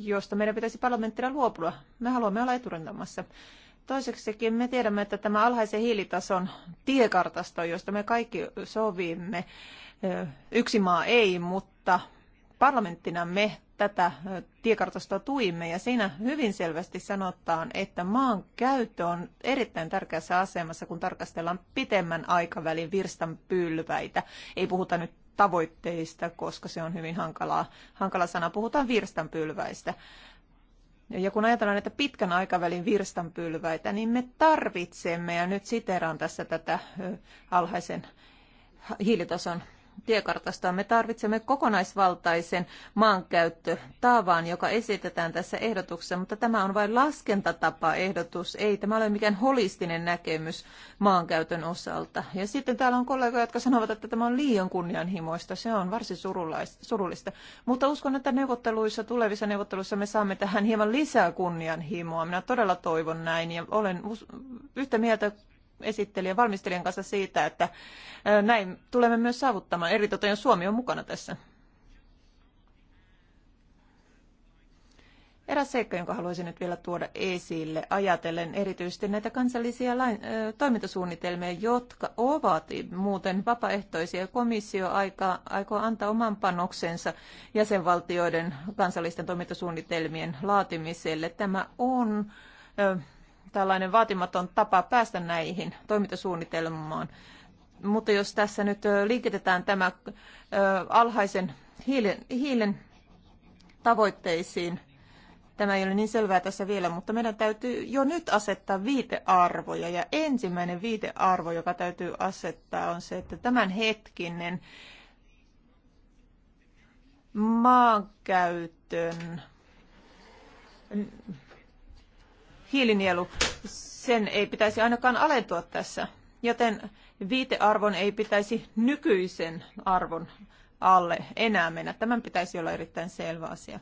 C: josta meidän pitäisi parlamenttina luopua. Me haluamme olla eturintamassa. Toiseksikin me tiedämme, että tämä alhaisen hiilitason tiekartasto, josta me kaikki sovimme, yksi maa ei, mutta parlamenttina me tätä tiekartastoa tuimme ja siinä hyvin selvästi sanotaan, että maan käyttö on erittäin tärkeässä asemassa, kun tarkastellaan pitemmän aikavälin virstan pylväitä. Ei puhuta nyt tavoitteista, koska se on hyvin hankalaa, hankala sana. Puhutaan virstanpylväistä. Ja kun ajatellaan näitä pitkän aikavälin virstanpylväitä, niin me tarvitsemme, ja nyt siteraan tässä tätä alhaisen hiilitason tiekartastaan. Me tarvitsemme kokonaisvaltaisen maankäyttötavan, joka esitetään tässä ehdotuksessa, mutta tämä on vain laskentatapa-ehdotus. Ei tämä ole mikään holistinen näkemys maankäytön osalta. Ja sitten täällä on kollegoja, jotka sanovat, että tämä on liian kunnianhimoista. Se on varsin surullista. Mutta uskon, että neuvotteluissa, tulevissa neuvotteluissa me saamme tähän hieman lisää kunnianhimoa. Minä todella toivon näin ja olen yhtä mieltä esittelijän valmistelijan kanssa siitä, että näin tulemme myös saavuttamaan. Eritoten Suomi on mukana tässä. Eräs seikka, jonka haluaisin nyt vielä tuoda esille, ajatellen erityisesti näitä kansallisia lain, ö, toimintasuunnitelmia, jotka ovat muuten vapaaehtoisia. Komissio aika, aikoo antaa oman panoksensa jäsenvaltioiden kansallisten toimintasuunnitelmien laatimiselle. Tämä on ö, tällainen vaatimaton tapa päästä näihin toimintasuunnitelmaan. Mutta jos tässä nyt liiketetään tämä alhaisen hiilen, hiilen tavoitteisiin, tämä ei ole niin selvää tässä vielä, mutta meidän täytyy jo nyt asettaa viitearvoja. Ja ensimmäinen viitearvo, joka täytyy asettaa, on se, että tämänhetkinen maankäytön hiilinielu, sen ei pitäisi ainakaan alentua tässä, joten viitearvon ei pitäisi nykyisen arvon alle enää mennä. Tämän pitäisi olla erittäin selvä asia.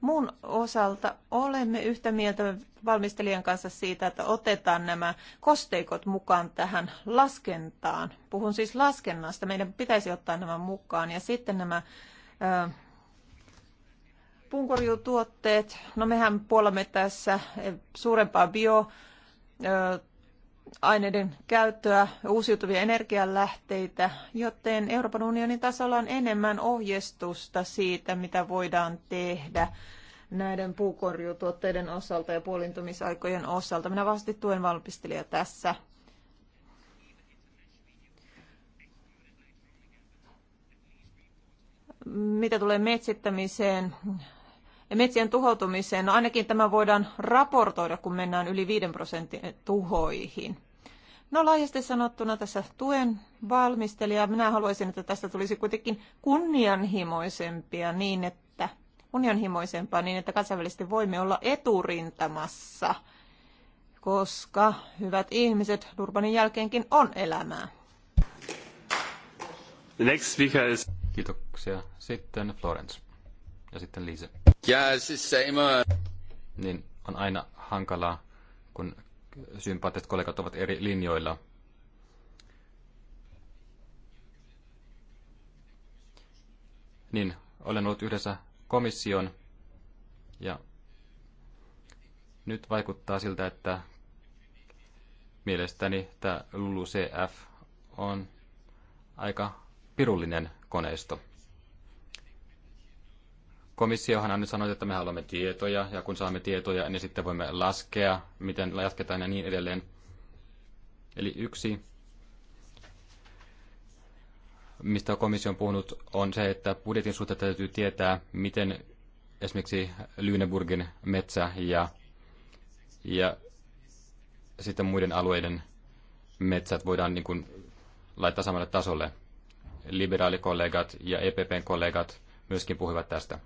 C: Muun osalta olemme yhtä mieltä valmistelijan kanssa siitä, että otetaan nämä kosteikot mukaan tähän laskentaan. Puhun siis laskennasta. Meidän pitäisi ottaa nämä mukaan. Ja sitten nämä Punkorjutuotteet, no mehän puolamme tässä eh, suurempaa bio aineiden käyttöä, uusiutuvia energialähteitä, joten Euroopan unionin tasolla on enemmän ohjeistusta siitä, mitä voidaan tehdä näiden puukorjuutuotteiden osalta ja puolintumisaikojen osalta. Minä vasti tuen valmistelija tässä. Mitä tulee metsittämiseen, ja metsien tuhoutumiseen. No ainakin tämä voidaan raportoida, kun mennään yli 5 prosentin tuhoihin. No laajasti sanottuna tässä tuen valmistelija. Minä haluaisin, että tästä tulisi kuitenkin kunnianhimoisempia niin, että kunnianhimoisempaa niin, että kansainvälisesti voimme olla eturintamassa, koska hyvät ihmiset Durbanin jälkeenkin on elämää.
A: next speaker is... Kiitoksia. Sitten Florence ja sitten Liise. Yeah, siis Niin on aina hankalaa, kun sympaattiset kollegat ovat eri linjoilla. Niin, olen ollut yhdessä komission ja nyt vaikuttaa siltä, että mielestäni tämä LULUCF on aika pirullinen koneisto. Komissiohan on nyt sanonut, että me haluamme tietoja, ja kun saamme tietoja, niin sitten voimme laskea, miten lasketaan ja niin edelleen. Eli yksi, mistä komissio on puhunut, on se, että budjetin suhteen täytyy tietää, miten esimerkiksi Lüneburgin metsä ja, ja sitten muiden alueiden metsät voidaan niin kuin laittaa samalle tasolle. Liberaalikollegat ja EPPn kollegat myöskin puhuivat tästä.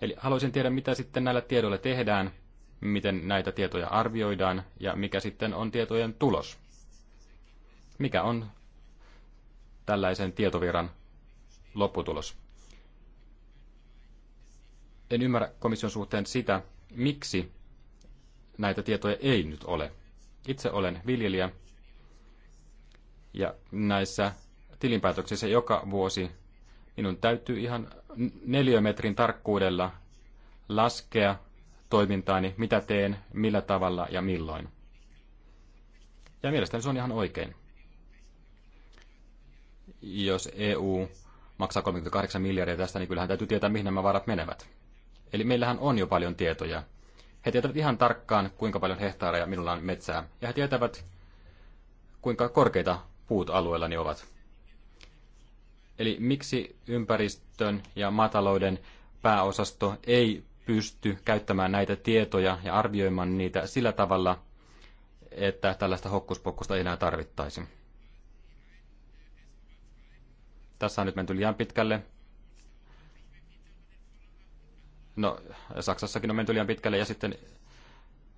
A: Eli haluaisin tiedä, mitä sitten näillä tiedoilla tehdään, miten näitä tietoja arvioidaan ja mikä sitten on tietojen tulos. Mikä on tällaisen tietoviran lopputulos? En ymmärrä komission suhteen sitä, miksi näitä tietoja ei nyt ole. Itse olen viljelijä ja näissä tilinpäätöksissä joka vuosi minun täytyy ihan neliömetrin tarkkuudella laskea toimintaani, mitä teen, millä tavalla ja milloin. Ja mielestäni se on ihan oikein. Jos EU maksaa 38 miljardia tästä, niin kyllähän täytyy tietää, mihin nämä varat menevät. Eli meillähän on jo paljon tietoja. He tietävät ihan tarkkaan, kuinka paljon hehtaareja minulla on metsää. Ja he tietävät, kuinka korkeita puut alueellani ovat. Eli miksi ympäristön ja maatalouden pääosasto ei pysty käyttämään näitä tietoja ja arvioimaan niitä sillä tavalla, että tällaista hokkuspokkusta ei enää tarvittaisi. Tässä on nyt menty liian pitkälle. No, Saksassakin on menty liian pitkälle ja sitten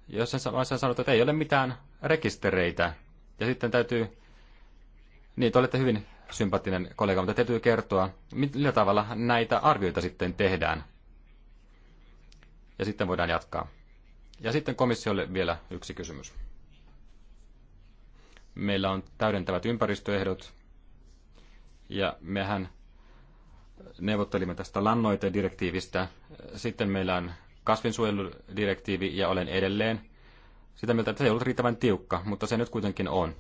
A: jos sen sanottu, että ei ole mitään rekistereitä ja sitten täytyy, niin te olette hyvin sympaattinen kollega, mutta täytyy kertoa, millä tavalla näitä arvioita sitten tehdään. Ja sitten voidaan jatkaa. Ja sitten komissiolle vielä yksi kysymys. Meillä on täydentävät ympäristöehdot, ja mehän neuvottelimme tästä lannoitedirektiivistä. Sitten meillä on kasvinsuojeludirektiivi, ja olen edelleen sitä mieltä, että se ei ollut riittävän tiukka, mutta se nyt kuitenkin on.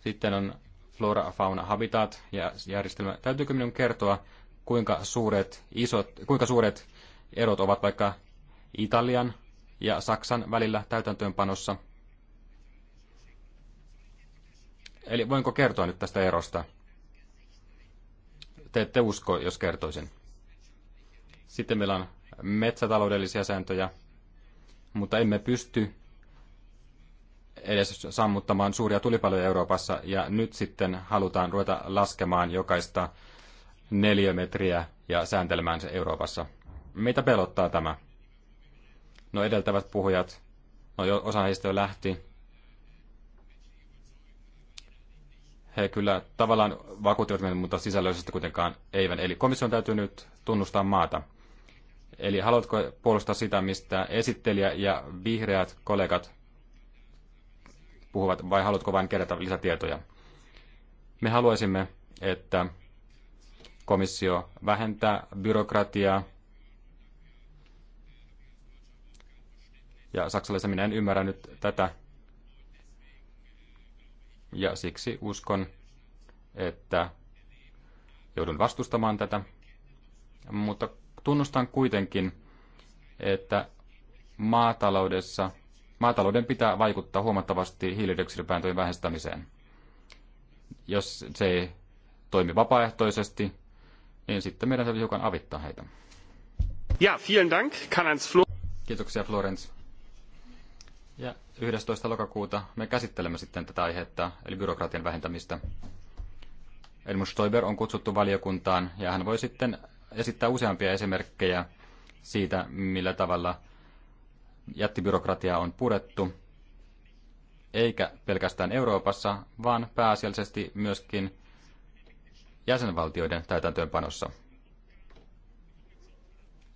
A: Sitten on flora, fauna, habitat ja järjestelmä. Täytyykö minun kertoa, kuinka suuret, isot, kuinka suuret erot ovat vaikka Italian ja Saksan välillä täytäntöönpanossa? Eli voinko kertoa nyt tästä erosta? Te ette usko, jos kertoisin. Sitten meillä on metsätaloudellisia sääntöjä, mutta emme pysty edes sammuttamaan suuria tulipaloja Euroopassa, ja nyt sitten halutaan ruveta laskemaan jokaista neliömetriä ja sääntelemään se Euroopassa. Mitä pelottaa tämä? No edeltävät puhujat, no osa heistä jo lähti. He kyllä tavallaan vakuuttivat mutta sisällöllisesti kuitenkaan eivät. Eli komission täytyy nyt tunnustaa maata. Eli haluatko puolustaa sitä, mistä esittelijä ja vihreät kollegat puhuvat, vai haluatko vain kerätä lisätietoja? Me haluaisimme, että komissio vähentää byrokratiaa, ja saksalaisessa minä en ymmärrä nyt tätä, ja siksi uskon, että joudun vastustamaan tätä, mutta tunnustan kuitenkin, että maataloudessa maatalouden pitää vaikuttaa huomattavasti hiilidioksidipäästöjen vähentämiseen. Jos se ei toimi vapaaehtoisesti, niin sitten meidän täytyy hiukan avittaa heitä. Ja, vielen dank, Karl-Heinz Kiitoksia, Florence. Ja 11. lokakuuta me käsittelemme sitten tätä aihetta, eli byrokratian vähentämistä. Elmus Stoiber on kutsuttu valiokuntaan, ja hän voi sitten esittää useampia esimerkkejä siitä, millä tavalla – jättibyrokratiaa on purettu, eikä pelkästään Euroopassa, vaan pääasiallisesti myöskin jäsenvaltioiden täytäntöönpanossa.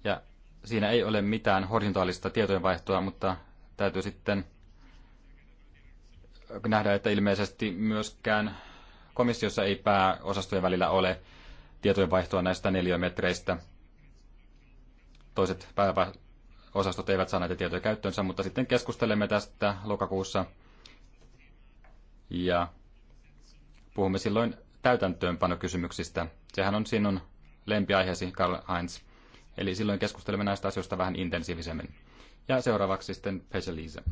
A: Ja siinä ei ole mitään horisontaalista tietojenvaihtoa, mutta täytyy sitten nähdä, että ilmeisesti myöskään komissiossa ei pääosastojen välillä ole tietojenvaihtoa näistä neliömetreistä. Toiset osastot eivät saa näitä tietoja käyttöönsä, mutta sitten keskustelemme tästä lokakuussa ja puhumme silloin täytäntöönpanokysymyksistä. Sehän on sinun lempiaiheesi, Karl Heinz. Eli silloin keskustelemme näistä asioista vähän intensiivisemmin. Ja seuraavaksi sitten Pesha Liise.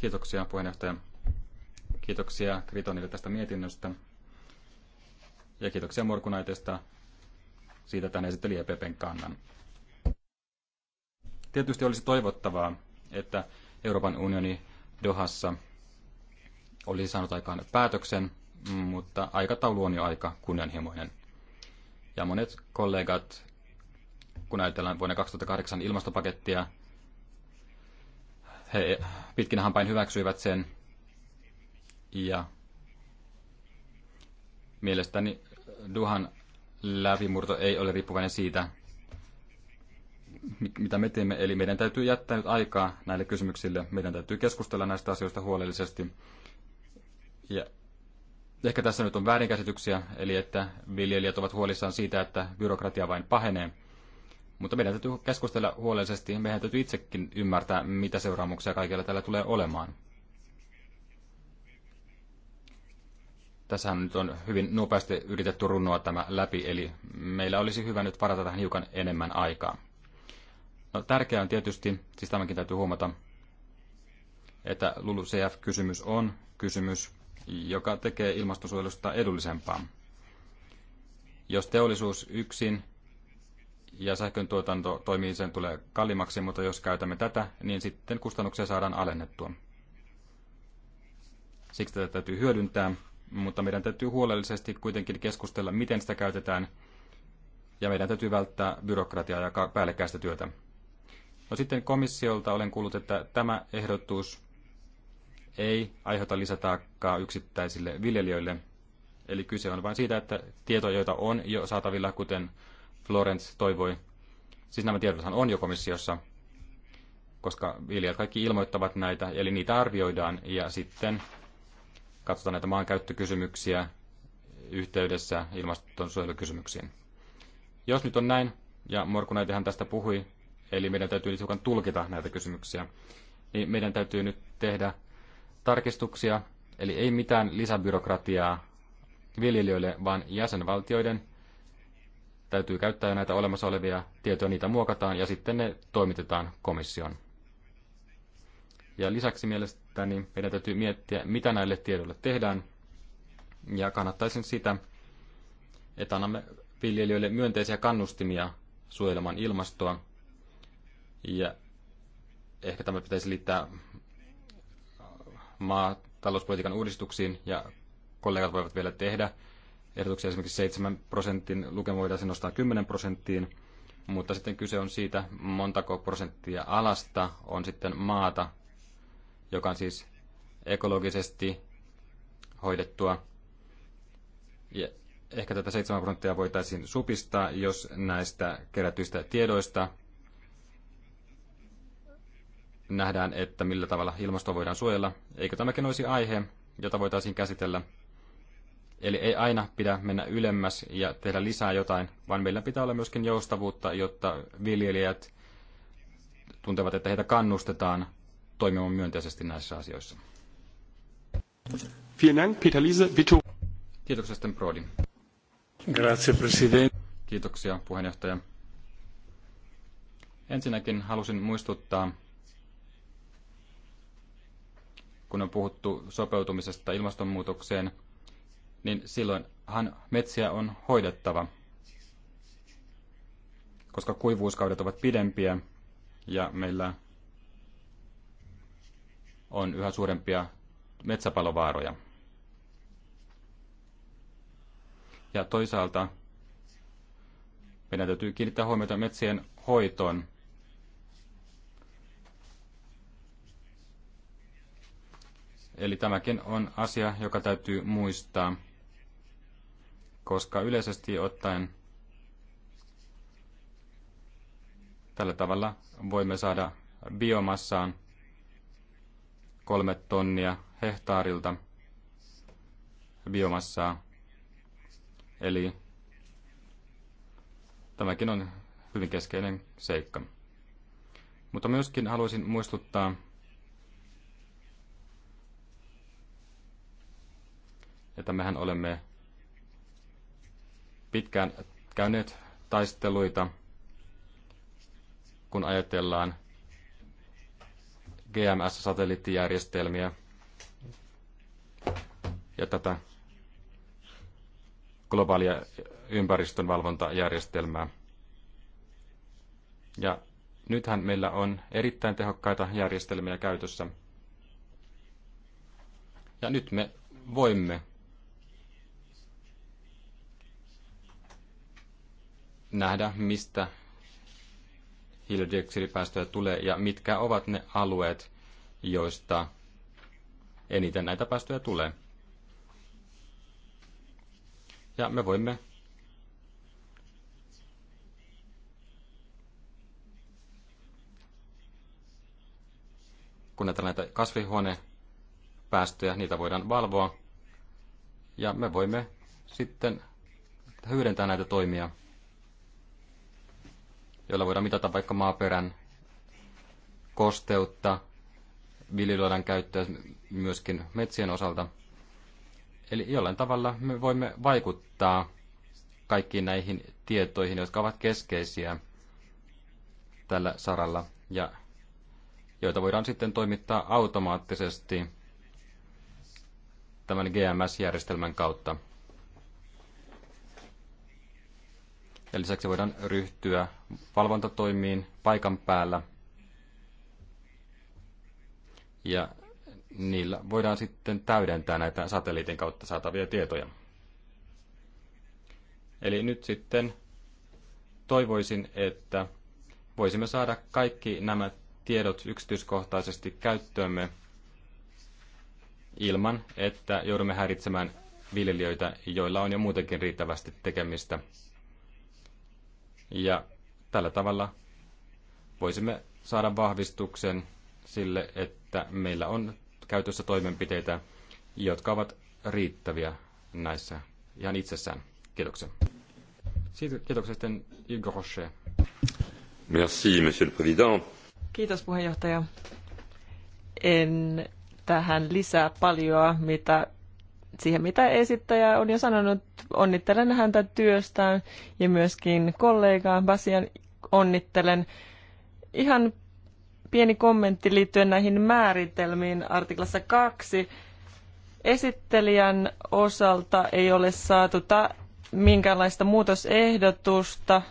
A: Kiitoksia puheenjohtaja. Kiitoksia Kritonille tästä mietinnöstä. Ja kiitoksia Morkunaitesta siitä, että hän esitteli EPPn kannan. Tietysti olisi toivottavaa, että Euroopan unioni Dohassa olisi saanut aikaan päätöksen, mutta aikataulu on jo aika kunnianhimoinen. Ja monet kollegat, kun ajatellaan vuonna 2008 ilmastopakettia, he pitkin hampain hyväksyivät sen. Ja mielestäni Duhan läpimurto ei ole riippuvainen siitä, mitä me teemme. Eli meidän täytyy jättää nyt aikaa näille kysymyksille. Meidän täytyy keskustella näistä asioista huolellisesti. Ja ehkä tässä nyt on väärinkäsityksiä, eli että viljelijät ovat huolissaan siitä, että byrokratia vain pahenee. Mutta meidän täytyy keskustella huolellisesti. Meidän täytyy itsekin ymmärtää, mitä seuraamuksia kaikilla tällä tulee olemaan. Tässähän nyt on hyvin nopeasti yritetty runnoa tämä läpi, eli meillä olisi hyvä nyt varata tähän hiukan enemmän aikaa. No, tärkeää on tietysti, siis tämäkin täytyy huomata, että LULUCF-kysymys on kysymys, joka tekee ilmastonsuojelusta edullisempaa. Jos teollisuus yksin ja sähkön tuotanto toimii, sen tulee kalliimmaksi, mutta jos käytämme tätä, niin sitten kustannuksia saadaan alennettua. Siksi tätä täytyy hyödyntää, mutta meidän täytyy huolellisesti kuitenkin keskustella, miten sitä käytetään, ja meidän täytyy välttää byrokratiaa ja päällekkäistä työtä. No sitten komissiolta olen kuullut, että tämä ehdotus ei aiheuta lisätaakkaa yksittäisille viljelijöille. Eli kyse on vain siitä, että tietoja, joita on jo saatavilla, kuten Florence toivoi, siis nämä tiedothan on jo komissiossa, koska viljelijät kaikki ilmoittavat näitä, eli niitä arvioidaan ja sitten katsotaan näitä maankäyttökysymyksiä yhteydessä ilmastonsuojelukysymyksiin. Jos nyt on näin, ja Morkunaitihan tästä puhui, eli meidän täytyy hiukan tulkita näitä kysymyksiä, niin meidän täytyy nyt tehdä tarkistuksia, eli ei mitään lisäbyrokratiaa viljelijöille, vaan jäsenvaltioiden täytyy käyttää näitä olemassa olevia tietoja, niitä muokataan ja sitten ne toimitetaan komission. Ja lisäksi mielestäni meidän täytyy miettiä, mitä näille tiedoille tehdään, ja kannattaisin sitä, että annamme viljelijöille myönteisiä kannustimia suojelemaan ilmastoa ja ehkä tämä pitäisi liittää maatalouspolitiikan uudistuksiin ja kollegat voivat vielä tehdä ehdotuksia esimerkiksi 7 prosentin lukema voitaisiin nostaa 10 prosenttiin, mutta sitten kyse on siitä, montako prosenttia alasta on sitten maata, joka on siis ekologisesti hoidettua. Ja ehkä tätä 7 prosenttia voitaisiin supistaa, jos näistä kerätyistä tiedoista nähdään, että millä tavalla ilmastoa voidaan suojella, eikö tämäkin olisi aihe, jota voitaisiin käsitellä. Eli ei aina pidä mennä ylemmäs ja tehdä lisää jotain, vaan meillä pitää olla myöskin joustavuutta, jotta viljelijät tuntevat, että heitä kannustetaan toimimaan myönteisesti näissä asioissa. Kiitoksia sitten Brodin. Grazie, Presidente. Kiitoksia, puheenjohtaja. Ensinnäkin halusin muistuttaa kun on puhuttu sopeutumisesta ilmastonmuutokseen, niin silloinhan metsiä on hoidettava, koska kuivuuskaudet ovat pidempiä ja meillä on yhä suurempia metsäpalovaaroja. Ja toisaalta meidän täytyy kiinnittää huomiota metsien hoitoon Eli tämäkin on asia, joka täytyy muistaa, koska yleisesti ottaen tällä tavalla voimme saada biomassaan kolme tonnia hehtaarilta biomassaa. Eli tämäkin on hyvin keskeinen seikka. Mutta myöskin haluaisin muistuttaa että mehän olemme pitkään käyneet taisteluita, kun ajatellaan GMS-satelliittijärjestelmiä ja tätä globaalia ympäristönvalvontajärjestelmää. Ja nythän meillä on erittäin tehokkaita järjestelmiä käytössä. Ja nyt me voimme nähdä, mistä hiilidioksidipäästöjä tulee ja mitkä ovat ne alueet, joista eniten näitä päästöjä tulee. Ja me voimme kun näitä kasvihuonepäästöjä, niitä voidaan valvoa. Ja me voimme sitten hyödyntää näitä toimia joilla voidaan mitata vaikka maaperän kosteutta, viljelyalan käyttöä myöskin metsien osalta. Eli jollain tavalla me voimme vaikuttaa kaikkiin näihin tietoihin, jotka ovat keskeisiä tällä saralla ja joita voidaan sitten toimittaa automaattisesti tämän GMS-järjestelmän kautta. Ja lisäksi voidaan ryhtyä valvontatoimiin paikan päällä. Ja niillä voidaan sitten täydentää näitä satelliitin kautta saatavia tietoja. Eli nyt sitten toivoisin, että voisimme saada kaikki nämä tiedot yksityiskohtaisesti käyttöömme ilman, että joudumme häiritsemään viljelijöitä, joilla on jo muutenkin riittävästi tekemistä ja tällä tavalla voisimme saada vahvistuksen sille, että meillä on käytössä toimenpiteitä, jotka ovat riittäviä näissä ihan itsessään. Kiitoksia. Siitä kiitoksia sitten Hugo Rocher. Merci, monsieur le président. Kiitos puheenjohtaja.
B: En tähän lisää paljoa, mitä siihen, mitä esittäjä on jo sanonut. Onnittelen häntä työstään ja myöskin kollegaa Basian onnittelen. Ihan pieni kommentti liittyen näihin määritelmiin artiklassa 2. Esittelijän osalta ei ole saatu ta- minkäänlaista muutosehdotusta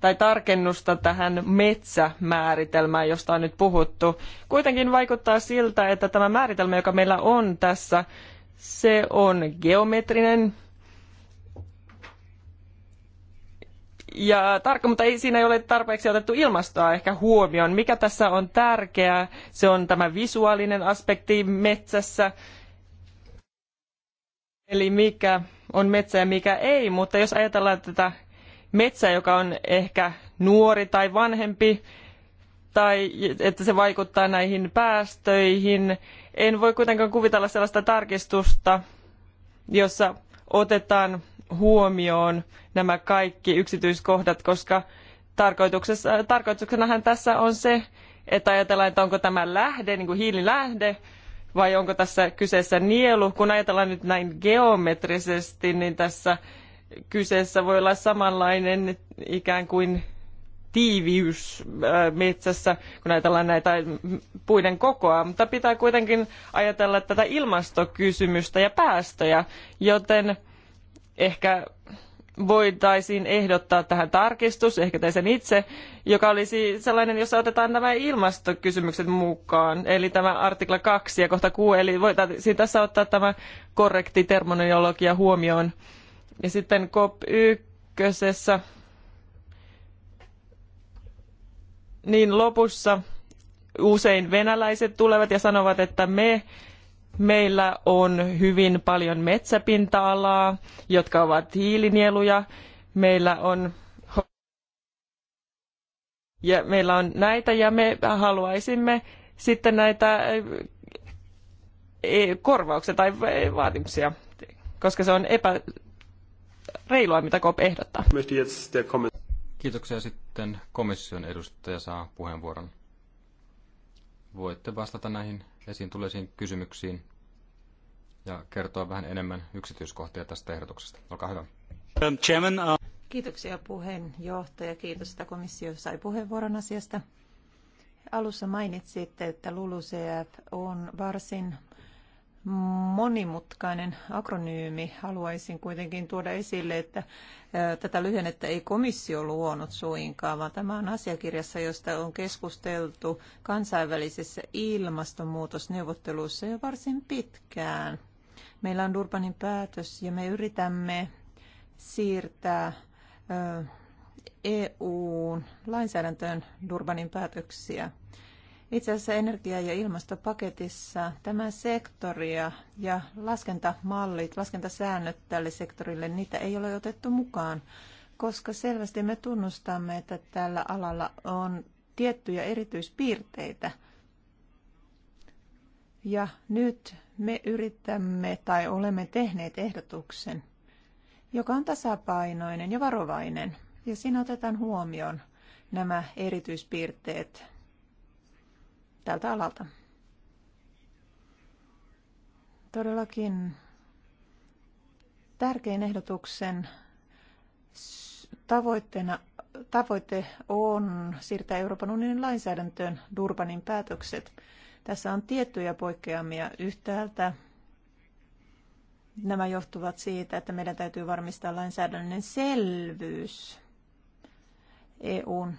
B: tai tarkennusta tähän metsämääritelmään, josta on nyt puhuttu. Kuitenkin vaikuttaa siltä, että tämä määritelmä, joka meillä on tässä se on geometrinen. Ja tarkka, mutta ei, siinä ei ole tarpeeksi otettu ilmastoa ehkä huomioon. Mikä tässä on tärkeää, se on tämä visuaalinen aspekti metsässä. Eli mikä on metsä ja mikä ei, mutta jos ajatellaan tätä metsää, joka on ehkä nuori tai vanhempi, tai että se vaikuttaa näihin päästöihin. En voi kuitenkaan kuvitella sellaista tarkistusta, jossa otetaan huomioon nämä kaikki yksityiskohdat, koska tarkoituksessa, tarkoituksenahan tässä on se, että ajatellaan, että onko tämä lähde, niin kuin hiililähde, vai onko tässä kyseessä nielu. Kun ajatellaan nyt näin geometrisesti, niin tässä kyseessä voi olla samanlainen ikään kuin tiiviys äh, metsässä, kun ajatellaan näitä puiden kokoa, mutta pitää kuitenkin ajatella tätä ilmastokysymystä ja päästöjä, joten ehkä voitaisiin ehdottaa tähän tarkistus, ehkä te sen itse, joka olisi sellainen, jossa otetaan nämä ilmastokysymykset mukaan, eli tämä artikla 2 ja kohta 6, eli voitaisiin tässä ottaa tämä korrekti terminologia huomioon. Ja sitten COP 1 niin lopussa usein venäläiset tulevat ja sanovat, että me, meillä on hyvin paljon metsäpinta-alaa, jotka ovat hiilinieluja, meillä on ja meillä on näitä ja me haluaisimme sitten näitä eh, e, korvauksia tai eh, vaatimuksia, koska se on epäreilua, mitä COP ehdottaa.
A: Kiitoksia sitten komission edustaja saa puheenvuoron. Voitte vastata näihin esiin tulleisiin kysymyksiin ja kertoa vähän enemmän yksityiskohtia tästä ehdotuksesta. Olkaa hyvä. Uh,
C: Kiitoksia puheenjohtaja. Kiitos, että komissio sai puheenvuoron asiasta. Alussa mainitsitte, että LULUCF on varsin monimutkainen akronyymi. Haluaisin kuitenkin tuoda esille, että tätä lyhennettä ei komissio luonut suinkaan, vaan tämä on asiakirjassa, josta on keskusteltu kansainvälisissä ilmastonmuutosneuvotteluissa jo varsin pitkään. Meillä on Durbanin päätös ja me yritämme siirtää EUn lainsäädäntöön Durbanin päätöksiä. Itse asiassa energia- ja ilmastopaketissa tämä sektoria ja laskentamallit, laskentasäännöt tälle sektorille, niitä ei ole otettu mukaan, koska selvästi me tunnustamme, että tällä alalla on tiettyjä erityispiirteitä. Ja nyt me yritämme tai olemme tehneet ehdotuksen, joka on tasapainoinen ja varovainen. Ja siinä otetaan huomioon nämä erityispiirteet tältä alalta. Todellakin tärkein ehdotuksen tavoitteena tavoite on siirtää Euroopan unionin lainsäädäntöön Durbanin päätökset. Tässä on tiettyjä poikkeamia yhtäältä. Nämä johtuvat siitä, että meidän täytyy varmistaa lainsäädännön selvyys EUn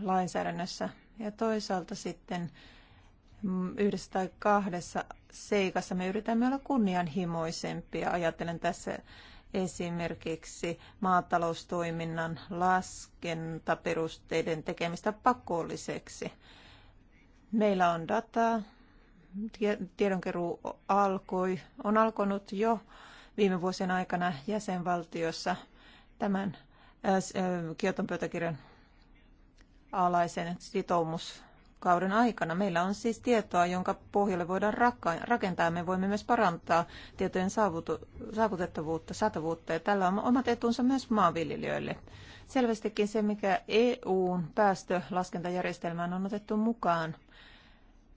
C: lainsäädännössä ja toisaalta sitten Mm, yhdessä tai kahdessa seikassa me yritämme olla kunnianhimoisempia. Ajattelen tässä esimerkiksi maataloustoiminnan laskentaperusteiden tekemistä pakolliseksi. Meillä on dataa, tiedonkeruu alkoi, on alkanut jo viime vuosien aikana jäsenvaltiossa tämän äh, äh, Kioton pöytäkirjan alaisen sitoumus kauden aikana. Meillä on siis tietoa, jonka pohjalle voidaan rakentaa. Me voimme myös parantaa tietojen saavutettavuutta, saatavuutta ja tällä on omat etunsa myös maanviljelijöille. Selvästikin se, mikä EUn päästölaskentajärjestelmään on otettu mukaan,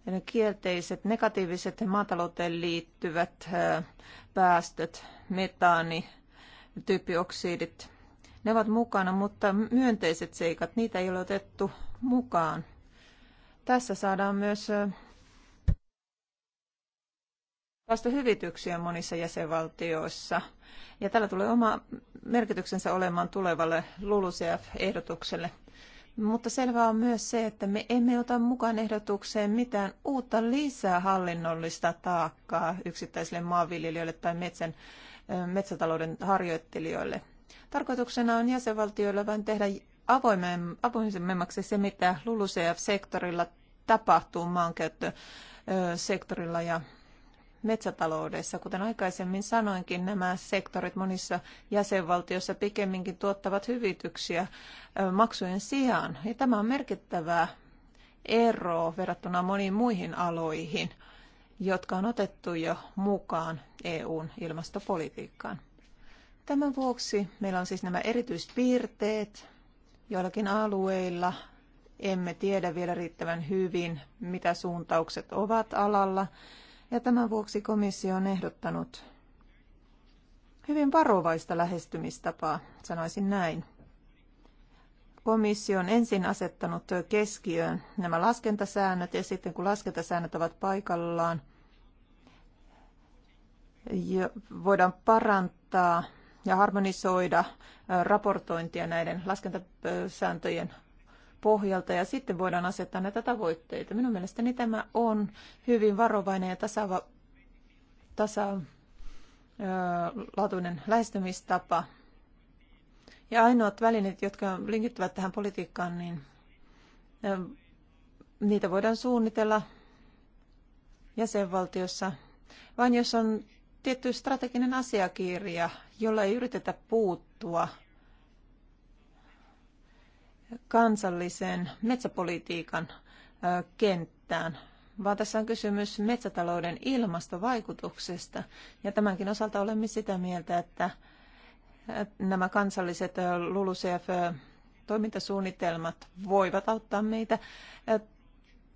C: ne kielteiset, negatiiviset maatalouteen liittyvät päästöt, metaani, typioksidit, ne ovat mukana, mutta myönteiset seikat, niitä ei ole otettu mukaan. Tässä saadaan myös hyvityksiä monissa jäsenvaltioissa. Ja tällä tulee oma merkityksensä olemaan tulevalle LULUCF-ehdotukselle. Mutta selvää on myös se, että me emme ota mukaan ehdotukseen mitään uutta lisää hallinnollista taakkaa yksittäisille maanviljelijöille tai metsän, metsätalouden harjoittelijoille. Tarkoituksena on jäsenvaltioilla vain tehdä avoimemmaksi se, mitä LULUCF-sektorilla tapahtuu maankäyttösektorilla ja metsätaloudessa. Kuten aikaisemmin sanoinkin, nämä sektorit monissa jäsenvaltioissa pikemminkin tuottavat hyvityksiä maksujen sijaan. Ja tämä on merkittävä ero verrattuna moniin muihin aloihin, jotka on otettu jo mukaan EUn ilmastopolitiikkaan. Tämän vuoksi meillä on siis nämä erityispiirteet, Joillakin alueilla emme tiedä vielä riittävän hyvin, mitä suuntaukset ovat alalla, ja tämän vuoksi komissio on ehdottanut hyvin varovaista lähestymistapaa, sanoisin näin. Komissio on ensin asettanut keskiöön nämä laskentasäännöt, ja sitten kun laskentasäännöt ovat paikallaan, voidaan parantaa ja harmonisoida raportointia näiden laskentasääntöjen pohjalta ja sitten voidaan asettaa näitä tavoitteita. Minun mielestäni tämä on hyvin varovainen ja tasava, tasalaatuinen lähestymistapa. Ja ainoat välineet, jotka linkittyvät tähän politiikkaan, niin niitä voidaan suunnitella jäsenvaltiossa, vain jos on tietty strateginen asiakirja, jolla ei yritetä puuttua kansallisen metsäpolitiikan kenttään, vaan tässä on kysymys metsätalouden ilmastovaikutuksesta. Ja tämänkin osalta olemme sitä mieltä, että nämä kansalliset LULUCF-toimintasuunnitelmat voivat auttaa meitä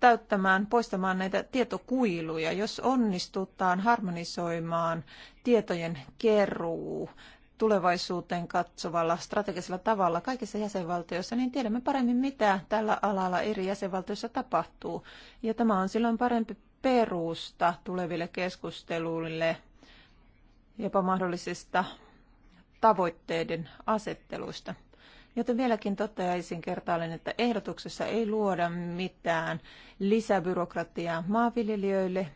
C: täyttämään, poistamaan näitä tietokuiluja, jos onnistutaan harmonisoimaan tietojen keruu tulevaisuuteen katsovalla strategisella tavalla kaikissa jäsenvaltioissa, niin tiedämme paremmin, mitä tällä alalla eri jäsenvaltioissa tapahtuu. Ja tämä on silloin parempi perusta tuleville keskusteluille jopa mahdollisista tavoitteiden asetteluista. Joten vieläkin toteaisin kertaalleen, että ehdotuksessa ei luoda mitään lisäbyrokratiaa maanviljelijöille.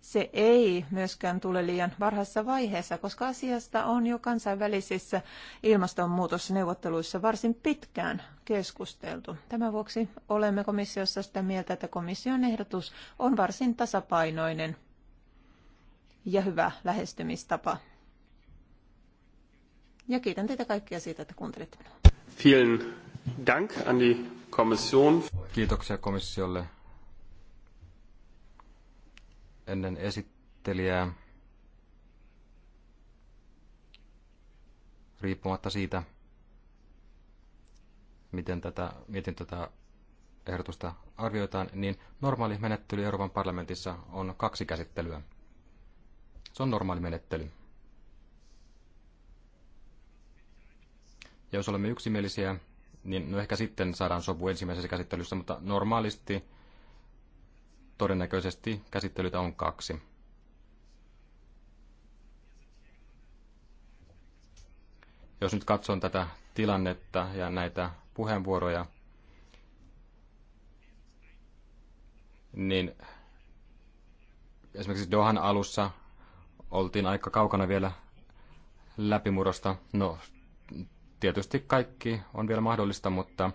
C: Se ei myöskään tule liian varhaisessa vaiheessa, koska asiasta on jo kansainvälisissä ilmastonmuutosneuvotteluissa varsin pitkään keskusteltu. Tämän vuoksi olemme komissiossa sitä mieltä, että komission ehdotus on varsin tasapainoinen ja hyvä lähestymistapa. Ja kiitän teitä kaikkia siitä, että kuuntelitte minua.
A: Vielen Dank an die Kommission. Kiitoksia komissiolle. Ennen esittelijää, riippumatta siitä, miten tätä, miten tätä ehdotusta arvioitaan, niin normaali menettely Euroopan parlamentissa on kaksi käsittelyä. Se on normaali menettely. Ja jos olemme yksimielisiä, niin no ehkä sitten saadaan sopu ensimmäisessä käsittelyssä, mutta normaalisti todennäköisesti käsittelytä on kaksi. Jos nyt katson tätä tilannetta ja näitä puheenvuoroja, niin esimerkiksi Dohan alussa oltiin aika kaukana vielä läpimurrosta. No, Tietysti kaikki on vielä mahdollista, mutta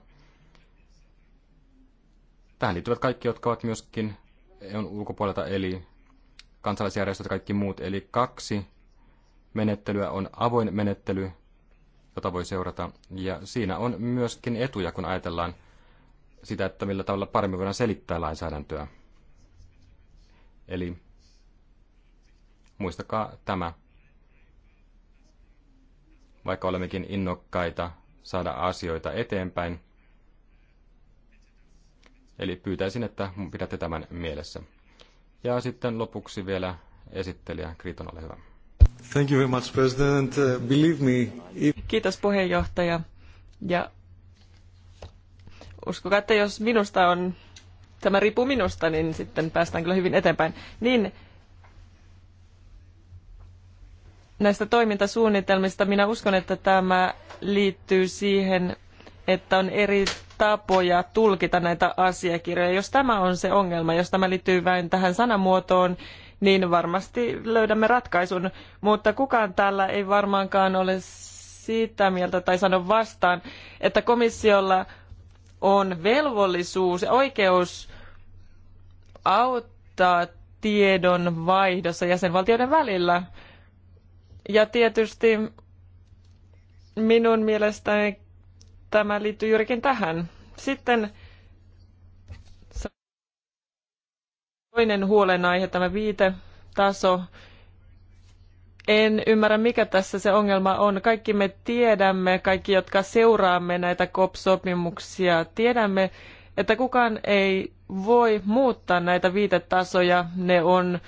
A: tähän liittyvät kaikki, jotka ovat myöskin EUn ulkopuolelta, eli kansalaisjärjestöt ja kaikki muut. Eli kaksi menettelyä on avoin menettely, jota voi seurata. Ja siinä on myöskin etuja, kun ajatellaan sitä, että millä tavalla paremmin voidaan selittää lainsäädäntöä. Eli muistakaa tämä vaikka olemmekin innokkaita saada asioita eteenpäin. Eli pyytäisin, että pidätte tämän mielessä. Ja sitten lopuksi vielä esittelijä Kriton, ole hyvä.
B: Thank you very much, President. Uh, believe me, if... Kiitos puheenjohtaja. Ja uskokaa, että jos minusta on, tämä riippuu minusta, niin sitten päästään kyllä hyvin eteenpäin. Niin, näistä toimintasuunnitelmista. Minä uskon, että tämä liittyy siihen, että on eri tapoja tulkita näitä asiakirjoja. Jos tämä on se ongelma, jos tämä liittyy vain tähän sanamuotoon, niin varmasti löydämme ratkaisun. Mutta kukaan täällä ei varmaankaan ole sitä mieltä tai sano vastaan, että komissiolla on velvollisuus ja oikeus auttaa tiedon vaihdossa jäsenvaltioiden välillä ja tietysti minun mielestäni tämä liittyy juurikin tähän. Sitten toinen huolenaihe, tämä viite taso En ymmärrä, mikä tässä se ongelma on. Kaikki me tiedämme, kaikki jotka seuraamme näitä COP-sopimuksia, tiedämme, että kukaan ei voi muuttaa näitä viitetasoja. Ne on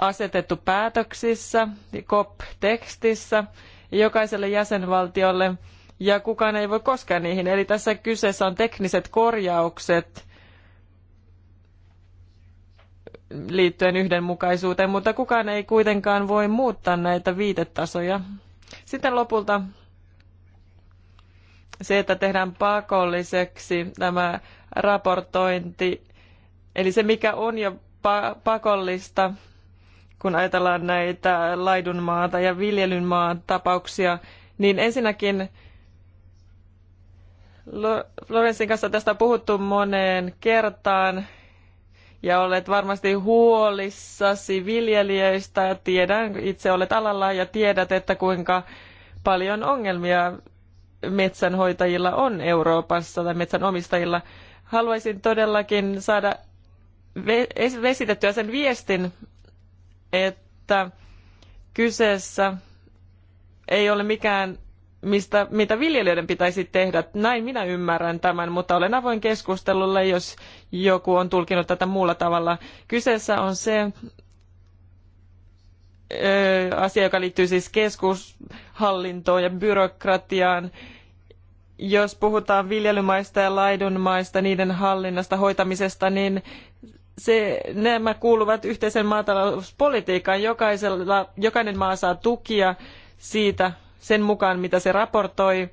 B: asetettu päätöksissä, COP-tekstissä, jokaiselle jäsenvaltiolle, ja kukaan ei voi koskea niihin. Eli tässä kyseessä on tekniset korjaukset liittyen yhdenmukaisuuteen, mutta kukaan ei kuitenkaan voi muuttaa näitä viitetasoja. Sitten lopulta se, että tehdään pakolliseksi tämä raportointi, eli se mikä on jo pakollista, kun ajatellaan näitä laidunmaata ja viljelynmaan tapauksia, niin ensinnäkin Florensin kanssa tästä on puhuttu moneen kertaan ja olet varmasti huolissasi viljelijöistä. Tiedän, itse olet alalla ja tiedät, että kuinka paljon ongelmia metsänhoitajilla on Euroopassa tai metsänomistajilla. Haluaisin todellakin saada vesitettyä sen viestin, että kyseessä ei ole mikään, mistä, mitä viljelijöiden pitäisi tehdä. Näin minä ymmärrän tämän, mutta olen avoin keskustelulle, jos joku on tulkinut tätä muulla tavalla. Kyseessä on se ö, asia, joka liittyy siis keskushallintoon ja byrokratiaan. Jos puhutaan viljelymaista ja laidunmaista, niiden hallinnasta, hoitamisesta, niin se, nämä kuuluvat yhteisen maatalouspolitiikkaan. Jokaisella, jokainen maa saa tukia siitä sen mukaan, mitä se raportoi.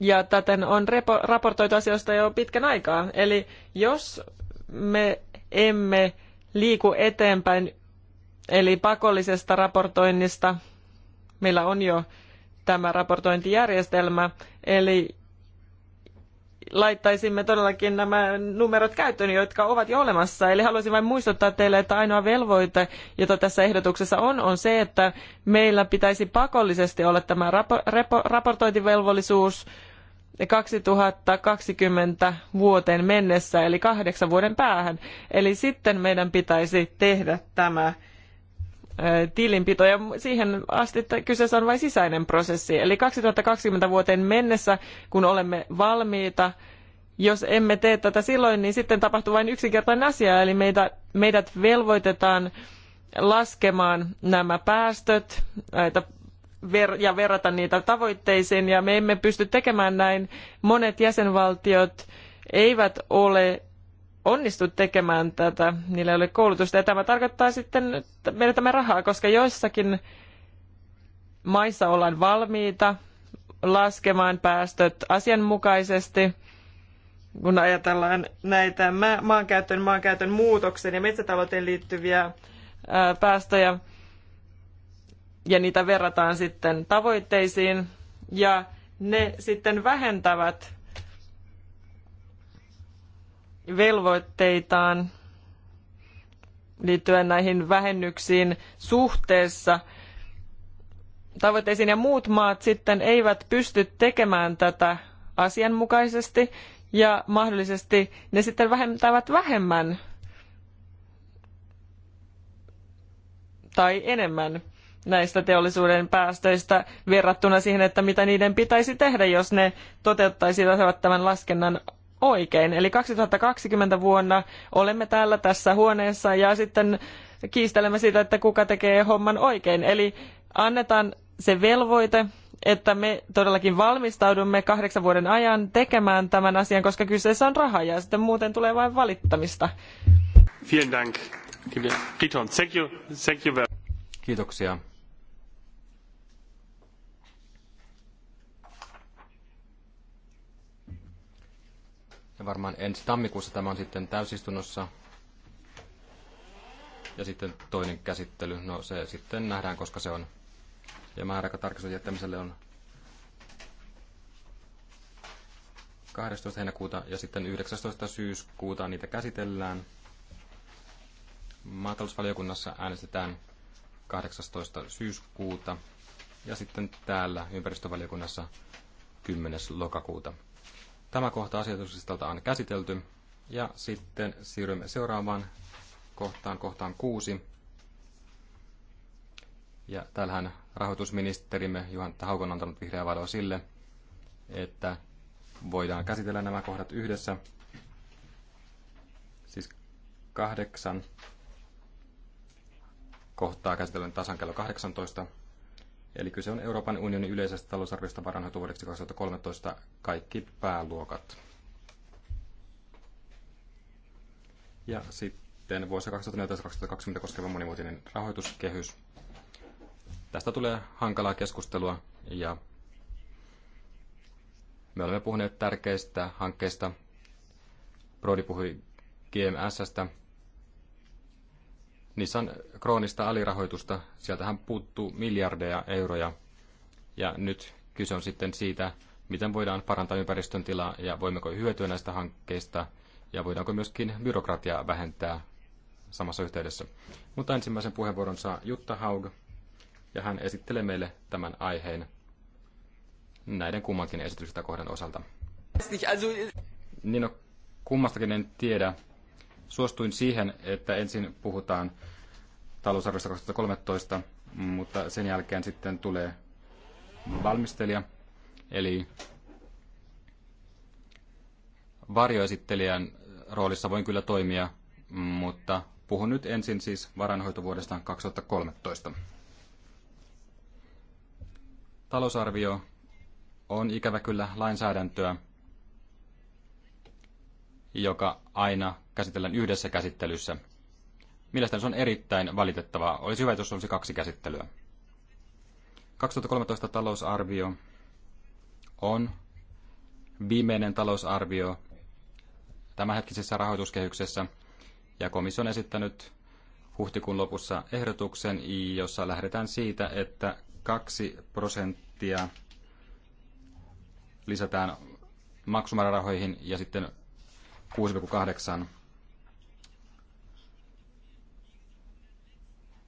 B: Ja täten on repo, raportoitu asioista jo pitkän aikaa. Eli jos me emme liiku eteenpäin, eli pakollisesta raportoinnista, meillä on jo tämä raportointijärjestelmä, eli laittaisimme todellakin nämä numerot käyttöön, jotka ovat jo olemassa. Eli haluaisin vain muistuttaa teille, että ainoa velvoite, jota tässä ehdotuksessa on, on se, että meillä pitäisi pakollisesti olla tämä rapo- raportointivelvollisuus 2020 vuoteen mennessä, eli kahdeksan vuoden päähän. Eli sitten meidän pitäisi tehdä tämä tilinpito ja siihen asti kyseessä on vain sisäinen prosessi. Eli 2020 vuoteen mennessä, kun olemme valmiita, jos emme tee tätä silloin, niin sitten tapahtuu vain yksinkertainen asia, eli meitä, meidät velvoitetaan laskemaan nämä päästöt ja verrata niitä tavoitteisiin, ja me emme pysty tekemään näin. Monet jäsenvaltiot eivät ole onnistu tekemään tätä, niillä ei ole koulutusta. Ja tämä tarkoittaa sitten, että menetämme rahaa, koska joissakin maissa ollaan valmiita laskemaan päästöt asianmukaisesti, kun ajatellaan näitä maankäytön, maankäytön muutoksen ja metsätalouteen liittyviä päästöjä, ja niitä verrataan sitten tavoitteisiin, ja ne sitten vähentävät velvoitteitaan liittyen näihin vähennyksiin suhteessa tavoitteisiin ja muut maat sitten eivät pysty tekemään tätä asianmukaisesti ja mahdollisesti ne sitten vähentävät vähemmän tai enemmän näistä teollisuuden päästöistä verrattuna siihen, että mitä niiden pitäisi tehdä, jos ne toteuttaisivat tämän laskennan oikein. Eli 2020 vuonna olemme täällä tässä huoneessa ja sitten kiistelemme siitä, että kuka tekee homman oikein. Eli annetaan se velvoite, että me todellakin valmistaudumme kahdeksan vuoden ajan tekemään tämän asian, koska kyseessä on raha ja sitten muuten tulee vain valittamista.
A: Vielen Dank. Kiitoksia. Ja varmaan ensi tammikuussa tämä on sitten täysistunnossa. Ja sitten toinen käsittely, no se sitten nähdään, koska se on. Ja määräaika tarkistuksen jättämiselle on 12. heinäkuuta ja sitten 19. syyskuuta niitä käsitellään. Maatalousvaliokunnassa äänestetään 18. syyskuuta ja sitten täällä ympäristövaliokunnassa 10. lokakuuta. Tämä kohta asetuslistalta on käsitelty. Ja sitten siirrymme seuraavaan kohtaan, kohtaan kuusi. Ja täällähän rahoitusministerimme Juhan Haukon on antanut vihreää valoa sille, että voidaan käsitellä nämä kohdat yhdessä. Siis kahdeksan kohtaa käsitellen tasan kello 18. Eli kyse on Euroopan unionin yleisestä talousarviosta varannut vuodeksi 2013 kaikki pääluokat. Ja sitten vuosi 2014-2020 koskeva monivuotinen rahoituskehys. Tästä tulee hankalaa keskustelua ja me olemme puhuneet tärkeistä hankkeista. Prodi puhui GMSstä, niissä on kroonista alirahoitusta. Sieltähän puuttuu miljardeja euroja. Ja nyt kyse on sitten siitä, miten voidaan parantaa ympäristön tilaa ja voimmeko hyötyä näistä hankkeista ja voidaanko myöskin byrokratiaa vähentää samassa yhteydessä. Mutta ensimmäisen puheenvuoron saa Jutta Haug ja hän esittelee meille tämän aiheen näiden kummankin esitystä kohdan osalta. Niin no, kummastakin en tiedä, suostuin siihen, että ensin puhutaan talousarviosta 2013, mutta sen jälkeen sitten tulee valmistelija, eli varjoesittelijän roolissa voin kyllä toimia, mutta puhun nyt ensin siis varanhoitovuodesta 2013. Talousarvio on ikävä kyllä lainsäädäntöä, joka aina käsitellään yhdessä käsittelyssä. Mielestäni se on erittäin valitettavaa. Olisi hyvä, jos olisi kaksi käsittelyä. 2013 talousarvio on viimeinen talousarvio tämänhetkisessä rahoituskehyksessä, ja komissio on esittänyt huhtikuun lopussa ehdotuksen, jossa lähdetään siitä, että 2 prosenttia lisätään maksumäärärahoihin ja sitten 6,8.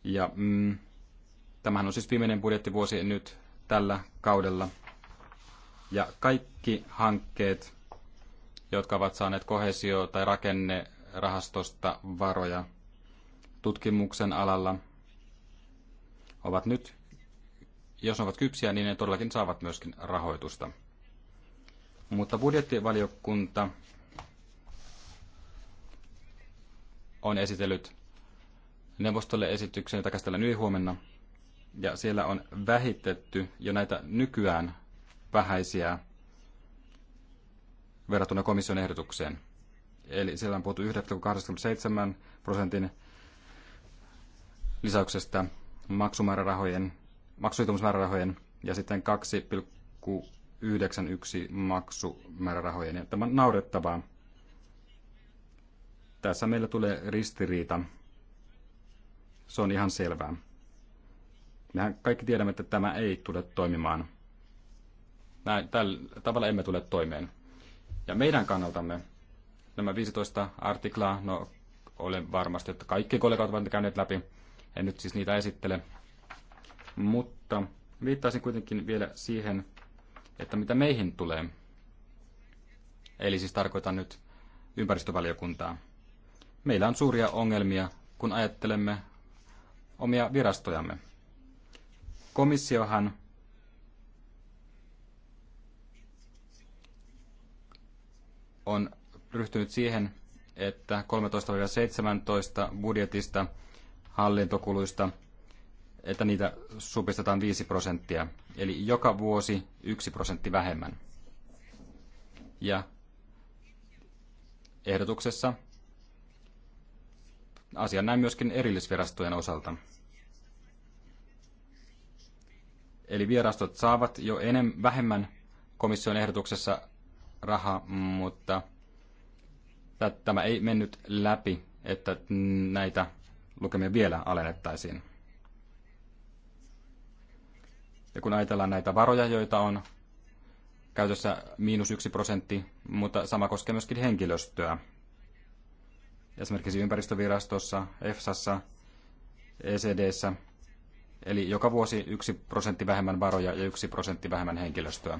A: Ja mm, tämähän on siis viimeinen budjettivuosi nyt tällä kaudella. Ja kaikki hankkeet, jotka ovat saaneet kohesio- tai rakennerahastosta varoja tutkimuksen alalla, ovat nyt, jos ne ovat kypsiä, niin ne todellakin saavat myöskin rahoitusta. Mutta budjettivaliokunta on esitellyt neuvostolle esityksen, jota käsitellään yli huomenna. Ja siellä on vähitetty jo näitä nykyään vähäisiä verrattuna komission ehdotukseen. Eli siellä on puhuttu 1,27 prosentin lisäyksestä maksumäärärahojen, maksuitumusmäärärahojen ja sitten 2,91 maksumäärärahojen. Ja tämä on naurettavaa, tässä meillä tulee ristiriita. Se on ihan selvää. Mehän kaikki tiedämme, että tämä ei tule toimimaan. Näin, tällä tavalla emme tule toimeen. Ja meidän kannaltamme nämä 15 artiklaa, no olen varmasti, että kaikki kollegat ovat käyneet läpi. En nyt siis niitä esittele. Mutta viittaisin kuitenkin vielä siihen, että mitä meihin tulee. Eli siis tarkoitan nyt ympäristövaliokuntaa meillä on suuria ongelmia, kun ajattelemme omia virastojamme. Komissiohan on ryhtynyt siihen, että 13-17 budjetista hallintokuluista, että niitä supistetaan 5 prosenttia, eli joka vuosi 1 prosentti vähemmän. Ja ehdotuksessa asia näin myöskin erillisvirastojen osalta. Eli virastot saavat jo enem, vähemmän komission ehdotuksessa rahaa, mutta tämä ei mennyt läpi, että näitä lukemia vielä alennettaisiin. Ja kun ajatellaan näitä varoja, joita on käytössä miinus yksi prosentti, mutta sama koskee myöskin henkilöstöä esimerkiksi ympäristövirastossa, EFSassa, ECDssä, eli joka vuosi yksi prosentti vähemmän varoja ja yksi prosentti vähemmän henkilöstöä.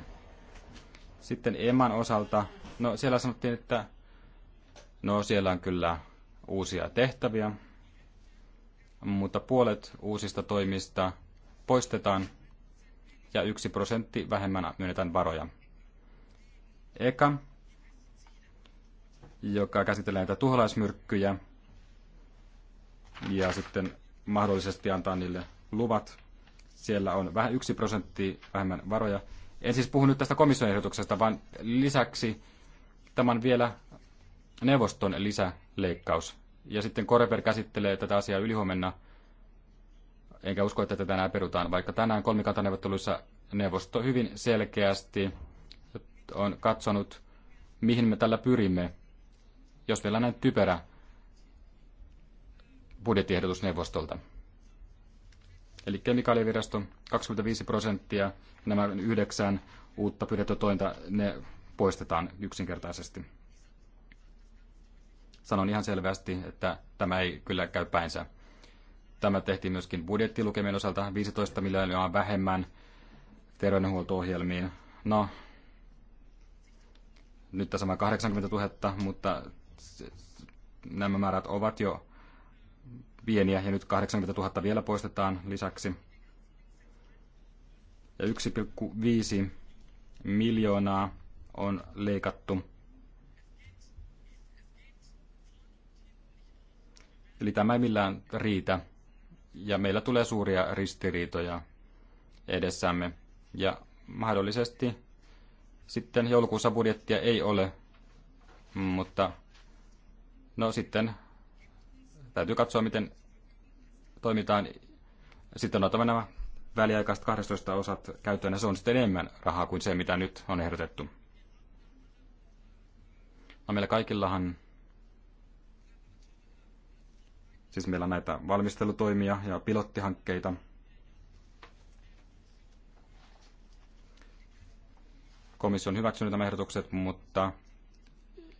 A: Sitten EMAN osalta, no siellä sanottiin, että no siellä on kyllä uusia tehtäviä, mutta puolet uusista toimista poistetaan ja yksi prosentti vähemmän myönnetään varoja. Eka joka käsittelee näitä tuholaismyrkkyjä ja sitten mahdollisesti antaa niille luvat. Siellä on vähän yksi prosentti vähemmän varoja. En siis puhu nyt tästä komission ehdotuksesta, vaan lisäksi tämän vielä neuvoston lisäleikkaus. Ja sitten Koreper käsittelee tätä asiaa ylihuomenna, enkä usko, että tätä enää perutaan, vaikka tänään kolmikantaneuvotteluissa neuvosto hyvin selkeästi on katsonut, mihin me tällä pyrimme jos vielä näin typerä budjettiehdotus neuvostolta. Eli kemikaalivirasto 25 prosenttia, nämä yhdeksän uutta pyydettötointa, ne poistetaan yksinkertaisesti. Sanon ihan selvästi, että tämä ei kyllä käy päinsä. Tämä tehtiin myöskin budjettilukemien osalta 15 miljoonaa vähemmän terveydenhuolto-ohjelmiin. No, nyt tässä on 80 000, mutta nämä määrät ovat jo pieniä ja nyt 80 000 vielä poistetaan lisäksi. Ja 1,5 miljoonaa on leikattu. Eli tämä ei millään riitä ja meillä tulee suuria ristiriitoja edessämme. Ja mahdollisesti sitten joulukuussa budjettia ei ole, mutta No sitten täytyy katsoa, miten toimitaan. Sitten on otettava nämä väliaikaiset 12 osat käyttöön, ja se on sitten enemmän rahaa kuin se, mitä nyt on ehdotettu. No meillä kaikillahan, siis meillä on näitä valmistelutoimia ja pilottihankkeita. Komissio on hyväksynyt nämä ehdotukset, mutta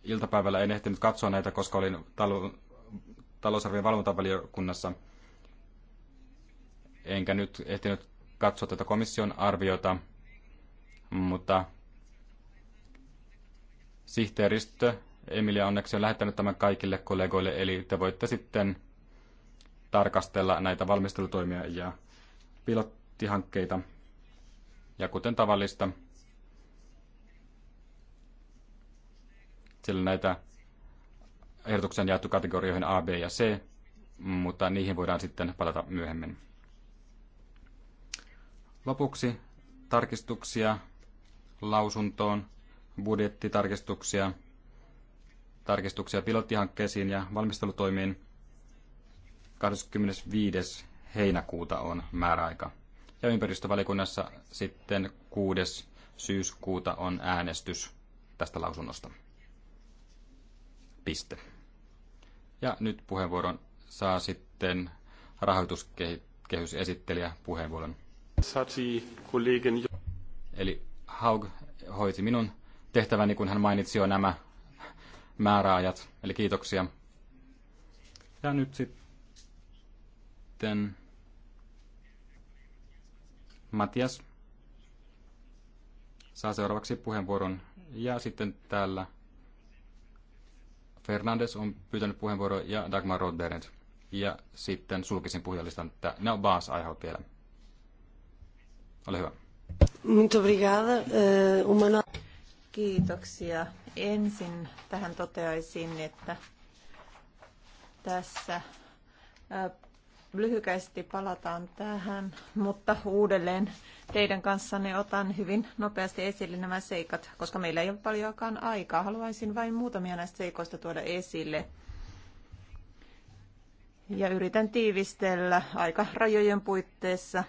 A: iltapäivällä en ehtinyt katsoa näitä, koska olin talu- talousarvion valvontavaliokunnassa. Enkä nyt ehtinyt katsoa tätä komission arviota, mutta sihteeristö Emilia onneksi on lähettänyt tämän kaikille kollegoille, eli te voitte sitten tarkastella näitä valmistelutoimia ja pilottihankkeita. Ja kuten tavallista, sillä näitä ehdotuksia on jaettu kategorioihin A, B ja C, mutta niihin voidaan sitten palata myöhemmin. Lopuksi tarkistuksia lausuntoon, budjettitarkistuksia, tarkistuksia pilottihankkeisiin ja valmistelutoimiin. 25. heinäkuuta on määräaika. Ja ympäristövalikunnassa sitten 6. syyskuuta on äänestys tästä lausunnosta. Piste. Ja nyt puheenvuoron saa sitten rahoituskehysesittelijä puheenvuoron. Eli Haug hoiti minun tehtäväni, kun hän mainitsi jo nämä määräajat. Eli kiitoksia. Ja nyt sitten Matias saa seuraavaksi puheenvuoron. Ja sitten täällä Fernandes on pyytänyt puheenvuoroa ja Dagmar Rodberent. Ja sitten sulkisin puhujalistan, että on Baas aiheut vielä. Ole hyvä.
D: Muito obrigada.
C: Eh, Umana. Kiitoksia. Ensin tähän toteaisin, että tässä eh, lyhykäisesti palataan tähän, mutta uudelleen teidän kanssanne otan hyvin nopeasti esille nämä seikat, koska meillä ei ole paljonkaan aikaa. Haluaisin vain muutamia näistä seikoista tuoda esille. Ja yritän tiivistellä aika rajojen puitteissa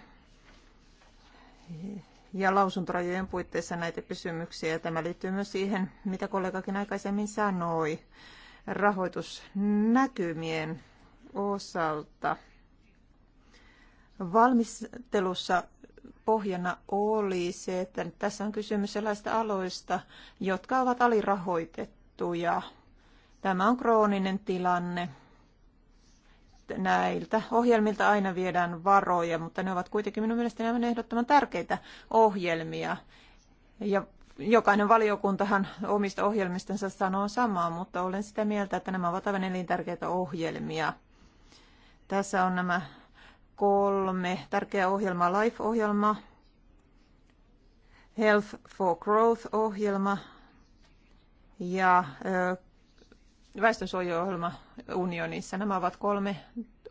C: ja lausuntorajojen puitteissa näitä kysymyksiä. Tämä liittyy myös siihen, mitä kollegakin aikaisemmin sanoi rahoitusnäkymien osalta Valmistelussa pohjana oli se, että tässä on kysymys sellaista aloista, jotka ovat alirahoitettuja. Tämä on krooninen tilanne. Näiltä ohjelmilta aina viedään varoja, mutta ne ovat kuitenkin minun mielestäni aivan ehdottoman tärkeitä ohjelmia. Ja jokainen valiokuntahan omista ohjelmistansa sanoo samaa, mutta olen sitä mieltä, että nämä ovat aivan elintärkeitä ohjelmia. Tässä on nämä kolme tärkeää ohjelmaa. LIFE-ohjelma, Health for Growth-ohjelma ja väestönsuojeluohjelma unionissa. Nämä ovat kolme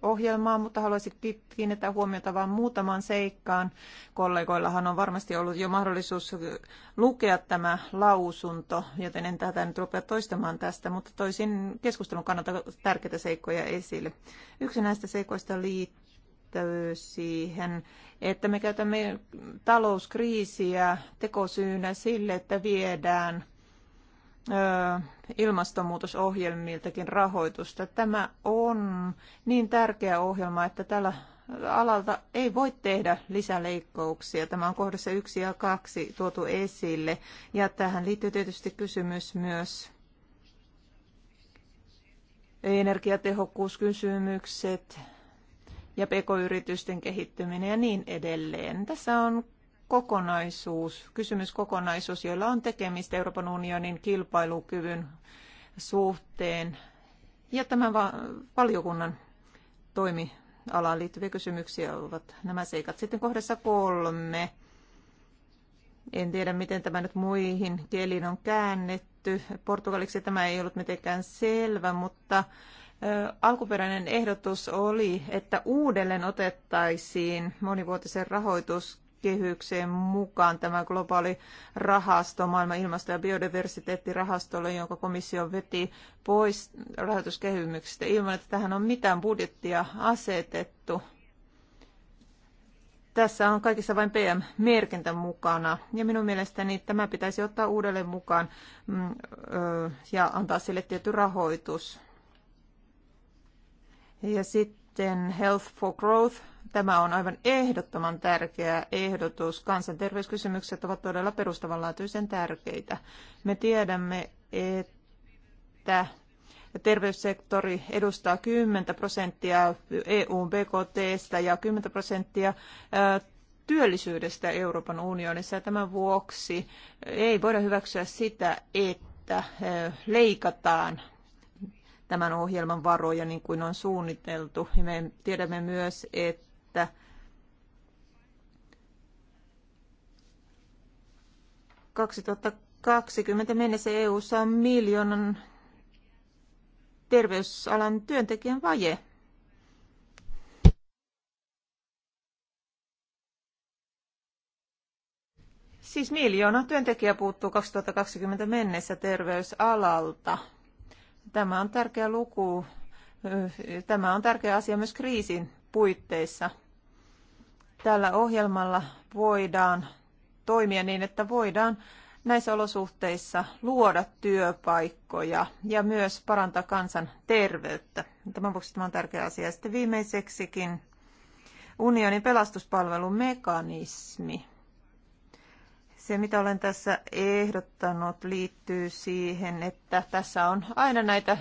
C: ohjelmaa, mutta haluaisin kiinnittää huomiota vain muutamaan seikkaan. Kollegoillahan on varmasti ollut jo mahdollisuus lukea tämä lausunto, joten en tätä nyt rupea toistamaan tästä, mutta toisin keskustelun kannalta tärkeitä seikkoja esille. Yksi näistä seikoista liittyy siihen, että me käytämme talouskriisiä tekosyynä sille, että viedään ilmastonmuutosohjelmiltakin rahoitusta. Tämä on niin tärkeä ohjelma, että tällä alalta ei voi tehdä lisäleikkauksia. Tämä on kohdassa yksi ja kaksi tuotu esille. Ja tähän liittyy tietysti kysymys myös energiatehokkuuskysymykset, ja pk-yritysten kehittyminen ja niin edelleen. Tässä on kokonaisuus, kysymyskokonaisuus, joilla on tekemistä Euroopan unionin kilpailukyvyn suhteen ja tämän valiokunnan toimialaan liittyviä kysymyksiä ovat nämä seikat. Sitten kohdassa kolme. En tiedä, miten tämä nyt muihin kieliin on käännetty. Portugaliksi tämä ei ollut mitenkään selvä, mutta alkuperäinen ehdotus oli, että uudelleen otettaisiin monivuotisen rahoituskehykseen mukaan tämä globaali rahasto, maailman ilmasto- ja biodiversiteettirahastolle, jonka komissio veti pois rahoituskehymyksestä ilman, että tähän on mitään budjettia asetettu. Tässä on kaikissa vain PM-merkintä mukana, ja minun mielestäni tämä pitäisi ottaa uudelleen mukaan mm, ja antaa sille tietty rahoitus ja sitten Health for Growth. Tämä on aivan ehdottoman tärkeä ehdotus. Kansanterveyskysymykset ovat todella perustavanlaatuisen tärkeitä. Me tiedämme, että terveyssektori edustaa 10 prosenttia EUn BKTstä ja 10 prosenttia työllisyydestä Euroopan unionissa. Tämän vuoksi ei voida hyväksyä sitä, että leikataan tämän ohjelman varoja niin kuin on suunniteltu. Ja me tiedämme myös, että ...2020 mennessä EU:ssa on miljoonan terveysalan työntekijän vaje. Siis miljoona työntekijää puuttuu 2020 mennessä terveysalalta. Tämä on tärkeä luku. Tämä on tärkeä asia myös kriisin puitteissa. Tällä ohjelmalla voidaan toimia niin, että voidaan näissä olosuhteissa luoda työpaikkoja ja myös parantaa kansan terveyttä. Tämän vuoksi tämä on tärkeä asia. Sitten viimeiseksikin unionin pelastuspalvelun mekanismi. Se, mitä olen tässä ehdottanut, liittyy siihen, että tässä on aina näitä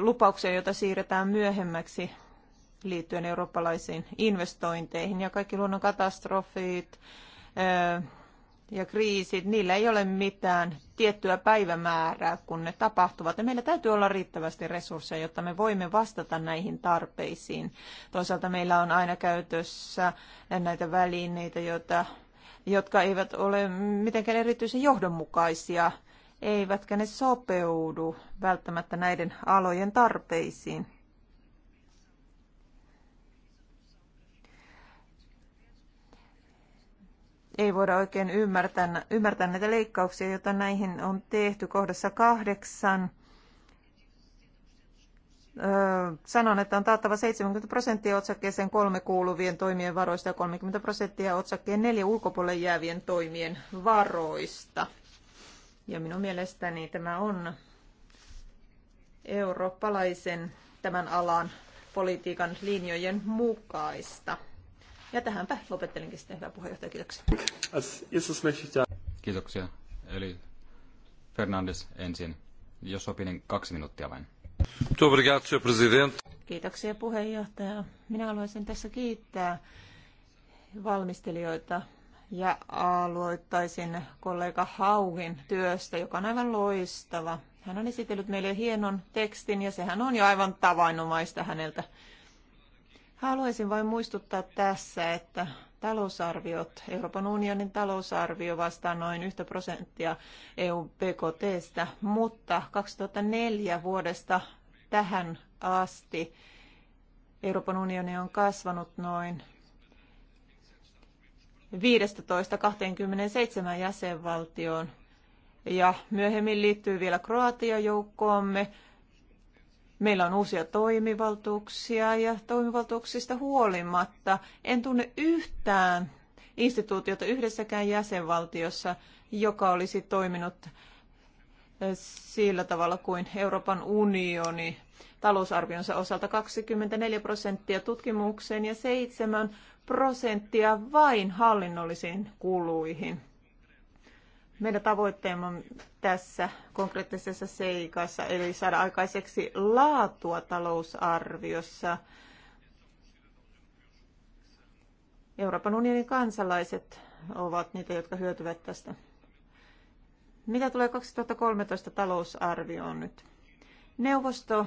C: lupauksia, joita siirretään myöhemmäksi liittyen eurooppalaisiin investointeihin. Ja kaikki luonnon katastrofit ja kriisit, niillä ei ole mitään tiettyä päivämäärää, kun ne tapahtuvat. Ja meillä täytyy olla riittävästi resursseja, jotta me voimme vastata näihin tarpeisiin. Toisaalta meillä on aina käytössä näitä välineitä, joita jotka eivät ole mitenkään erityisen johdonmukaisia, eivätkä ne sopeudu välttämättä näiden alojen tarpeisiin. Ei voida oikein ymmärtää, ymmärtää näitä leikkauksia, joita näihin on tehty kohdassa kahdeksan – sanon, että on taattava 70 prosenttia otsakkeeseen kolme kuuluvien toimien varoista ja 30 prosenttia otsakkeen neljä ulkopuolelle jäävien toimien varoista. Ja minun mielestäni tämä on eurooppalaisen tämän alan politiikan linjojen mukaista. Ja tähänpä lopettelinkin sitten, hyvä puheenjohtaja, kiitoksia.
A: Uh, kiitoksia. Eli Fernandes ensin, jos sopii, niin kaksi minuuttia vain.
C: Kiitoksia puheenjohtaja. Minä haluaisin tässä kiittää valmistelijoita ja aloittaisin kollega Haugin työstä, joka on aivan loistava. Hän on esitellyt meille hienon tekstin ja sehän on jo aivan tavainomaista häneltä. Haluaisin vain muistuttaa tässä, että talousarviot, Euroopan unionin talousarvio vastaa noin 1 prosenttia EU BKTstä, mutta 2004 vuodesta tähän asti Euroopan unioni on kasvanut noin 15-27 jäsenvaltioon ja myöhemmin liittyy vielä Kroatia joukkoomme Meillä on uusia toimivaltuuksia ja toimivaltuuksista huolimatta en tunne yhtään instituutiota yhdessäkään jäsenvaltiossa, joka olisi toiminut eh, sillä tavalla kuin Euroopan unioni talousarvionsa osalta 24 prosenttia tutkimukseen ja 7 prosenttia vain hallinnollisiin kuluihin. Meidän tavoitteemme tässä konkreettisessa seikassa, eli saada aikaiseksi laatua talousarviossa. Euroopan unionin kansalaiset ovat niitä, jotka hyötyvät tästä. Mitä tulee 2013 talousarvioon nyt? Neuvosto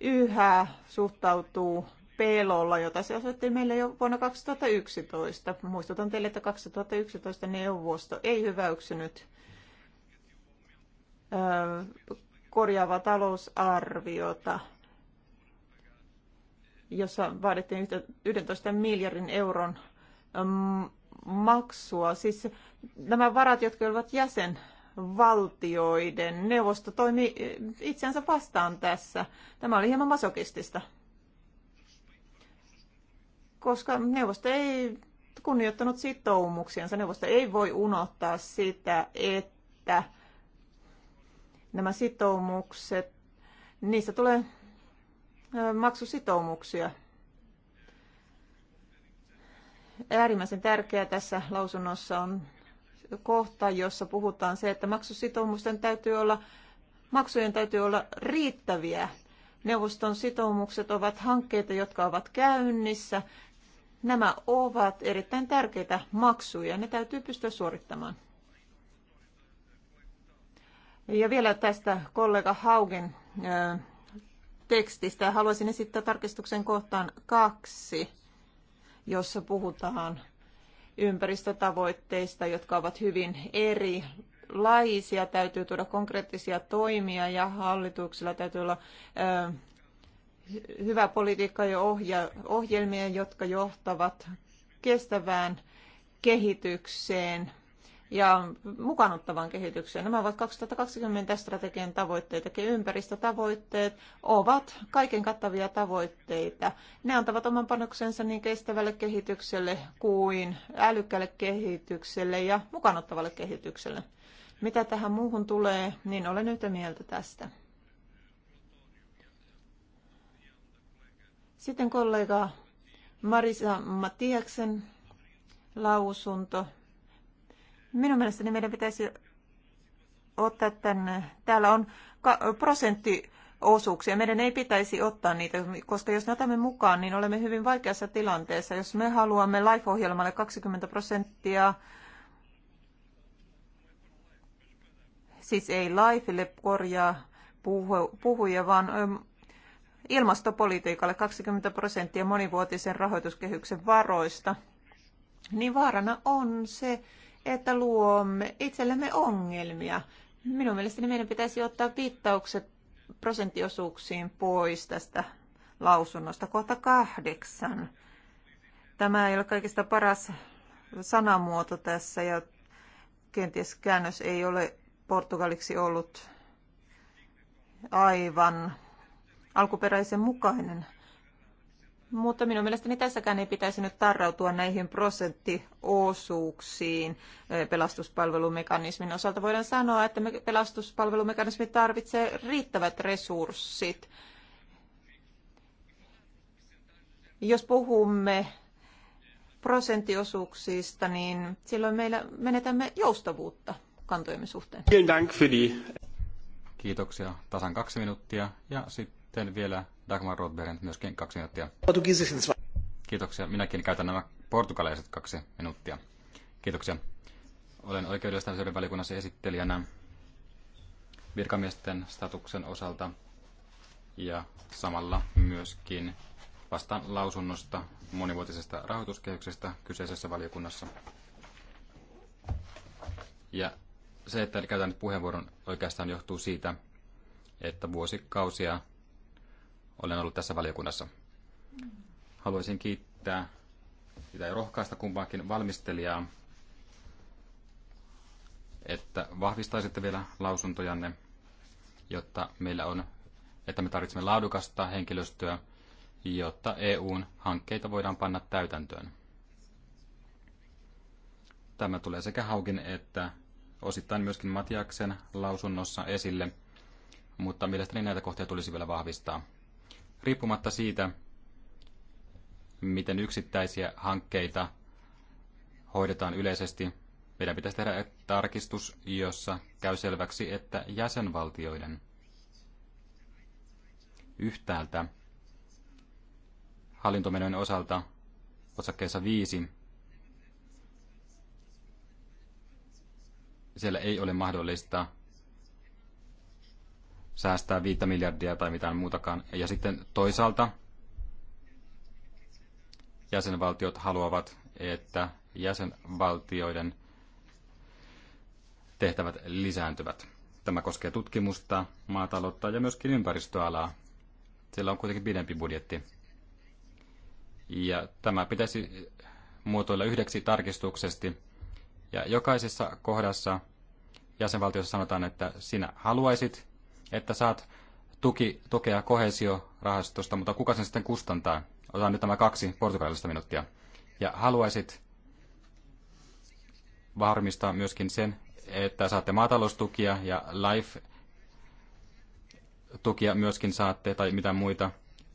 C: yhä suhtautuu pelolla, jota se osoitti meille jo vuonna 2011. Muistutan teille, että 2011 neuvosto ei hyväksynyt korjaavaa talousarviota, jossa vaadittiin 11 miljardin euron maksua. Siis nämä varat, jotka olivat jäsen valtioiden neuvosto toimi itsensä vastaan tässä. Tämä oli hieman masokistista koska neuvosto ei kunnioittanut sitoumuksiansa. Neuvosto ei voi unohtaa sitä, että nämä sitoumukset, niistä tulee maksusitoumuksia. Äärimmäisen tärkeää tässä lausunnossa on kohta, jossa puhutaan se, että maksusitoumusten täytyy olla, maksujen täytyy olla riittäviä Neuvoston sitoumukset ovat hankkeita, jotka ovat käynnissä Nämä ovat erittäin tärkeitä maksuja, ne täytyy pystyä suorittamaan. Ja vielä tästä kollega Haugen tekstistä. Haluaisin esittää tarkistuksen kohtaan kaksi, jossa puhutaan ympäristötavoitteista, jotka ovat hyvin eri laisia, täytyy tuoda konkreettisia toimia ja hallituksilla täytyy olla ö, hyvää politiikkaa ja ohjelmia, jotka johtavat kestävään kehitykseen ja mukaanottavaan kehitykseen. Nämä ovat 2020 strategian tavoitteita ja ympäristötavoitteet ovat kaiken kattavia tavoitteita. Ne antavat oman panoksensa niin kestävälle kehitykselle kuin älykkäälle kehitykselle ja mukaanottavalle kehitykselle. Mitä tähän muuhun tulee, niin olen yhtä mieltä tästä. Sitten kollega Marisa Matiaksen lausunto. Minun mielestäni meidän pitäisi ottaa tänne. Täällä on prosentti osuuksia. Meidän ei pitäisi ottaa niitä, koska jos ne otamme mukaan, niin olemme hyvin vaikeassa tilanteessa. Jos me haluamme LIFE-ohjelmalle 20 prosenttia, siis ei LIFEille korjaa puhuja, vaan ilmastopolitiikalle 20 prosenttia monivuotisen rahoituskehyksen varoista, niin vaarana on se, että luomme itsellemme ongelmia. Minun mielestäni meidän pitäisi ottaa viittaukset prosenttiosuuksiin pois tästä lausunnosta kohta kahdeksan. Tämä ei ole kaikista paras sanamuoto tässä ja kenties käännös ei ole portugaliksi ollut aivan alkuperäisen mukainen. Mutta minun mielestäni tässäkään ei pitäisi nyt tarrautua näihin prosenttiosuuksiin pelastuspalvelumekanismin osalta. Voidaan sanoa, että pelastuspalvelumekanismi tarvitsee riittävät resurssit. Jos puhumme prosenttiosuuksista, niin silloin meillä menetämme joustavuutta kantojemme suhteen.
A: Kiitoksia. Tasan kaksi minuuttia ja sitten sitten vielä Dagmar Rothberg, myöskin kaksi minuuttia. Kiitoksia. Minäkin käytän nämä portugalaiset kaksi minuuttia. Kiitoksia. Olen oikeudellisten asioiden valiokunnassa esittelijänä virkamiesten statuksen osalta ja samalla myöskin vastaan lausunnosta monivuotisesta rahoituskehyksestä kyseisessä valiokunnassa. Ja se, että käytän nyt puheenvuoron oikeastaan johtuu siitä, että vuosikausia olen ollut tässä valiokunnassa. Haluaisin kiittää sitä rohkaista kumpaakin valmistelijaa, että vahvistaisitte vielä lausuntojanne, jotta meillä on, että me tarvitsemme laadukasta henkilöstöä, jotta EUn hankkeita voidaan panna täytäntöön. Tämä tulee sekä Haukin että osittain myöskin Matiaksen lausunnossa esille, mutta mielestäni näitä kohtia tulisi vielä vahvistaa riippumatta siitä, miten yksittäisiä hankkeita hoidetaan yleisesti, meidän pitäisi tehdä tarkistus, jossa käy selväksi, että jäsenvaltioiden yhtäältä hallintomenojen osalta osakkeessa viisi siellä ei ole mahdollista säästää 5 miljardia tai mitään muutakaan. Ja sitten toisaalta jäsenvaltiot haluavat, että jäsenvaltioiden tehtävät lisääntyvät. Tämä koskee tutkimusta, maataloutta ja myöskin ympäristöalaa. Sillä on kuitenkin pidempi budjetti. Ja tämä pitäisi muotoilla yhdeksi tarkistuksesti. Ja jokaisessa kohdassa jäsenvaltiossa sanotaan, että sinä haluaisit että saat tuki, tukea kohesiorahastosta, mutta kuka sen sitten kustantaa? Otan nyt tämä kaksi portugalista minuuttia. Ja haluaisit varmistaa myöskin sen, että saatte maataloustukia ja life-tukia myöskin saatte tai mitä muita.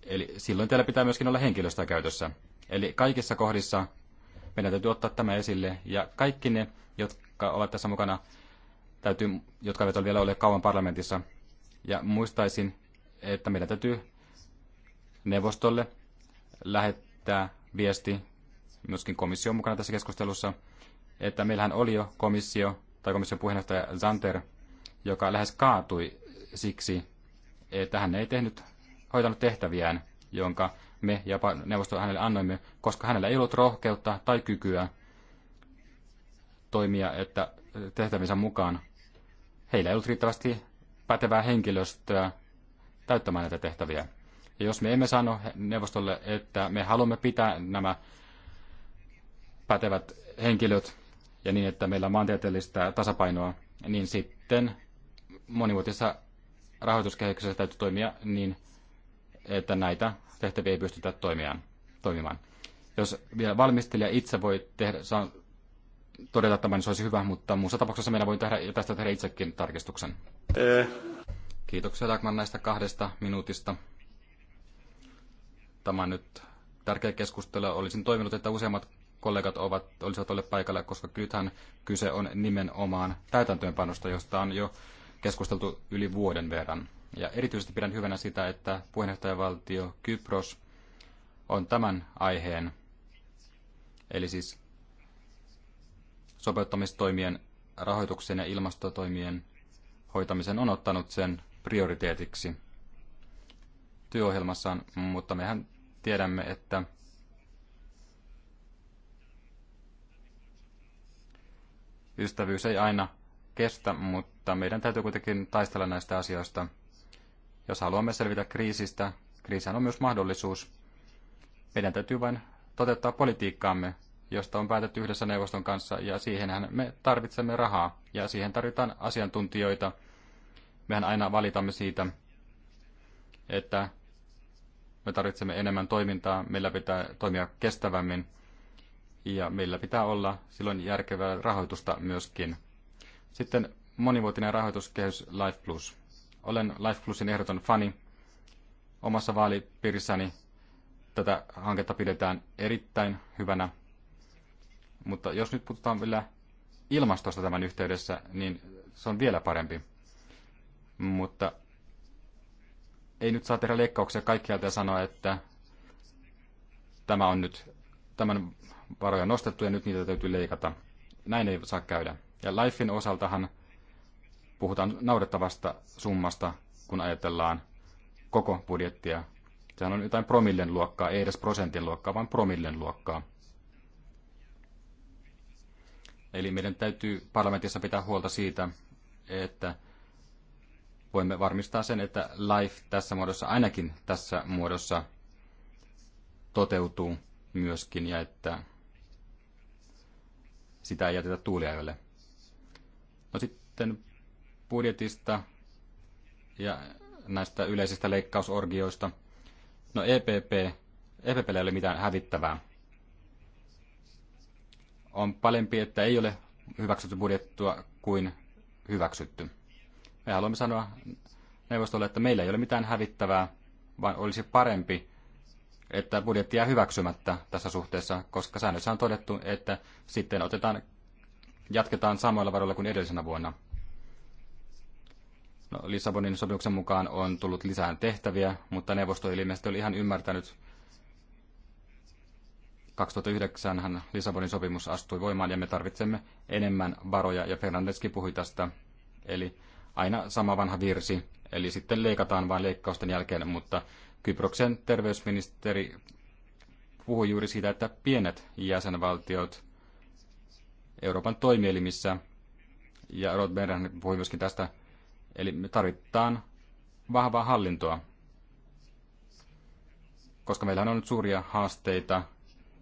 A: Eli silloin teillä pitää myöskin olla henkilöstöä käytössä. Eli kaikissa kohdissa meidän täytyy ottaa tämä esille ja kaikki ne, jotka ovat tässä mukana, täytyy, jotka eivät ole vielä olleet kauan parlamentissa, ja muistaisin, että meidän täytyy neuvostolle lähettää viesti, myöskin komission mukana tässä keskustelussa, että meillähän oli jo komissio tai komission puheenjohtaja Zanter, joka lähes kaatui siksi, että hän ei tehnyt, hoitanut tehtäviään, jonka me ja neuvosto hänelle annoimme, koska hänellä ei ollut rohkeutta tai kykyä toimia että tehtävänsä mukaan. Heillä ei ollut riittävästi pätevää henkilöstöä täyttämään näitä tehtäviä. Ja jos me emme sano neuvostolle, että me haluamme pitää nämä pätevät henkilöt ja niin, että meillä on maantieteellistä tasapainoa, niin sitten monivuotisessa rahoituskehyksessä täytyy toimia niin, että näitä tehtäviä ei pystytä toimiaan, toimimaan. Jos vielä valmistelija itse voi tehdä, saa todeta tämän, niin se olisi hyvä, mutta muussa tapauksessa meillä voi tehdä, tästä tehdä itsekin tarkistuksen. Kiitoksia Dagman näistä kahdesta minuutista. Tämä on nyt tärkeä keskustelu. Olisin toiminut, että useammat kollegat ovat, olisivat olleet paikalla, koska kyllähän kyse on nimenomaan täytäntöönpanosta, josta on jo keskusteltu yli vuoden verran. Ja erityisesti pidän hyvänä sitä, että puheenjohtajavaltio Kypros on tämän aiheen, eli siis sopeuttamistoimien rahoituksen ja ilmastotoimien hoitamisen on ottanut sen prioriteetiksi työohjelmassaan, mutta mehän tiedämme, että ystävyys ei aina kestä, mutta meidän täytyy kuitenkin taistella näistä asioista. Jos haluamme selvitä kriisistä, kriisihän on myös mahdollisuus. Meidän täytyy vain toteuttaa politiikkaamme josta on päätetty yhdessä neuvoston kanssa, ja siihenhän me tarvitsemme rahaa, ja siihen tarvitaan asiantuntijoita. Mehän aina valitamme siitä, että me tarvitsemme enemmän toimintaa, meillä pitää toimia kestävämmin, ja meillä pitää olla silloin järkevää rahoitusta myöskin. Sitten monivuotinen rahoituskehys Life Plus. Olen Life Plusin ehdoton fani. Omassa vaalipiirissäni tätä hanketta pidetään erittäin hyvänä mutta jos nyt puhutaan vielä ilmastosta tämän yhteydessä, niin se on vielä parempi. Mutta ei nyt saa tehdä leikkauksia kaikkialta ja sanoa, että tämä on nyt, tämän varoja nostettu ja nyt niitä täytyy leikata. Näin ei saa käydä. Ja Lifein osaltahan puhutaan naurettavasta summasta, kun ajatellaan koko budjettia. Sehän on jotain promillen luokkaa, ei edes prosentin luokkaa, vaan promillen luokkaa. Eli meidän täytyy parlamentissa pitää huolta siitä, että voimme varmistaa sen, että LIFE tässä muodossa, ainakin tässä muodossa, toteutuu myöskin ja että sitä ei jätetä tuuliajoille. No sitten budjetista ja näistä yleisistä leikkausorgioista. No EPP, EPPllä ei ole mitään hävittävää on palempi, että ei ole hyväksytty budjettua kuin hyväksytty. Me haluamme sanoa neuvostolle, että meillä ei ole mitään hävittävää, vaan olisi parempi, että budjetti jää hyväksymättä tässä suhteessa, koska säännössä on todettu, että sitten otetaan, jatketaan samoilla varoilla kuin edellisenä vuonna. No, Lissabonin sopimuksen mukaan on tullut lisää tehtäviä, mutta neuvosto ilmeisesti oli ihan ymmärtänyt, 2009 hän Lissabonin sopimus astui voimaan ja me tarvitsemme enemmän varoja ja Fernandeskin puhui tästä. Eli aina sama vanha virsi, eli sitten leikataan vain leikkausten jälkeen, mutta Kyproksen terveysministeri puhui juuri siitä, että pienet jäsenvaltiot Euroopan toimielimissä, ja Rod Berhan puhui myöskin tästä, eli me tarvitaan vahvaa hallintoa, koska meillä on nyt suuria haasteita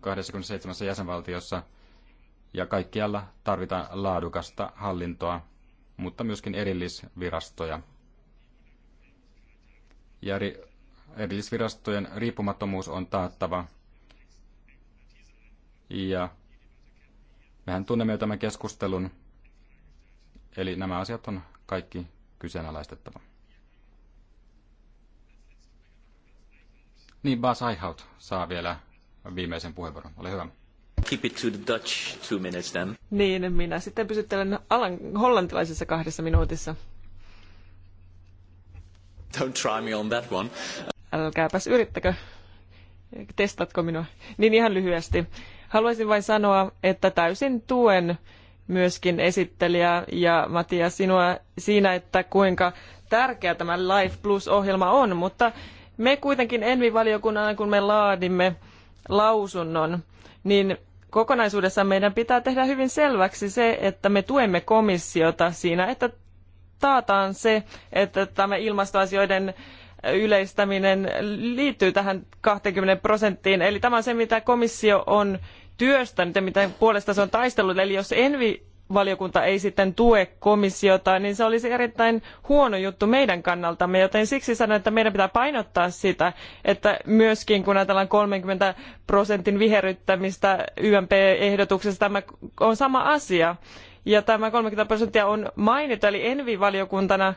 A: 27 jäsenvaltiossa ja kaikkialla tarvitaan laadukasta hallintoa, mutta myöskin erillisvirastoja. Ja erillisvirastojen riippumattomuus on taattava. Ja mehän tunnemme jo tämän keskustelun, eli nämä asiat on kaikki kyseenalaistettava. Niin Bas Aihaut saa vielä viimeisen puheenvuoron. Ole hyvä. Keep it to the Dutch two minutes then.
B: Niin, minä sitten pysyttelen alan, hollantilaisessa kahdessa minuutissa.
A: Don't try me on that one.
B: Älkääpäs yrittäkö. Testatko minua? Niin ihan lyhyesti. Haluaisin vain sanoa, että täysin tuen myöskin esittelijä ja Matia sinua siinä, että kuinka tärkeä tämä Life Plus-ohjelma on, mutta me kuitenkin envi valiokunnan kun me laadimme lausunnon, niin kokonaisuudessaan meidän pitää tehdä hyvin selväksi se, että me tuemme komissiota siinä, että taataan se, että tämä ilmastoasioiden yleistäminen liittyy tähän 20 prosenttiin. Eli tämä on se, mitä komissio on työstänyt ja mitä puolesta se on taistellut. Eli jos Envi valiokunta ei sitten tue komissiota, niin se olisi erittäin huono juttu meidän kannaltamme, joten siksi sanon, että meidän pitää painottaa sitä, että myöskin kun ajatellaan 30 prosentin viherryttämistä YMP-ehdotuksessa, tämä on sama asia. Ja tämä 30 prosenttia on mainittu, eli Envi-valiokuntana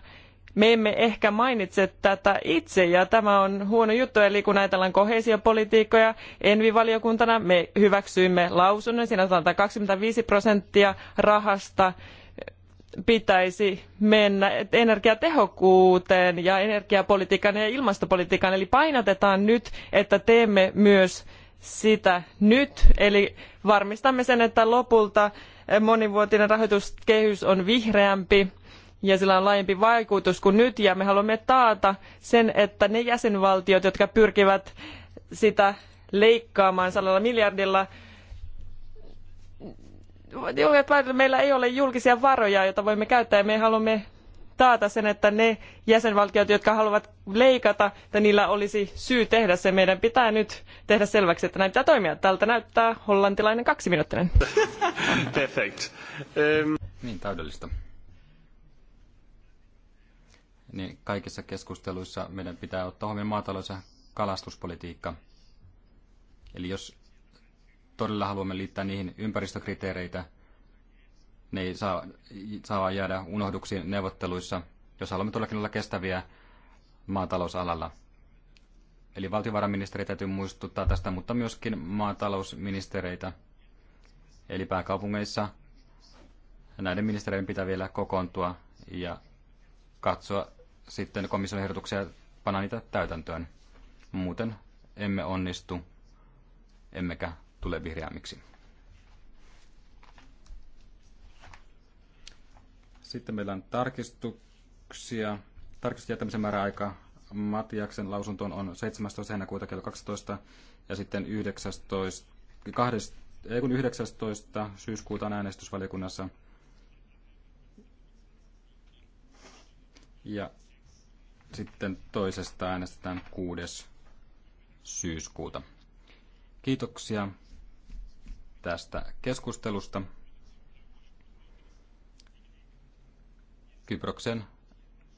B: me emme ehkä mainitse tätä itse ja tämä on huono juttu. Eli kun ajatellaan kohesiopolitiikkoja, Envi-valiokuntana me hyväksyimme lausunnon, siinä sanotaan, että 25 prosenttia rahasta pitäisi mennä energiatehokkuuteen ja energiapolitiikan ja ilmastopolitiikan. Eli painotetaan nyt, että teemme myös sitä nyt, eli varmistamme sen, että lopulta monivuotinen rahoituskehys on vihreämpi ja sillä on laajempi vaikutus kuin nyt ja me haluamme taata sen, että ne jäsenvaltiot, jotka pyrkivät sitä leikkaamaan sadalla miljardilla, meillä ei ole julkisia varoja, joita voimme käyttää ja me haluamme taata sen, että ne jäsenvaltiot, jotka haluavat leikata, että niillä olisi syy tehdä se. Meidän pitää nyt tehdä selväksi, että näin pitää toimia. Tältä näyttää hollantilainen kaksiminuuttinen.
A: Perfect. Um... Ehm. Niin, täydellistä niin kaikissa keskusteluissa meidän pitää ottaa huomioon maatalous- ja kalastuspolitiikka. Eli jos todella haluamme liittää niihin ympäristökriteereitä, ne ei saa, saa jäädä unohduksi neuvotteluissa, jos haluamme todellakin olla kestäviä maatalousalalla. Eli valtiovarainministeri täytyy muistuttaa tästä, mutta myöskin maatalousministereitä. Eli pääkaupungeissa näiden ministereiden pitää vielä kokoontua ja katsoa sitten komission ehdotuksia panna niitä täytäntöön. Muuten emme onnistu, emmekä tule vihreämmiksi. Sitten meillä on tarkistuksia. Tarkistusten jättämisen määräaika Matiaksen lausuntoon on 17. heinäkuuta kello 12 ja sitten 19, 20, ei kun 19. syyskuuta on äänestysvaliokunnassa. Ja sitten toisesta äänestetään 6. syyskuuta. Kiitoksia tästä keskustelusta. Kyproksen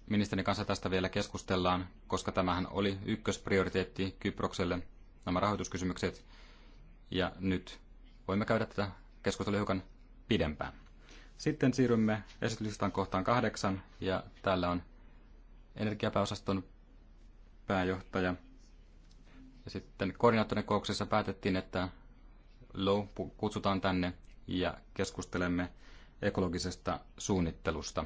A: ministerin kanssa tästä vielä keskustellaan, koska tämähän oli ykkösprioriteetti Kyprokselle, nämä rahoituskysymykset. Ja nyt voimme käydä tätä keskustelua hiukan pidempään. Sitten siirrymme esityslistan kohtaan kahdeksan, ja täällä on energiapääosaston pääjohtaja. Ja sitten koordinaattorin kouksessa päätettiin, että Low kutsutaan tänne ja keskustelemme ekologisesta suunnittelusta.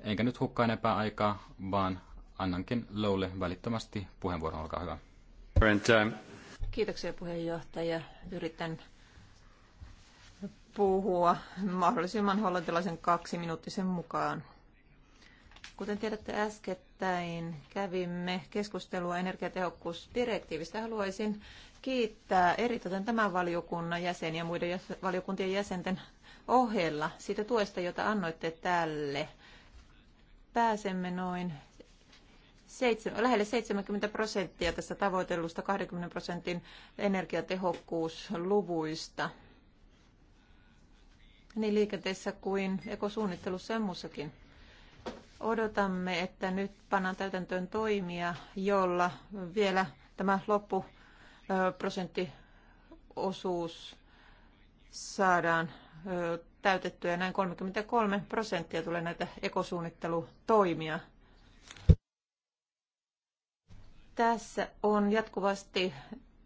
A: Enkä nyt hukkaa enempää aikaa, vaan annankin Lowlle välittömästi puheenvuoron. Olkaa hyvä.
C: Kiitoksia puheenjohtaja. Yritän puhua mahdollisimman hollantilaisen kaksiminuuttisen mukaan Kuten tiedätte äskettäin, kävimme keskustelua energiatehokkuusdirektiivistä. Haluaisin kiittää eritoten tämän valiokunnan jäseniä muiden valiokuntien jäsenten ohella siitä tuesta, jota annoitte tälle. Pääsemme noin seitsemän, lähelle 70 prosenttia tästä tavoitellusta 20 prosentin energiatehokkuusluvuista niin liikenteessä kuin ekosuunnittelussa ja muussakin. Odotamme, että nyt pannaan täytäntöön toimia, jolla vielä tämä loppuprosenttiosuus saadaan täytettyä. Näin 33 prosenttia tulee näitä ekosuunnittelutoimia. Tässä on jatkuvasti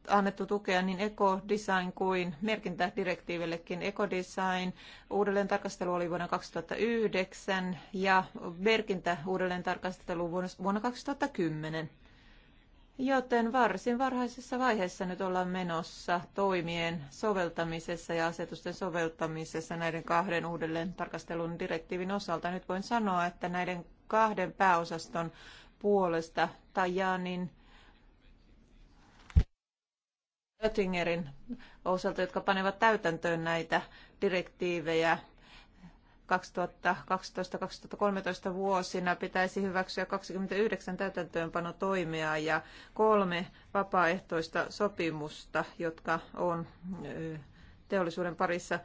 C: annettu tukea niin ekodesign kuin merkintädirektiivillekin. Ekodesign uudelleen tarkastelu oli vuonna 2009 ja merkintä uudelleentarkastelu vuonna, vuonna 2010. Joten varsin varhaisessa vaiheessa nyt ollaan menossa toimien soveltamisessa ja asetusten soveltamisessa näiden kahden uudelleen tarkastelun direktiivin osalta. Nyt voin sanoa, että näiden kahden pääosaston puolesta Tajanin Oettingerin osalta, jotka panevat täytäntöön näitä direktiivejä 2012-2013 vuosina pitäisi hyväksyä 29 täytäntöönpanotoimia ja kolme vapaaehtoista sopimusta, jotka on teollisuuden parissa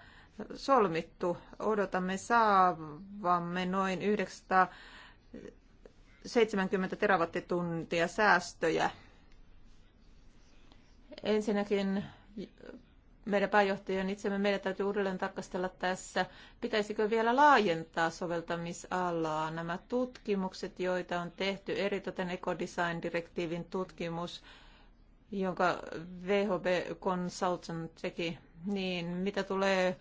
C: solmittu. Odotamme saavamme noin 970 terawattituntia säästöjä Ensinnäkin meidän pääjohtajan itsemme, meidän täytyy uudelleen tarkastella tässä, pitäisikö vielä laajentaa soveltamisalaa nämä tutkimukset, joita on tehty, eritoten ekodesign-direktiivin tutkimus, jonka VHB Consultant teki, niin mitä tulee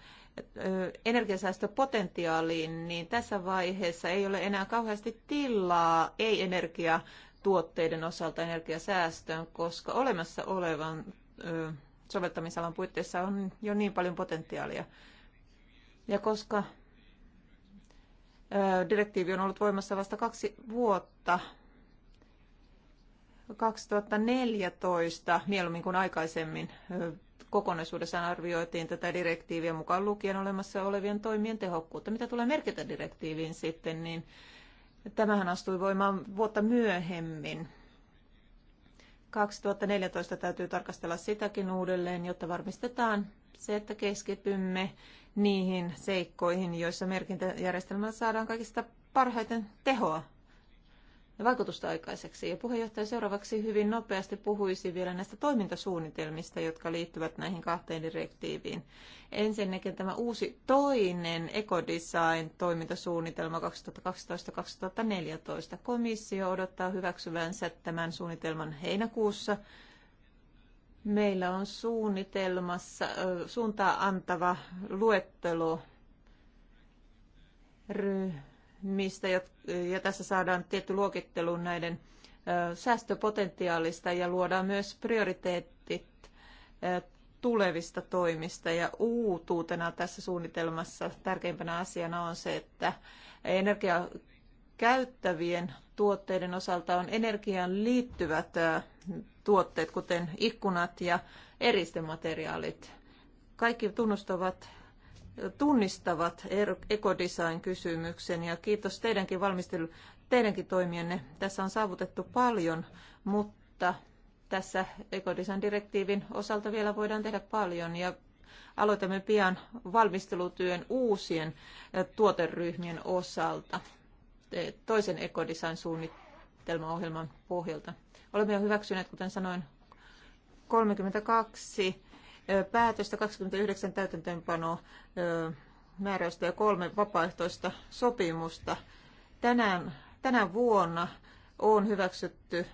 C: energiasäästöpotentiaaliin, niin tässä vaiheessa ei ole enää kauheasti tilaa ei-energia tuotteiden osalta energiasäästöön, koska olemassa olevan ö, soveltamisalan puitteissa on jo niin paljon potentiaalia. Ja koska ö, direktiivi on ollut voimassa vasta kaksi vuotta, 2014 mieluummin kuin aikaisemmin kokonaisuudessaan arvioitiin tätä direktiiviä mukaan lukien olemassa olevien toimien tehokkuutta. Mitä tulee merkitä direktiiviin sitten, niin Tämähän astui voimaan vuotta myöhemmin. 2014 täytyy tarkastella sitäkin uudelleen, jotta varmistetaan se, että keskitymme niihin seikkoihin, joissa merkintäjärjestelmällä saadaan kaikista parhaiten tehoa vaikutusta aikaiseksi. Ja puheenjohtaja seuraavaksi hyvin nopeasti puhuisi vielä näistä toimintasuunnitelmista, jotka liittyvät näihin kahteen direktiiviin. Ensinnäkin tämä uusi toinen ekodesign-toimintasuunnitelma 2012-2014. Komissio odottaa hyväksyvänsä tämän suunnitelman heinäkuussa. Meillä on suunnitelmassa suuntaa antava luettelo ryhmä mistä, ja tässä saadaan tietty luokittelu näiden säästöpotentiaalista ja luodaan myös prioriteetit tulevista toimista. Ja uutuutena tässä suunnitelmassa tärkeimpänä asiana on se, että energiaa käyttävien tuotteiden osalta on energiaan liittyvät tuotteet, kuten ikkunat ja eristemateriaalit. Kaikki tunnustavat tunnistavat ekodesign-kysymyksen ja kiitos teidänkin valmistelu, teidänkin toimienne. Tässä on saavutettu paljon, mutta tässä ekodesign-direktiivin osalta vielä voidaan tehdä paljon ja aloitamme pian valmistelutyön uusien tuoteryhmien osalta toisen ekodesign-suunnitelmaohjelman pohjalta. Olemme jo hyväksyneet, kuten sanoin, 32 päätöstä, 29 täytäntöönpanoa määräystä ja kolme vapaaehtoista sopimusta. Tänään, tänä vuonna on hyväksytty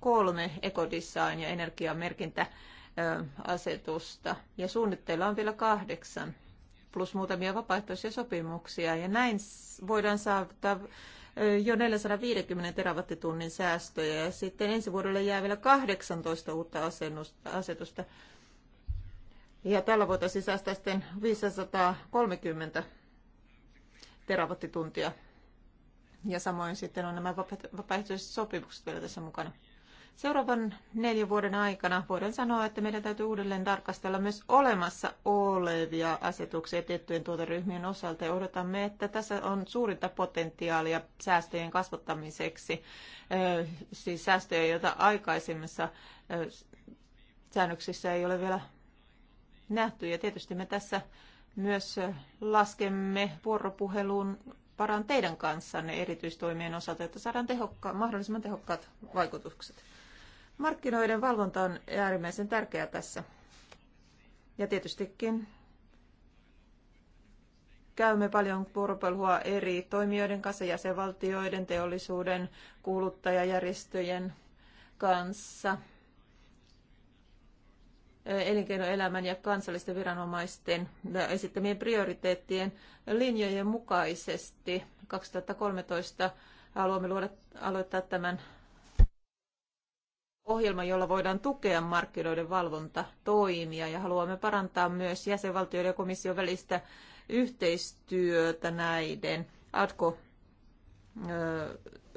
C: kolme ekodesign- ja energiamerkintäasetusta ja suunnitteilla on vielä kahdeksan plus muutamia vapaaehtoisia sopimuksia ja näin voidaan saavuttaa jo 450 terawattitunnin säästöjä ja sitten ensi vuodelle jää vielä 18 uutta asennusta, asetusta ja tällä voitaisiin säästää sitten 530 terawattituntia. Ja samoin sitten on nämä vapaaehtoiset sopimukset vielä tässä mukana. Seuraavan neljän vuoden aikana voidaan sanoa, että meidän täytyy uudelleen tarkastella myös olemassa olevia asetuksia tiettyjen tuoteryhmien osalta ja odotamme, että tässä on suurinta potentiaalia säästöjen kasvattamiseksi, siis säästöjä, joita aikaisemmissa säännöksissä ei ole vielä nähty. Ja tietysti me tässä myös laskemme vuoropuheluun paran teidän kanssanne erityistoimien osalta, että saadaan tehokka- mahdollisimman tehokkaat vaikutukset. Markkinoiden valvonta on äärimmäisen tärkeää tässä. Ja tietystikin käymme paljon vuoropuhelua eri toimijoiden kanssa, jäsenvaltioiden, teollisuuden, kuluttajajärjestöjen kanssa – elinkeinoelämän ja kansallisten viranomaisten esittämien prioriteettien linjojen mukaisesti. 2013 haluamme luoda, aloittaa tämän ohjelma, jolla voidaan tukea markkinoiden valvontatoimia ja haluamme parantaa myös jäsenvaltioiden ja komission välistä yhteistyötä näiden adko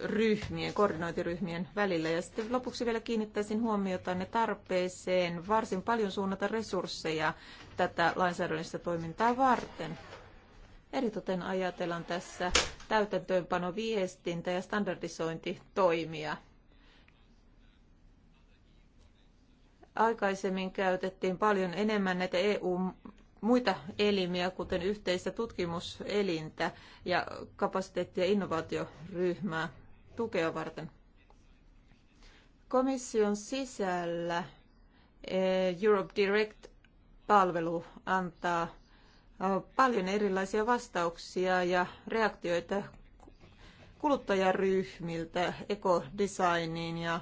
C: ryhmien, koordinointiryhmien välillä. Ja sitten lopuksi vielä kiinnittäisin huomiota ne tarpeeseen varsin paljon suunnata resursseja tätä lainsäädännöllistä toimintaa varten. Eritoten ajatellaan tässä täytäntöönpano viestintä ja standardisointitoimia. Aikaisemmin käytettiin paljon enemmän näitä EU muita elimiä, kuten yhteistä tutkimuselintä ja kapasiteetti- ja innovaatioryhmää tukea varten. Komission sisällä eh, Europe Direct-palvelu antaa eh, paljon erilaisia vastauksia ja reaktioita kuluttajaryhmiltä ekodesigniin ja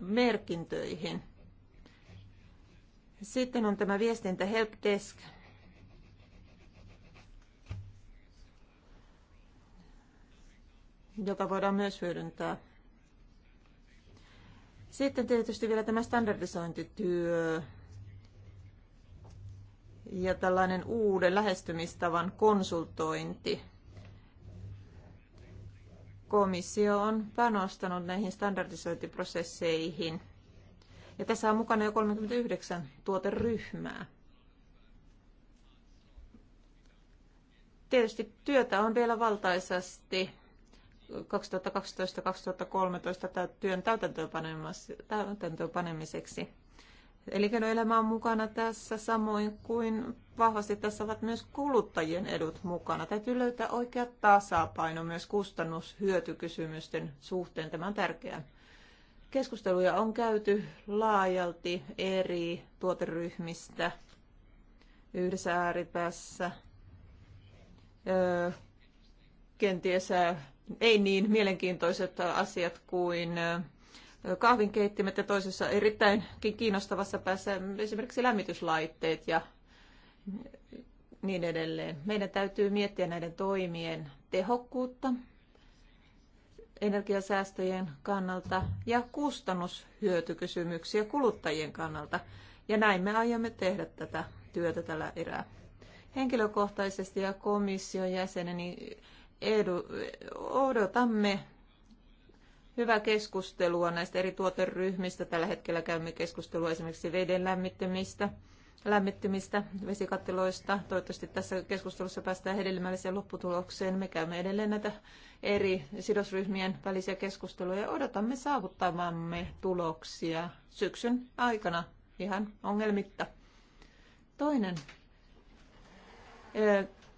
C: merkintöihin. Sitten on tämä viestintä helpdesk, jota voidaan myös hyödyntää. Sitten tietysti vielä tämä standardisointityö ja tällainen uuden lähestymistavan konsultointi. Komissio on panostanut näihin standardisointiprosesseihin. Ja tässä on mukana jo 39 tuoteryhmää. Tietysti työtä on vielä valtaisasti 2012-2013 työn täytäntöönpanemiseksi. Elinkeinoelämä on mukana tässä, samoin kuin vahvasti tässä ovat myös kuluttajien edut mukana. Täytyy löytää oikea tasapaino myös kustannushyötykysymysten suhteen. Tämä on tärkeää. Keskusteluja on käyty laajalti eri tuoteryhmistä yhdessä ääripäässä. Öö, kenties ei niin mielenkiintoiset asiat kuin kahvinkeittimet ja toisessa erittäinkin kiinnostavassa päässä esimerkiksi lämmityslaitteet ja niin edelleen. Meidän täytyy miettiä näiden toimien tehokkuutta energiasäästöjen kannalta ja kustannushyötykysymyksiä kuluttajien kannalta. Ja näin me aiomme tehdä tätä työtä tällä erää. Henkilökohtaisesti ja komission jäseneni edu, odotamme hyvää keskustelua näistä eri tuoteryhmistä. Tällä hetkellä käymme keskustelua esimerkiksi veden lämmittymistä, lämmittymistä vesikattiloista. Toivottavasti tässä keskustelussa päästään hedelmälliseen lopputulokseen. Me käymme edelleen näitä eri sidosryhmien välisiä keskusteluja ja odotamme saavuttavamme tuloksia syksyn aikana ihan ongelmitta. Toinen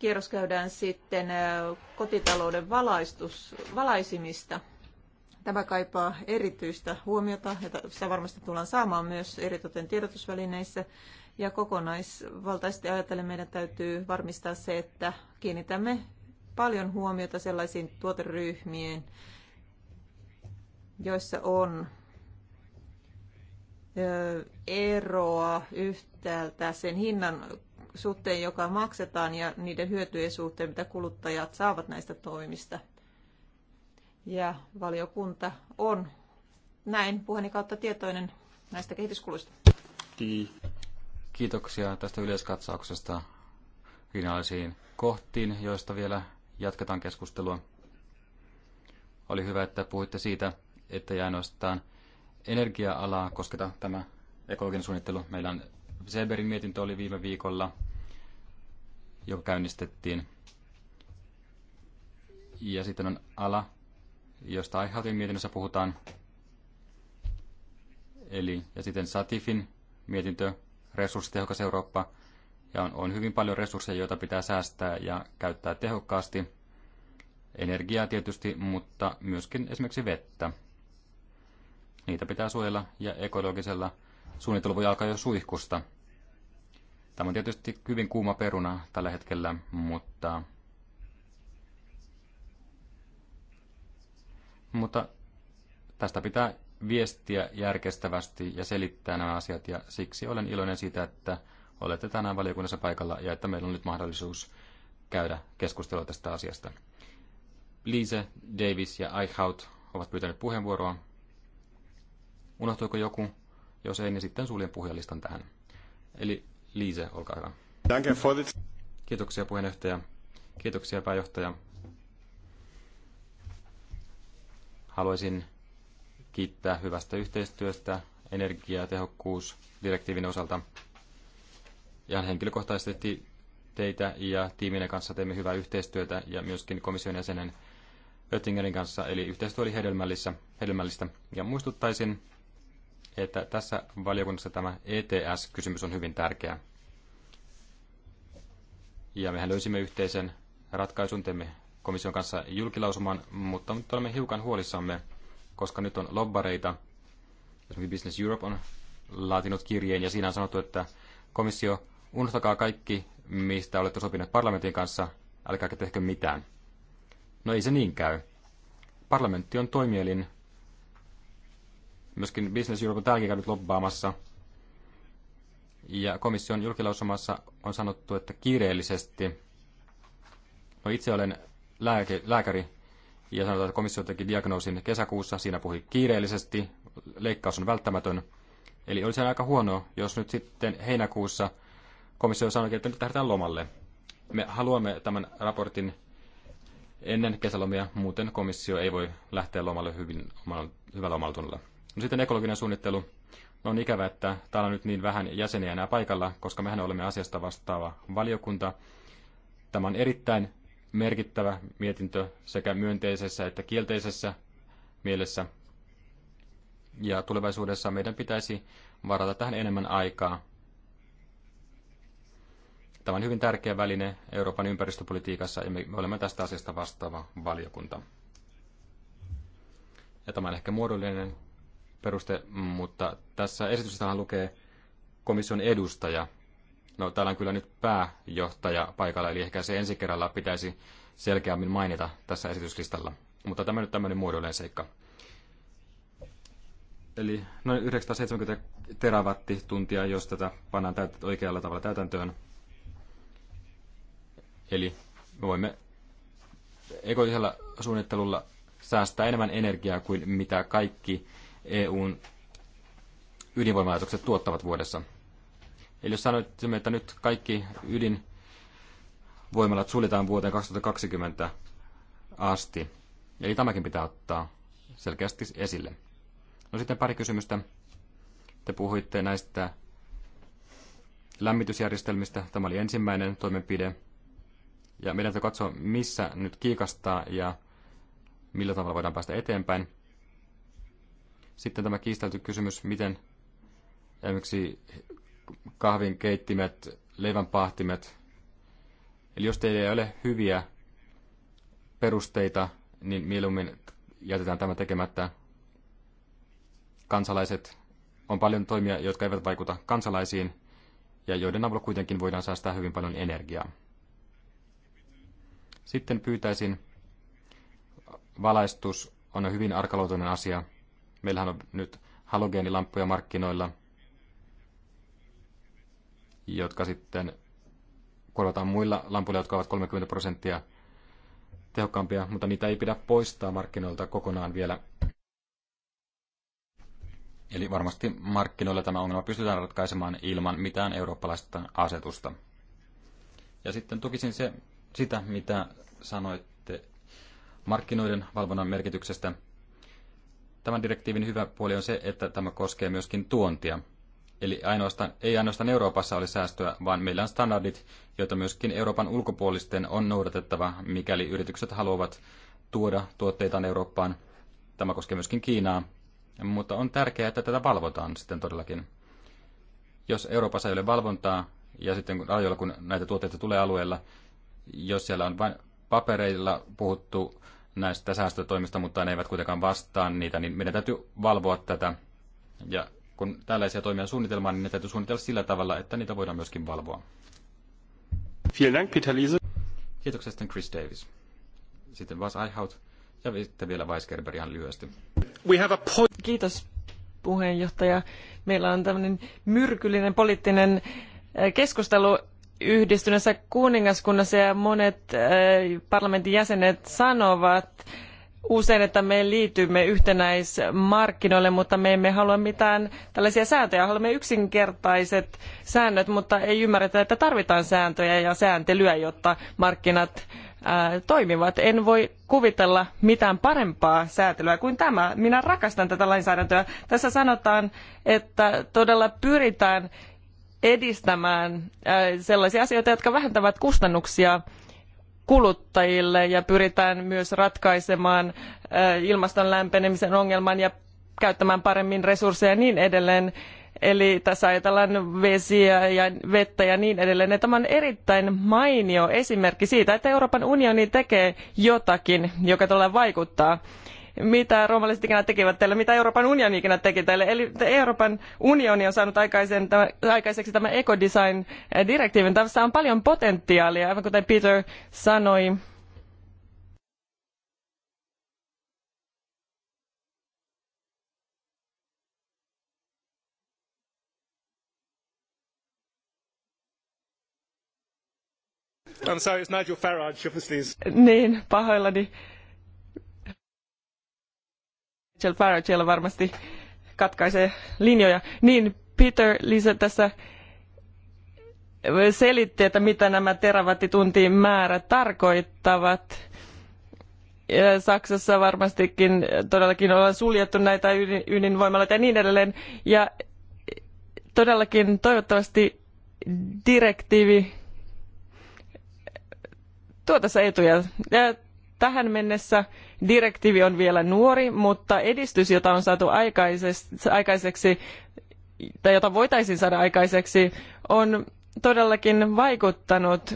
C: kierros käydään sitten kotitalouden valaistus, valaisimista. Tämä kaipaa erityistä huomiota, ja sitä varmasti tullaan saamaan myös eritoten tiedotusvälineissä. Ja kokonaisvaltaisesti ajatellen meidän täytyy varmistaa se, että kiinnitämme paljon huomiota sellaisiin tuoteryhmiin, joissa on eroa yhtäältä sen hinnan suhteen, joka maksetaan ja niiden hyötyjen suhteen, mitä kuluttajat saavat näistä toimista. Ja valiokunta on näin puheeni kautta tietoinen näistä kehityskuluista.
A: Kiitoksia tästä yleiskatsauksesta rinnallisiin kohtiin, joista vielä jatketaan keskustelua. Oli hyvä, että puhuitte siitä, että jäi ainoastaan energia-alaa kosketa tämä ekologinen suunnittelu. Meillä on Seberin mietintö oli viime viikolla, joka käynnistettiin. Ja sitten on ala, josta Aihautin mietinnössä puhutaan. Eli, ja sitten Satifin mietintö, resurssitehokas Eurooppa. Ja on, on hyvin paljon resursseja, joita pitää säästää ja käyttää tehokkaasti. Energiaa tietysti, mutta myöskin esimerkiksi vettä. Niitä pitää suojella ja ekologisella suunnittelu voi alkaa jo suihkusta. Tämä on tietysti hyvin kuuma peruna tällä hetkellä, mutta, mutta tästä pitää viestiä järkestävästi ja selittää nämä asiat, ja siksi olen iloinen siitä, että olette tänään valiokunnassa paikalla ja että meillä on nyt mahdollisuus käydä keskustelua tästä asiasta. Liise, Davis ja Eichhout ovat pyytäneet puheenvuoroa. Unohtuiko joku? Jos ei, niin sitten suljen puhujalistan tähän. Eli Liise, olkaa hyvä. Kiitoksia puheenjohtaja. Kiitoksia pääjohtaja. Haluaisin kiittää hyvästä yhteistyöstä tehokkuusdirektiivin osalta. Ihan henkilökohtaisesti teitä ja tiiminen kanssa teemme hyvää yhteistyötä ja myöskin komission jäsenen Oettingerin kanssa, eli yhteistyö oli hedelmällistä. Ja muistuttaisin että tässä valiokunnassa tämä ETS-kysymys on hyvin tärkeä. Ja mehän löysimme yhteisen ratkaisun, teemme komission kanssa julkilausuman, mutta nyt olemme hiukan huolissamme, koska nyt on lobbareita. Esimerkiksi Business Europe on laatinut kirjeen ja siinä on sanottu, että komissio, unohtakaa kaikki, mistä olette sopineet parlamentin kanssa, älkääkä tehkö mitään. No ei se niin käy. Parlamentti on toimielin, Myöskin Business Europe on täälläkin käynyt lobbaamassa. Ja komission julkilausumassa on sanottu, että kiireellisesti, no itse olen lääke, lääkäri, ja sanotaan, että komissio teki diagnoosin kesäkuussa, siinä puhui kiireellisesti, leikkaus on välttämätön. Eli olisi aika huono, jos nyt sitten heinäkuussa komissio sanoi, että nyt lähdetään lomalle. Me haluamme tämän raportin ennen kesälomia, muuten komissio ei voi lähteä lomalle hyvin, hyvällä omalla tunnolla. No sitten ekologinen suunnittelu. No on ikävä, että täällä on nyt niin vähän jäseniä enää paikalla, koska mehän olemme asiasta vastaava valiokunta. Tämä on erittäin merkittävä mietintö sekä myönteisessä että kielteisessä mielessä. Ja tulevaisuudessa meidän pitäisi varata tähän enemmän aikaa. Tämä on hyvin tärkeä väline Euroopan ympäristöpolitiikassa ja me olemme tästä asiasta vastaava valiokunta. Ja tämä on ehkä muodollinen peruste, mutta tässä esityksessähän lukee komission edustaja. No täällä on kyllä nyt pääjohtaja paikalla, eli ehkä se ensi kerralla pitäisi selkeämmin mainita tässä esityslistalla. Mutta tämä nyt tämmöinen muodollinen seikka. Eli noin 970 terawattituntia, jos tätä pannaan täyt- oikealla tavalla täytäntöön. Eli me voimme ekologisella suunnittelulla säästää enemmän energiaa kuin mitä kaikki EUn ydinvoimalaitokset tuottavat vuodessa. Eli jos sanoisimme, että nyt kaikki ydinvoimalat suljetaan vuoteen 2020 asti, eli tämäkin pitää ottaa selkeästi esille. No sitten pari kysymystä. Te puhuitte näistä lämmitysjärjestelmistä. Tämä oli ensimmäinen toimenpide. Ja meidän täytyy katsoa, missä nyt kiikastaa ja millä tavalla voidaan päästä eteenpäin. Sitten tämä kiistelty kysymys, miten esimerkiksi kahvin keittimet, leivänpahtimet. Eli jos teillä ei ole hyviä perusteita, niin mieluummin jätetään tämä tekemättä. Kansalaiset on paljon toimia, jotka eivät vaikuta kansalaisiin ja joiden avulla kuitenkin voidaan säästää hyvin paljon energiaa. Sitten pyytäisin, valaistus on hyvin arkaluotoinen asia, Meillähän on nyt halogeenilamppuja markkinoilla, jotka sitten korvataan muilla lampuilla, jotka ovat 30 prosenttia tehokkaampia, mutta niitä ei pidä poistaa markkinoilta kokonaan vielä. Eli varmasti markkinoilla tämä ongelma pystytään ratkaisemaan ilman mitään eurooppalaista asetusta. Ja sitten tukisin se, sitä, mitä sanoitte markkinoiden valvonnan merkityksestä tämän direktiivin hyvä puoli on se, että tämä koskee myöskin tuontia. Eli ainoastaan, ei ainoastaan Euroopassa ole säästöä, vaan meillä on standardit, joita myöskin Euroopan ulkopuolisten on noudatettava, mikäli yritykset haluavat tuoda tuotteitaan Eurooppaan. Tämä koskee myöskin Kiinaa, mutta on tärkeää, että tätä valvotaan sitten todellakin. Jos Euroopassa ei ole valvontaa, ja sitten kun ajoilla, kun näitä tuotteita tulee alueella, jos siellä on vain papereilla puhuttu näistä säästötoimista, mutta ne eivät kuitenkaan vastaa niitä, niin meidän täytyy valvoa tätä. Ja kun tällaisia toimia suunnitelmaan, niin ne täytyy suunnitella sillä tavalla, että niitä voidaan myöskin valvoa. Vielen Dank, Peter Liese. Kiitoksia sitten Chris Davis. Sitten Vas Eichhout ja sitten vielä Weisgerber ihan lyhyesti.
C: We have a
B: Kiitos puheenjohtaja. Meillä on tämmöinen myrkyllinen poliittinen eh, keskustelu yhdistyneessä kuningaskunnassa ja monet äh, parlamentin jäsenet sanovat usein, että me liitymme yhtenäismarkkinoille, mutta me emme halua mitään tällaisia sääntöjä. Haluamme yksinkertaiset säännöt, mutta ei ymmärretä, että tarvitaan sääntöjä ja sääntelyä, jotta markkinat äh, toimivat. En voi kuvitella mitään parempaa säätelyä kuin tämä. Minä rakastan tätä lainsäädäntöä. Tässä sanotaan, että todella pyritään edistämään äh, sellaisia asioita, jotka vähentävät kustannuksia kuluttajille ja pyritään myös ratkaisemaan äh, ilmaston lämpenemisen ongelman ja käyttämään paremmin resursseja ja niin edelleen. Eli tässä ajatellaan vesiä ja vettä ja niin edelleen. tämä on erittäin mainio esimerkki siitä, että Euroopan unioni tekee jotakin, joka tulee vaikuttaa mitä roomalaiset ikinä tekivät teille, mitä Euroopan unioni ikinä teki teille. Eli Euroopan unioni on saanut aikaisen, aikaiseksi tämän ekodesign-direktiivin. Tässä on paljon potentiaalia, aivan kuten Peter sanoi. I'm sorry, it's Nigel Farage, obviously. Niin, pahoillani. Nigel Farage siellä varmasti katkaisee linjoja. Niin, Peter Lisa tässä selitti, että mitä nämä terawattituntiin määrät tarkoittavat. Ja Saksassa varmastikin todellakin ollaan suljettu näitä ydinvoimaloita ja niin edelleen. Ja todellakin toivottavasti direktiivi tuo tässä etuja. Ja tähän mennessä direktiivi on vielä nuori, mutta edistys, jota on saatu aikaiseksi tai jota voitaisiin saada aikaiseksi, on todellakin vaikuttanut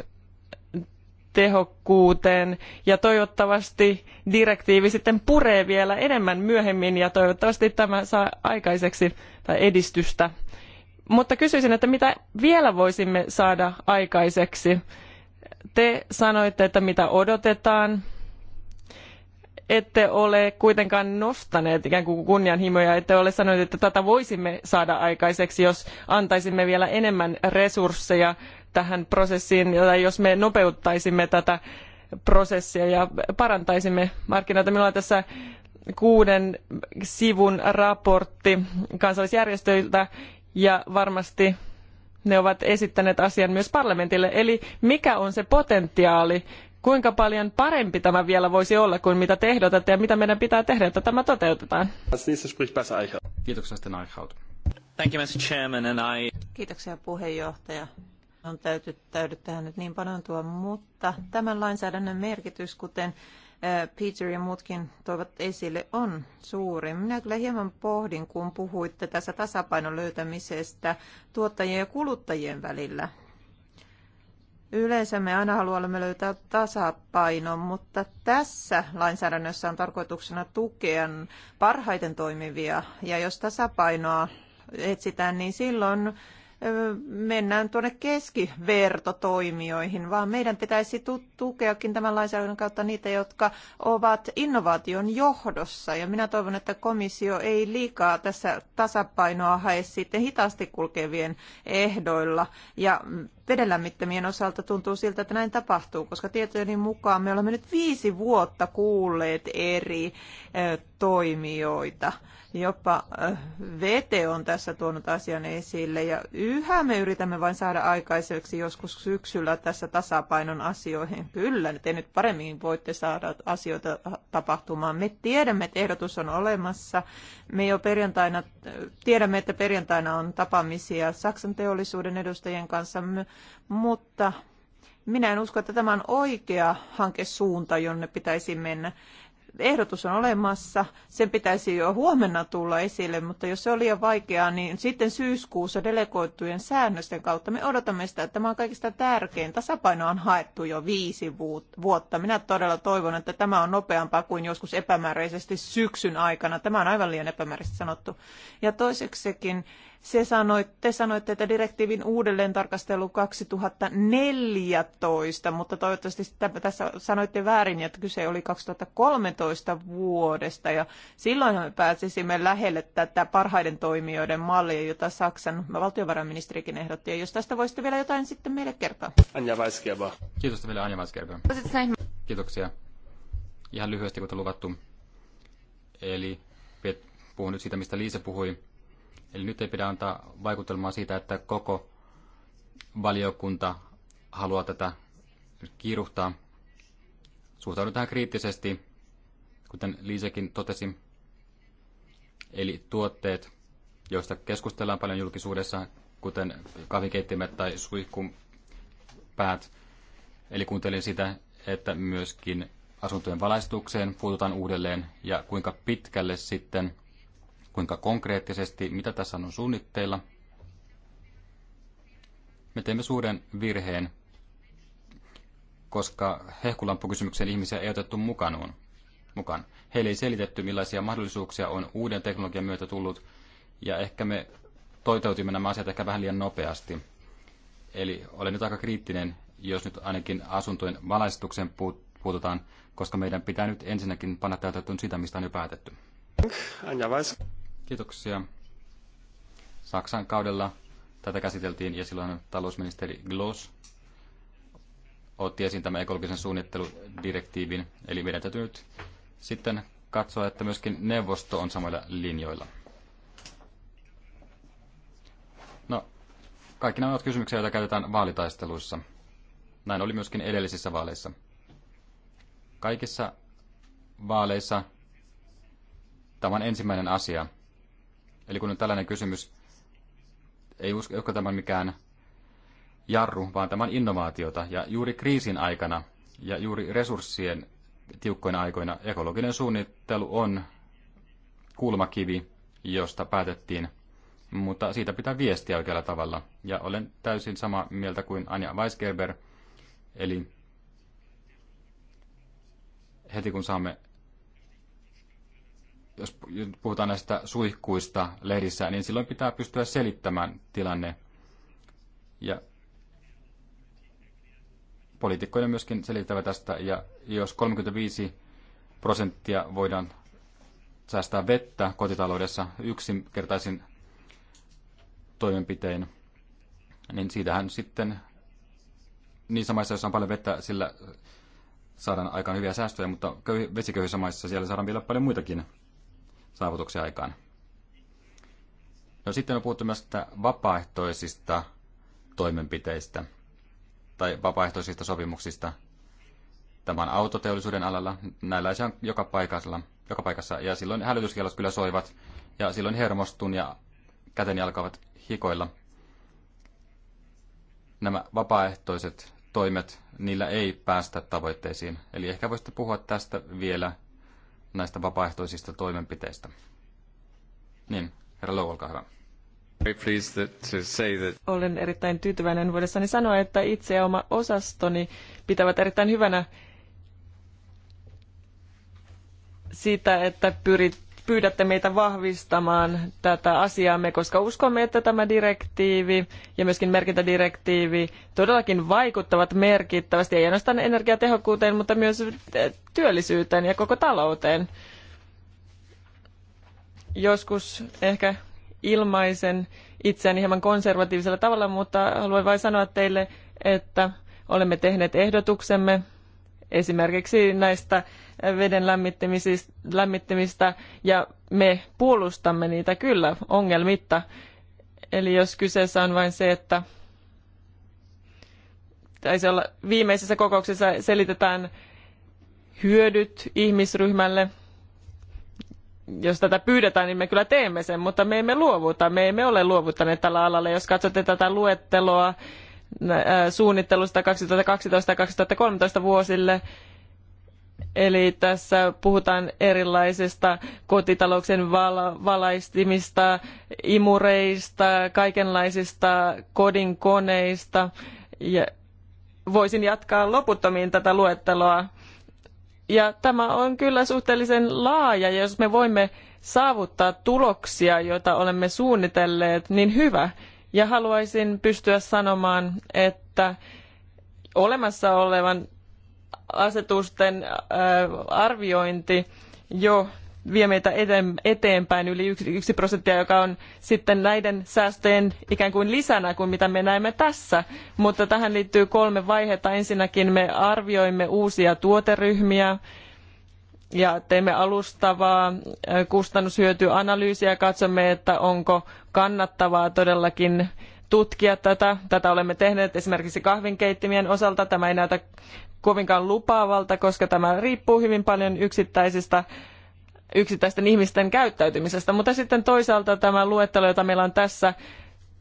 B: tehokkuuteen ja toivottavasti direktiivi sitten puree vielä enemmän myöhemmin ja toivottavasti tämä saa aikaiseksi tai edistystä. Mutta kysyisin, että mitä vielä voisimme saada aikaiseksi? Te sanoitte, että mitä odotetaan, ette ole kuitenkaan nostaneet ikään kuin kunnianhimoja, ette ole sanoneet, että tätä voisimme saada aikaiseksi, jos antaisimme vielä enemmän resursseja tähän prosessiin, tai jos me nopeuttaisimme tätä prosessia ja parantaisimme markkinoita. Minulla on tässä kuuden sivun raportti kansalaisjärjestöiltä ja varmasti ne ovat esittäneet asian myös parlamentille. Eli mikä on se potentiaali, kuinka paljon parempi tämä vielä voisi olla kuin mitä te ehdotatte ja mitä meidän pitää tehdä, jotta tämä toteutetaan.
A: Kiitoksia sitten Eichhout. Thank you, Mr. Chairman, and I...
C: Kiitoksia puheenjohtaja. On täytyy nyt niin paljon tuo, mutta tämän lainsäädännön merkitys, kuten Peter ja muutkin toivat esille, on suuri. Minä kyllä hieman pohdin, kun puhuitte tässä tasapainon löytämisestä tuottajien ja kuluttajien välillä. Yleensä me aina haluamme löytää tasapainon, mutta tässä lainsäädännössä on tarkoituksena tukea parhaiten toimivia. Ja jos tasapainoa etsitään, niin silloin mennään tuonne keskivertotoimijoihin, vaan meidän pitäisi tukeakin tämän lainsäädännön kautta niitä, jotka ovat innovaation johdossa. Ja minä toivon, että komissio ei liikaa tässä tasapainoa hae sitten hitaasti kulkevien ehdoilla ja vedenlämmittämien osalta tuntuu siltä, että näin tapahtuu, koska tietojeni mukaan me olemme nyt viisi vuotta kuulleet eri toimijoita. Jopa VT on tässä tuonut asian esille ja yhä me yritämme vain saada aikaiseksi joskus syksyllä tässä tasapainon asioihin. Kyllä, te nyt paremmin voitte saada asioita tapahtumaan. Me tiedämme, että ehdotus on olemassa. Me jo perjantaina, tiedämme, että perjantaina on tapaamisia Saksan teollisuuden edustajien kanssa. Me mutta minä en usko, että tämä on oikea hankesuunta, jonne pitäisi mennä. Ehdotus on olemassa, sen pitäisi jo huomenna tulla esille, mutta jos se on liian vaikeaa, niin sitten syyskuussa delegoittujen säännösten kautta me odotamme sitä, että tämä on kaikista tärkein. Tasapaino on haettu jo viisi vuotta. Minä todella toivon, että tämä on nopeampaa kuin joskus epämääräisesti syksyn aikana. Tämä on aivan liian epämääräisesti sanottu. Ja toiseksikin se sanoi, te sanoitte, että direktiivin uudelleen tarkastelu 2014, mutta toivottavasti tässä sanoitte väärin, että kyse oli 2013 vuodesta. Ja silloin me pääsisimme lähelle tätä parhaiden toimijoiden mallia, jota Saksan valtiovarainministerikin ehdotti. Ja jos tästä voisitte vielä jotain sitten meille kertoa.
A: Anja Vaiskeva. Kiitos vielä Anja Vaiskeva. Kiitoksia. Ihan lyhyesti, kuten luvattu. Eli puhun nyt siitä, mistä Liisa puhui Eli nyt ei pidä antaa vaikutelmaa siitä, että koko valiokunta haluaa tätä kiiruhtaa. Suhtaudutaan kriittisesti, kuten Liisekin totesi. Eli tuotteet, joista keskustellaan paljon julkisuudessa, kuten kahvikeittimet tai suihkupäät. Eli kuuntelin sitä, että myöskin asuntojen valaistukseen puututaan uudelleen ja kuinka pitkälle sitten – kuinka konkreettisesti, mitä tässä on suunnitteilla. Me teemme suuren virheen, koska hehkulampukysymyksen ihmisiä ei otettu mukaan. mukaan. Heille ei selitetty, millaisia mahdollisuuksia on uuden teknologian myötä tullut, ja ehkä me toiteutimme nämä asiat ehkä vähän liian nopeasti. Eli olen nyt aika kriittinen, jos nyt ainakin asuntojen valaistukseen puututaan, koska meidän pitää nyt ensinnäkin panna täytäntöön sitä, mistä on jo päätetty. Kiitoksia. Saksan kaudella tätä käsiteltiin ja silloin talousministeri Gloss otti esiin tämän ekologisen suunnitteludirektiivin. Eli meidän täytyy nyt sitten katsoa, että myöskin neuvosto on samoilla linjoilla. No, kaikki nämä ovat kysymyksiä, joita käytetään vaalitaisteluissa. Näin oli myöskin edellisissä vaaleissa. Kaikissa vaaleissa tämä on ensimmäinen asia, Eli kun on tällainen kysymys, ei usko tämän mikään jarru, vaan tämän innovaatiota. Ja juuri kriisin aikana ja juuri resurssien tiukkoina aikoina ekologinen suunnittelu on kulmakivi, josta päätettiin, mutta siitä pitää viestiä oikealla tavalla. Ja olen täysin samaa mieltä kuin Anja Weisgerber, eli heti kun saamme jos puhutaan näistä suihkuista lehdissä, niin silloin pitää pystyä selittämään tilanne. Ja poliitikkojen myöskin selittävä tästä. Ja jos 35 prosenttia voidaan säästää vettä kotitaloudessa yksinkertaisin toimenpitein, niin siitähän sitten niissä maissa, joissa on paljon vettä, sillä saadaan aikaan hyviä säästöjä, mutta vesiköyhissä maissa siellä saadaan vielä paljon muitakin saavutuksia aikaan. No sitten on puhuttu myös vapaaehtoisista toimenpiteistä tai vapaaehtoisista sopimuksista. Tämä on autoteollisuuden alalla, näillä on joka paikassa, joka paikassa. Ja silloin hälytyskielot kyllä soivat ja silloin hermostun ja käteni alkavat hikoilla. Nämä vapaaehtoiset toimet, niillä ei päästä tavoitteisiin. Eli ehkä voisitte puhua tästä vielä näistä vapaaehtoisista toimenpiteistä. Niin, herra Lou, olkaa hyvä.
B: Olen erittäin tyytyväinen voidessani sanoa, että itse ja oma osastoni pitävät erittäin hyvänä siitä, että pyrit, pyydätte meitä vahvistamaan tätä asiaamme, koska uskomme, että tämä direktiivi ja myöskin merkintädirektiivi todellakin vaikuttavat merkittävästi, ei ainoastaan energiatehokkuuteen, mutta myös eh, työllisyyteen ja koko talouteen. Joskus ehkä ilmaisen itseäni hieman konservatiivisella tavalla, mutta haluan vain sanoa teille, että olemme tehneet ehdotuksemme esimerkiksi näistä veden lämmittämistä ja me puolustamme niitä kyllä ongelmitta. Eli jos kyseessä on vain se, että taisi olla viimeisessä kokouksessa selitetään hyödyt ihmisryhmälle, jos tätä pyydetään, niin me kyllä teemme sen, mutta me emme luovuta. Me emme ole luovuttaneet tällä alalla. Jos katsotte tätä luetteloa, Äh, suunnittelusta 2012-2013 vuosille. Eli tässä puhutaan erilaisista kotitalouksien val- valaistimista, imureista, kaikenlaisista kodinkoneista. Ja voisin jatkaa loputtomiin tätä luetteloa. Ja tämä on kyllä suhteellisen laaja, jos me voimme saavuttaa tuloksia, joita olemme suunnitelleet, niin hyvä ja haluaisin pystyä sanomaan, että olemassa olevan asetusten äh, arviointi jo vie meitä eteenpäin yli yksi prosenttia, joka on sitten näiden säästöjen ikään kuin lisänä kuin mitä me näemme tässä. Mutta tähän liittyy kolme vaihetta. Ensinnäkin me arvioimme uusia tuoteryhmiä ja teemme alustavaa äh, kustannushyötyanalyysiä ja katsomme, että onko kannattavaa todellakin tutkia tätä. Tätä olemme tehneet esimerkiksi kahvinkeittimien osalta. Tämä ei näytä kovinkaan lupaavalta, koska tämä riippuu hyvin paljon yksittäisistä yksittäisten ihmisten käyttäytymisestä. Mutta sitten toisaalta tämä luettelo, jota meillä on tässä,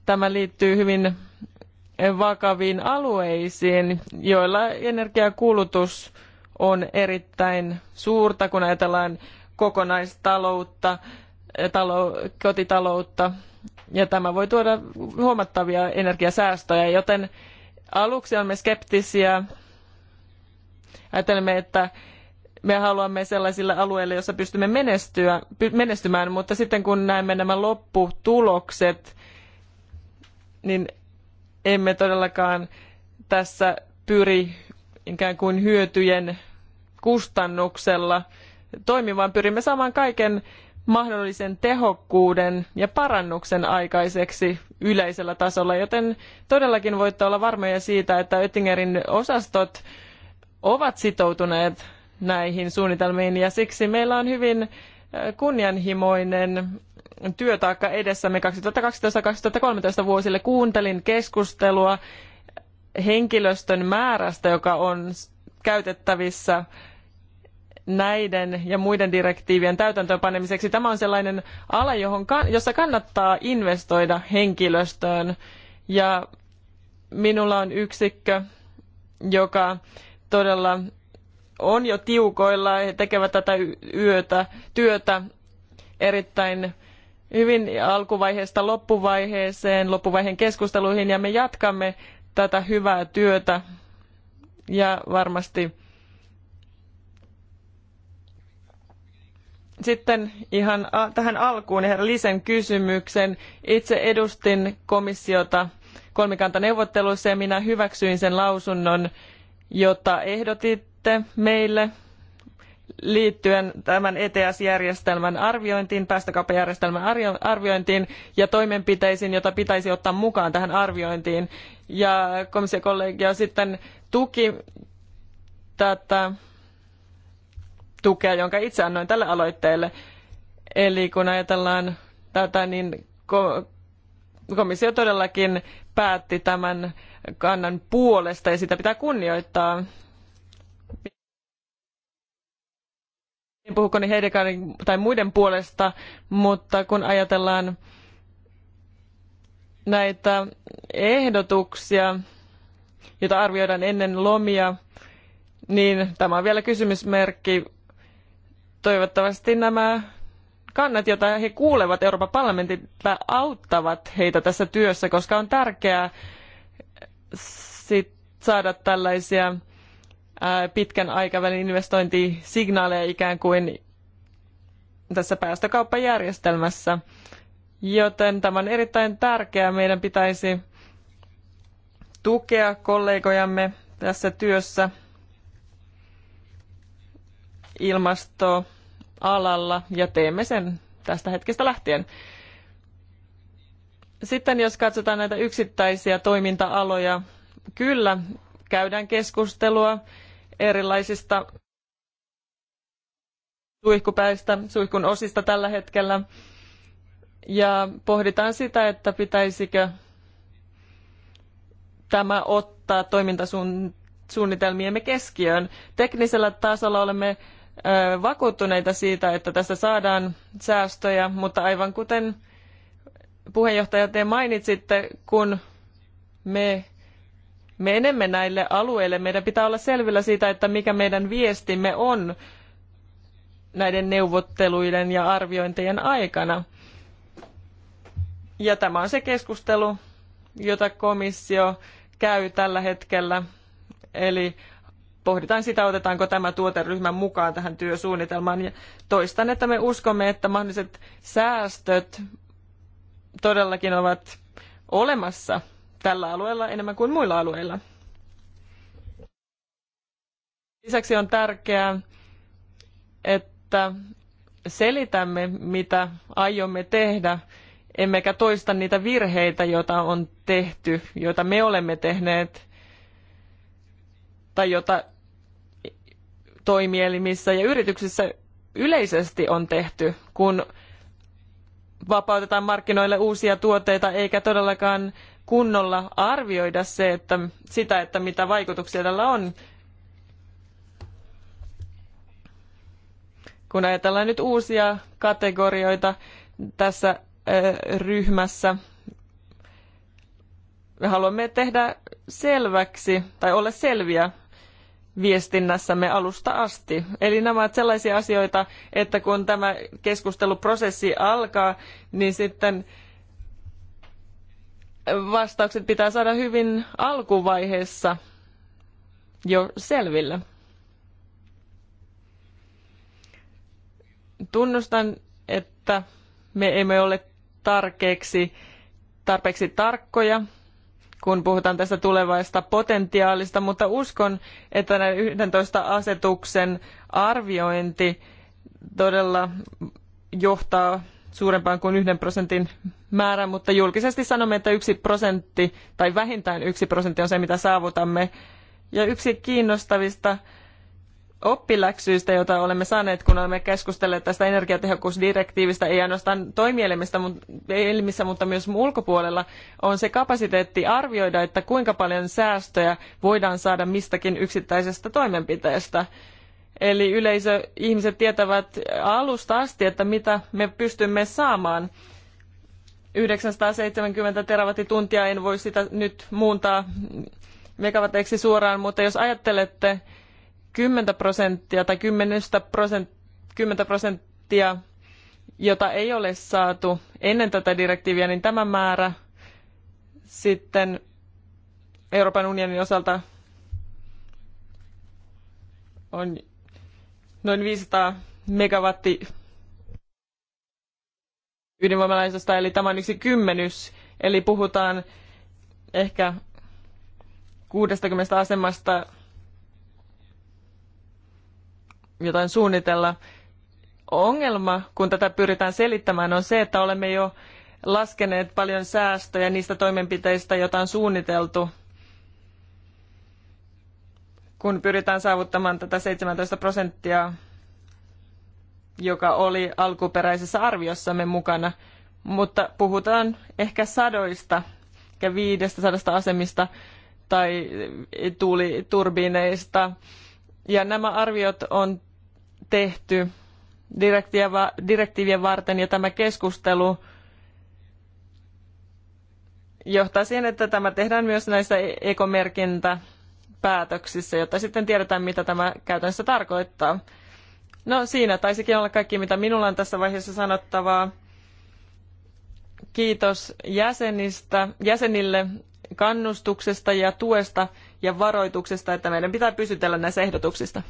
B: tämä liittyy hyvin vakaviin alueisiin, joilla energiakulutus on erittäin suurta, kun ajatellaan kokonaistaloutta talo kotitaloutta ja tämä voi tuoda huomattavia energiasäästöjä, joten aluksi olemme skeptisiä. Ajattelemme, että me haluamme sellaisille alueille, joissa pystymme menestyä, menestymään, mutta sitten kun näemme nämä lopputulokset, niin emme todellakaan tässä pyri ikään kuin hyötyjen kustannuksella toimimaan. Pyrimme saamaan kaiken mahdollisen tehokkuuden ja parannuksen aikaiseksi yleisellä tasolla, joten todellakin voitte olla varmoja siitä, että Oettingerin osastot ovat sitoutuneet näihin suunnitelmiin ja siksi meillä on hyvin äh, kunnianhimoinen työtaakka edessämme 2012-2013 vuosille. Kuuntelin keskustelua henkilöstön määrästä, joka on käytettävissä näiden ja muiden direktiivien täytäntöönpanemiseksi. Tämä on sellainen ala, johon, jossa kannattaa investoida henkilöstöön. Ja minulla on yksikkö, joka todella on jo tiukoilla ja tekevät tätä yötä, työtä erittäin hyvin alkuvaiheesta loppuvaiheeseen, loppuvaiheen keskusteluihin ja me jatkamme tätä hyvää työtä ja varmasti Sitten ihan tähän alkuun herra Lisen kysymyksen. Itse edustin komissiota kolmikantaneuvotteluissa ja minä hyväksyin sen lausunnon, jota ehdotitte meille liittyen tämän ETS-järjestelmän arviointiin, päästökauppajärjestelmän arviointiin ja toimenpiteisiin, joita pitäisi ottaa mukaan tähän arviointiin. Ja komissiokollegio sitten tuki tätä tukea, jonka itse annoin tälle aloitteelle. Eli kun ajatellaan tätä, niin komissio todellakin päätti tämän kannan puolesta ja sitä pitää kunnioittaa. En puhu Koni Heidekarin tai muiden puolesta, mutta kun ajatellaan näitä ehdotuksia, joita arvioidaan ennen lomia, niin tämä on vielä kysymysmerkki toivottavasti nämä kannat, joita he kuulevat Euroopan parlamentilta, auttavat heitä tässä työssä, koska on tärkeää sit saada tällaisia pitkän aikavälin investointisignaaleja ikään kuin tässä päästökauppajärjestelmässä. Joten tämä on erittäin tärkeää. Meidän pitäisi tukea kollegojamme tässä työssä ilmasto alalla ja teemme sen tästä hetkestä lähtien. Sitten jos katsotaan näitä yksittäisiä toiminta-aloja, kyllä käydään keskustelua erilaisista suihkupäistä, suihkun osista tällä hetkellä. Ja pohditaan sitä, että pitäisikö tämä ottaa toimintasuunnitelmiemme keskiöön. Teknisellä tasolla olemme vakuuttuneita siitä, että tästä saadaan säästöjä, mutta aivan kuten puheenjohtaja te mainitsitte, kun me menemme näille alueille, meidän pitää olla selvillä siitä, että mikä meidän viestimme on näiden neuvotteluiden ja arviointien aikana. Ja tämä on se keskustelu, jota komissio käy tällä hetkellä. Eli pohditaan sitä, otetaanko tämä tuoteryhmä mukaan tähän työsuunnitelmaan. Ja toistan, että me uskomme, että mahdolliset säästöt todellakin ovat olemassa tällä alueella enemmän kuin muilla alueilla. Lisäksi on tärkeää, että selitämme, mitä aiomme tehdä, emmekä toista niitä virheitä, joita on tehty, joita me olemme tehneet, tai jota toimielimissä ja yrityksissä yleisesti on tehty, kun vapautetaan markkinoille uusia tuotteita eikä todellakaan kunnolla arvioida se, että sitä, että mitä vaikutuksia tällä on. Kun ajatellaan nyt uusia kategorioita tässä ryhmässä, me haluamme tehdä selväksi tai olla selviä viestinnässämme alusta asti. Eli nämä ovat sellaisia asioita, että kun tämä keskusteluprosessi alkaa, niin sitten vastaukset pitää saada hyvin alkuvaiheessa jo selville. Tunnustan, että me emme ole tarpeeksi tarpeeksi tarkkoja kun puhutaan tästä tulevasta potentiaalista, mutta uskon, että näiden 11 asetuksen arviointi todella johtaa suurempaan kuin yhden prosentin määrään, mutta julkisesti sanomme, että yksi prosentti tai vähintään yksi prosentti on se, mitä saavutamme. Ja yksi kiinnostavista oppiläksyistä, joita olemme saaneet, kun olemme keskustelleet tästä energiatehokkuusdirektiivistä, ei ainoastaan toimielimissä, elimissä, mutta myös ulkopuolella, on se kapasiteetti arvioida, että kuinka paljon säästöjä voidaan saada mistäkin yksittäisestä toimenpiteestä. Eli yleisö, ihmiset tietävät alusta asti, että mitä me pystymme saamaan. 970 terawattituntia, en voi sitä nyt muuntaa megawatteiksi suoraan, mutta jos ajattelette, 10 prosenttia tai 10 prosenttia, prosenttia, jota ei ole saatu ennen tätä direktiiviä, niin tämä määrä sitten Euroopan unionin osalta on noin 500 megawatti ydinvoimalaisesta, eli tämä on yksi kymmenys. Eli puhutaan ehkä 60 asemasta jotain suunnitella. Ongelma, kun tätä pyritään selittämään, on se, että olemme jo laskeneet paljon säästöjä niistä toimenpiteistä, joita on suunniteltu, kun pyritään saavuttamaan tätä 17 prosenttia, joka oli alkuperäisessä arviossamme mukana. Mutta puhutaan ehkä sadoista, ehkä sadasta asemista tai tuuliturbiineista, ja nämä arviot on tehty direktiiviä varten ja tämä keskustelu johtaa siihen, että tämä tehdään myös näissä e- ekomerkintäpäätöksissä, jotta sitten tiedetään, mitä tämä käytännössä tarkoittaa. No siinä taisikin olla kaikki, mitä minulla on tässä vaiheessa sanottavaa. Kiitos jäsenistä, jäsenille kannustuksesta ja tuesta, ja varoituksesta, että meidän pitää pysytellä näissä ehdotuksista.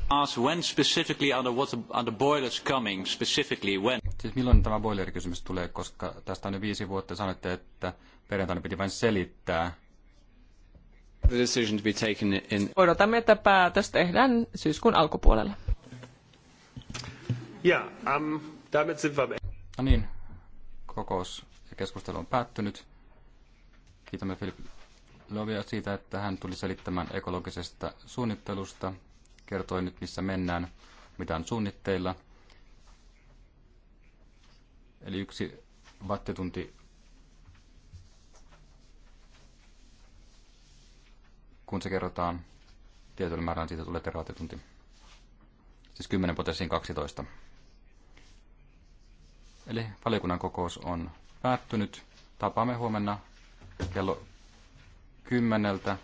A: Siis milloin tämä boilerikysymys tulee, koska tästä on jo viisi vuotta sanoitte, että perjantaina piti vain selittää. The decision to be taken in... Odotamme, että päätös tehdään syyskuun alkupuolella. Yeah, um, damit sind wir... No niin, kokous ja keskustelu on päättynyt. Kiitämme Filip Lovia siitä, että hän tuli selittämään ekologisesta suunnittelusta, kertoi nyt missä mennään, mitä on suunnitteilla. Eli yksi wattitunti, kun se kerrotaan tietyllä määrällä, siitä tulee terawattitunti. Siis 10 potenssiin 12. Eli valiokunnan kokous on päättynyt. Tapaamme huomenna kello kymmeneltä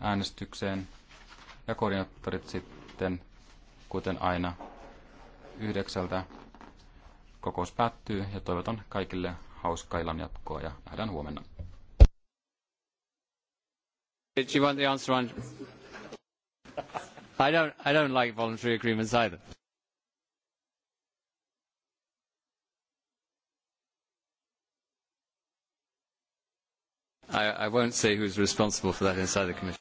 A: äänestykseen ja koordinaattorit sitten, kuten aina, yhdeksältä. Kokous päättyy ja toivotan kaikille hauskaa illan jatkoa ja nähdään huomenna. Did you want the answer on? I don't, I don't like voluntary agreements either. I, I won't say who's responsible for that inside the Commission.